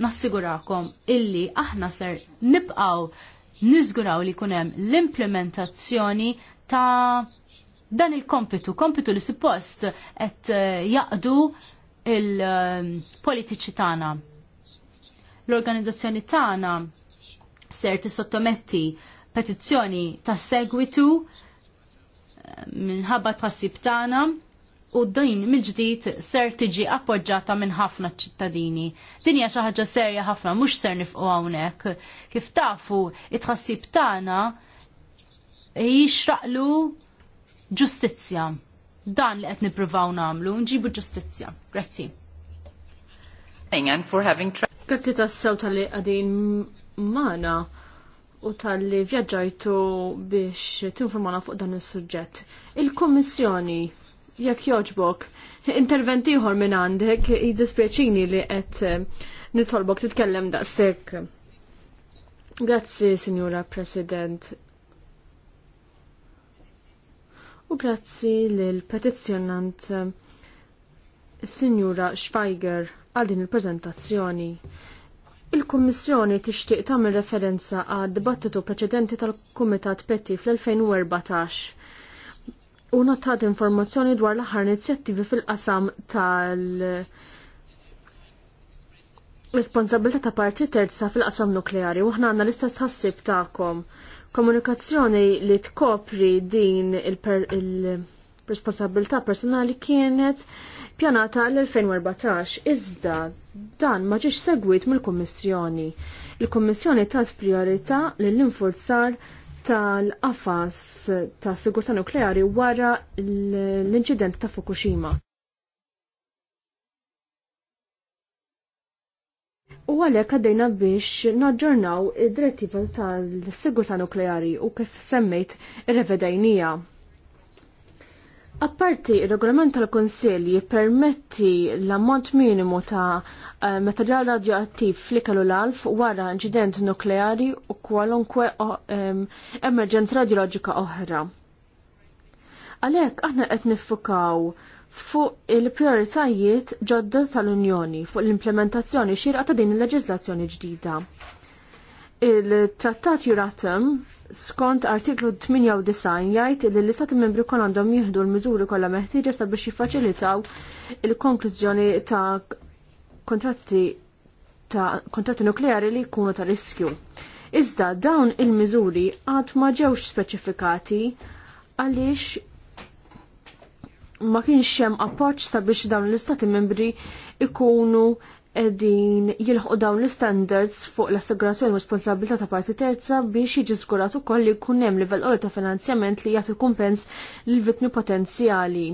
Nassigurakom illi aħna ser nibqgħu niżguraw li jkun hemm l-implementazzjoni ta' dan il-kompitu, kompitu li suppost qed jaqdu il-politiċi tagħna. L-organizzazzjoni tagħna ser tisottometti petizzjoni ta' segwitu eh, minħabba tħassib tagħna u din mill-ġdid ser tiġi appoġġata minn ħafna ċittadini. Din hija xi ħaġa serja ħafna mhux ser nifqu hawnhekk. Kif tafu it-tħassib tagħna jixraqlu ġustizzja dan li qed nippruvaw nagħmlu nġibu ġustizzja. Grazzi. Grazzi tas-sew tal-li qegħdin magħna u tal-li vjaġġajtu biex tinformana fuq dan is-suġġett. Il-Kummissjoni jekk joġbok, interventiħor minn għandek jiddispjaċini li qed eh, nitolbok titkellem daqshekk. Grazzi, Sinjura President u grazzi l-petizzjonant Sinjura Schweiger għal din il-prezentazzjoni. Il-Kummissjoni tixtieq tagħmel referenza għad dibattitu preċedenti tal-Kumitat Petti fl-2014 u notat informazzjoni dwar l-aħħar inizjattivi fil-qasam tal- responsabilità ta' parti terza fil-qasam nukleari u ħna għandna l-istess ħassib tagħkom komunikazzjoni li tkopri din il-responsabilità -per il personali kienet pjanata l-2014, iżda dan ma ġiex segwit mill-Kummissjoni. Il-Kummissjoni tat priorità lill-infurzar tal-qafas ta' sigurtà nukleari wara l-inċident ta' Fukushima. U għalhekk għaddejna biex naġġornaw id-direttiva tal-sigurtà nukleari u kif semmejt ir-revedajnija. Apparti, il-regolament tal-Konsil jipermetti l-ammont minimu ta' eh, materjal radioattiv li kellu l-alf wara inċident nukleari u kwalunkwe emerġenza radioloġika oħra. Għalhekk aħna qed niffukaw fuq il-prioritajiet ġodda tal-Unjoni fuq l-implementazzjoni xirqa ta' din il-leġislazzjoni ġdida. Il-trattat Juratem skont artiklu 98 jgħid li l-istati membri kon għandhom jieħdu l-miżuri kollha meħtieġa sabiex jiffaċilitaw il-konklużjoni ta' kontratti ta' kontratti nukleari li jkunu ta' riskju. Iżda dawn il-miżuri għad ma ġewx speċifikati għaliex ma kienx hemm appoġġ sabiex dawn l-istati membri ikunu qegħdin jilħqu dawn l-standards fuq l-assigurazzjoni responsabilità ta' parti terza biex jiġi żgurat ukoll li jkun hemm livell qoli ta' finanzjament li jagħti kumpens lill vittmi potenzjali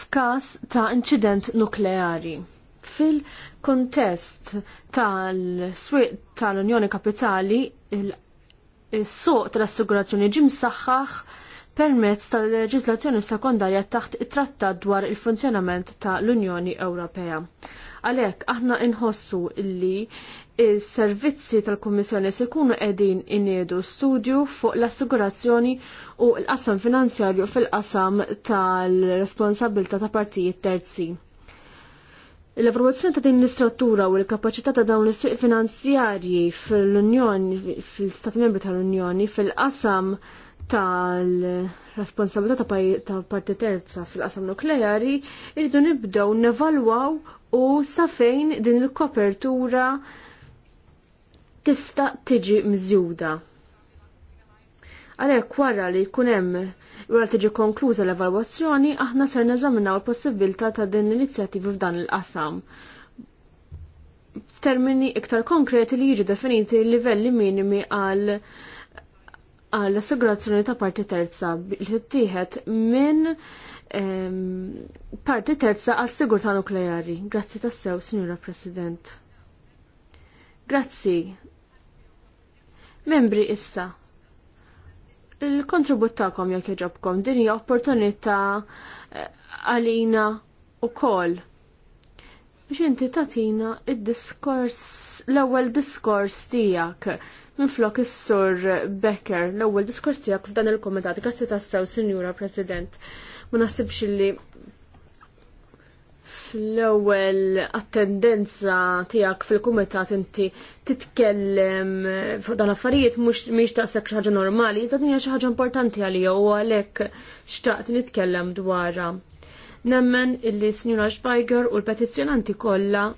f'każ ta' inċident nukleari. Fil-kontest tal-swieq tal-Unjoni Kapitali, il-suq tal-assigurazzjoni ġim saħħaħ permezz tal-leġislazzjoni sekondarja taħt it-trattat dwar il-funzjonament ta' l-Unjoni Ewropea. Għalhekk aħna inħossu illi il-servizzi tal-Kummissjoni se jkunu qegħdin iniedu studju fuq l-assigurazzjoni u l-qasam finanzjarju fil-qasam tal responsabilta ta' partijiet terzi. L-evoluzzjoni ta' din l-istruttura u l-kapacità ta' dawn l-istruq finanzjarji fil-Unjoni, fil-Stati Membri tal-Unjoni, fil-qasam fil unjoni fil qasam tal-responsabilità ta', ta parti terza fil-qasam nukleari irridu nibdew nevalwaw u safejn din il-kopertura tista' tiġi mżjuda. Għalhekk wara li jkun hemm wara tiġi konkluża l-evalwazzjoni, aħna ser neżaminaw il-possibilità ta' din l-inizjattivi f'dan il-qasam. F'termini iktar konkreti li jiġu definiti livelli minimi għal għall-assigurazzjoni ta' parti terza li tittieħed minn ehm, parti terza għas sigurtà nukleari. Grazzi tas-sew, Signora President. Grazzi. Membri issa. Il-kontribut tagħkom jekk jġobkom din hija opportunità eh, għalina u kol biex inti tatina id-diskors, l-ewwel diskors tiegħek minflok is-sur Becker l-ewwel diskors tiegħek f'dan il-kumitat. Grazzi tassew, Sinjura President. Ma naħsibx li fl-ewwel attendenza tiegħek fil-kumitat inti titkellem fuq dan affarijiet mhux mhix taqsek xi ħaġa normali, iżda din hija xi ħaġa importanti għalija u għalhekk xtaqt nitkellem dwarha. Nemmen illi Sinjura Schweiger u l-petizzjonanti kollha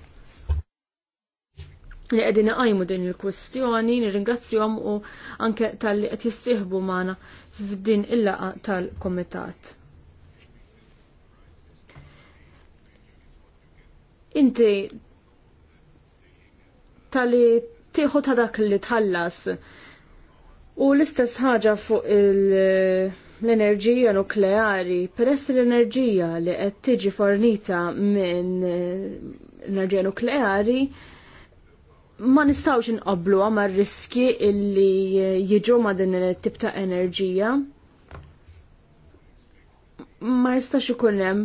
li għedina għajmu din il-kwestjoni, nirringrazzjom u anke tal-li għet jistihbu maħna f'din il-laqa tal-komitat. Inti tal-li tiħu ta' dak li tħallas u l-istess ħaġa fuq l-enerġija nukleari, peress l-enerġija li qed tiġi fornita minn enerġija nukleari, ma nistawx inqoblu għama riski illi jiġu ma din il-tip ta' enerġija. Ma jistax ikun hemm,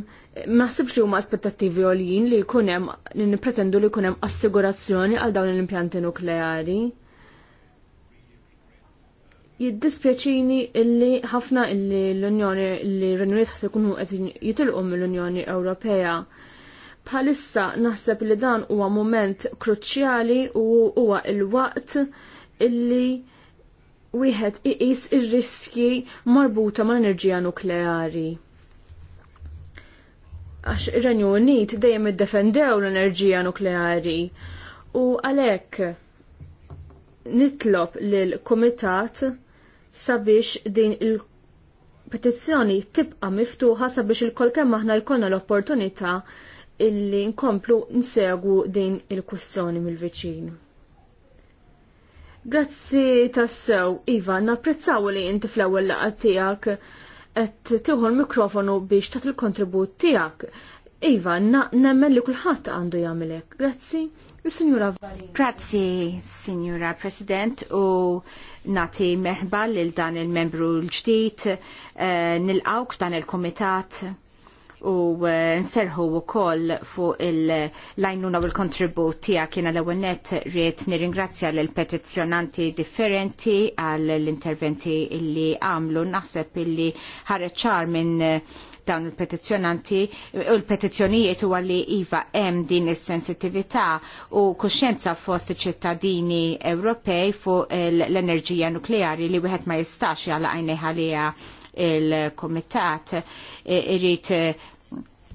ma ħsibx li huma aspettattivi għoljin li jkun hemm li nippretendu li jkun hemm assigurazzjoni għal dawn l-impjanti nukleari. Jiddispjaċini illi ħafna illi l-Unjoni, li l-Unjoni tħass ikunu qed jitilqu mill-Unjoni Ewropea Bħalissa naħseb li dan huwa moment kruċjali u huwa il-waqt illi wieħed iqis ir-riski marbuta mal-enerġija nukleari. Għax ir-Renju Unit dejjem iddefendew l-enerġija nukleari u għalhekk nitlob lil kumitat sabiex din il petizzjoni tibqa' miftuħa sabiex il kolkemm aħna jkollna l-opportunità illi nkomplu nsegu din il-kwistjoni mill-viċin. Grazzi tassew, Iva, napprezzaw li inti fl-ewwel laqgħa tiegħek qed tieħu l-mikrofonu biex tagħti il kontribut tiegħek. Iva, nemmen li kulħadd għandu jagħmelek. Grazzi, Signora Valina. Grazzi, Signora President, u nati merħba lil dan il-membru l-ġdid, eh, nilqawk dan il-komitat u eh, nserħu u koll fuq il-lajnuna u l-kontribut tija kiena l-ewenet riet nir-ingrazzja l-petizjonanti differenti għal l-interventi illi għamlu naħseb illi ħareċar minn eh, dawn il-petizjonanti u l-petizjonijiet u għalli iva hemm din is-sensitività u kuxjenza fost ċittadini Ewropej fuq l-enerġija nukleari li wieħed ma jistax jgħala għajnej il-komitat e, irrit e,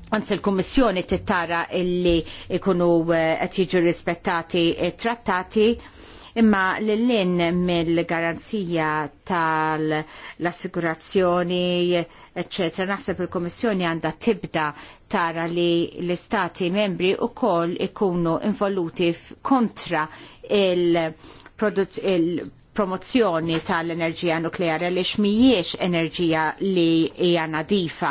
Anzi l-Kummissjoni tittara illi ikunu e, qed jiġu rispettati trattati imma l-lin mill-garanzija tal-assigurazzjoni, ecc. Naħseb il kommissjoni għandha tibda tara li l-Istati membri u koll ikunu involuti kontra il-produzzjoni il produzzjoni promozzjoni tal-enerġija nukleari li xmijiex enerġija li hija nadifa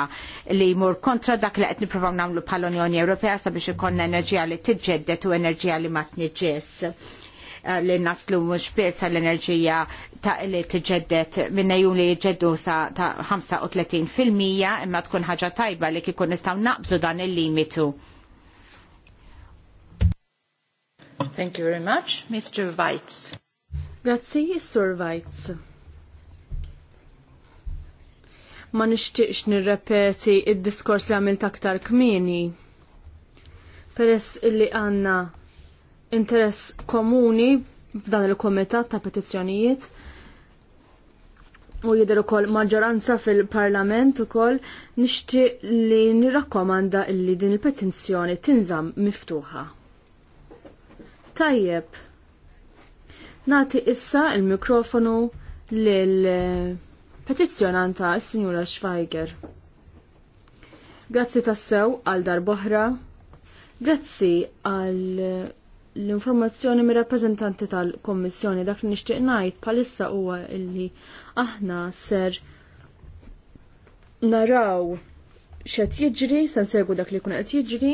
li jmur kontra dak li qed nippruvaw nagħmlu bħall-Unjoni Ewropea sabiex ikollna enerġija li tiġġeddet u enerġija li ma tniġġes eh, li naslu mhux biss l-enerġija ta' li minn minnejjum li jġeddu sa ta' 35% imma tkun ħaġa tajba li kikun nistgħu naqbżu dan il-limitu. Thank you very much, Mr. Weitz. Grazzi, Sur Vajts. Ma nixtieqx nirrepeti id-diskors li għamilt aktar kmieni. Peress illi għandna interess komuni f'dan il-komitat ta' petizzjonijiet u jidher ukoll maġġoranza fil-Parlament ukoll nixtieq li nirrakkomanda illi din il-petizzjoni tinżamm miftuħa. Tajjeb. Nati issa il-mikrofonu lill-petizzjonanta s-Sinjura Schweiger. Grazzi tassew għal boħra. Grazzi għal l-informazzjoni mir rappresentanti tal-Kommissjoni dak li nixtieq ngħid bħalissa huwa illi aħna ser naraw x'qed jiġri, se nsegu dak li jkun qed jiġri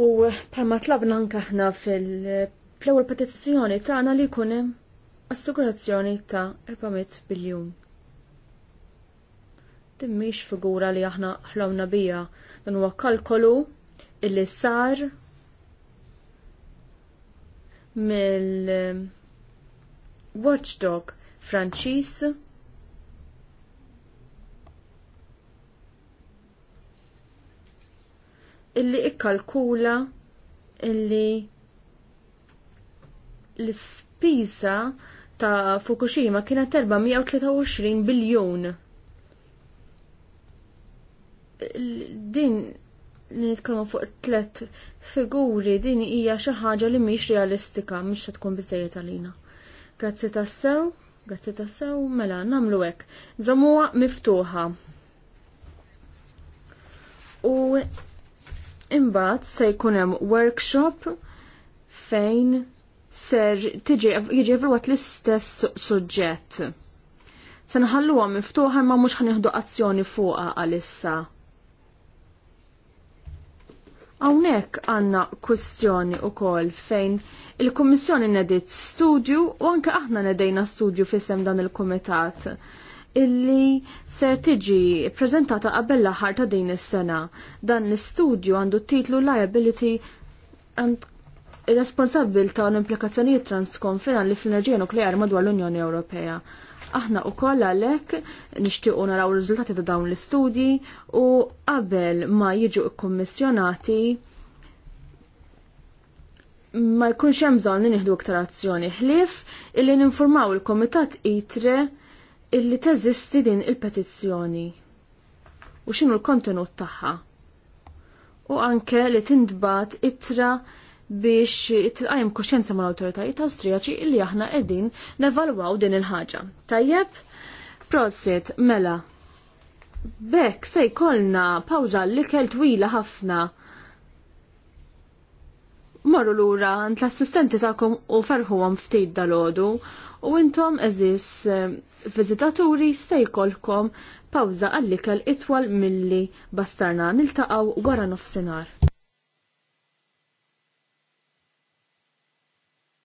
U bħalma tlabna anka ħna fil-ewwel petizzjoni tagħna li jkun hemm assigurazzjoni ta' 400 biljon. Din mhix figura li aħna ħlomna bija dan huwa kalkolu illi sar mill-watchdog Franċiż illi ikkalkula illi l-spisa ta' Fukushima kienet 423 biljun. Din li nitkellmu fuq tlet figuri din hija xi ħaġa li mhix realistika mhix se tkun biżejjed għalina. Grazzi tassew, grazzi tassew, mela nagħmlu hekk. Żommuha miftuħa. U Imbagħad se jkun hemm workshop fejn ser tiġi jiġi evalwat l-istess suġġett. Se nħalluha miftuħa ma mhux ħanieħdu azzjoni fuqha għalissa. Hawnhekk għandna kwistjoni wkoll fejn il-Kummissjoni nedit studju u anke aħna nedejna studju fisem dan il-Kumitat illi ser tiġi prezentata qabel l-aħħar ta' din is-sena. Dan l-istudju għandu titlu Liability and Responsabil ta' l-implikazzjonijiet transkonfinan li fl-enerġija nukleari madwar l-Unjoni Ewropea. Aħna u koll għalek nishtiqu naraw riżultati ta' dawn l-istudji u qabel ma jiġu kommissjonati ma jkunx hemm bżonn li nieħdu iktar azzjoni ħlief illi ninformaw il-Komitat ITRE illi teżisti din il-petizzjoni u xinu l-kontenut tagħha. U anke li tindbat itra biex it-tqajm koxjenza mal autoritajiet Awstrijaċi illi aħna qegħdin nevalwaw din il-ħaġa. Tajjeb, prosit, mela. Bek, se jkollna pawża l-ikel twila ħafna morru lura għand l-assistenti tagħkom u għam ftit dalodu u intom eżis eh, vizitaturi stajkolkom jkollkom pawża għall-ikel itwal milli bastarna niltaqgħu wara nofsinhar.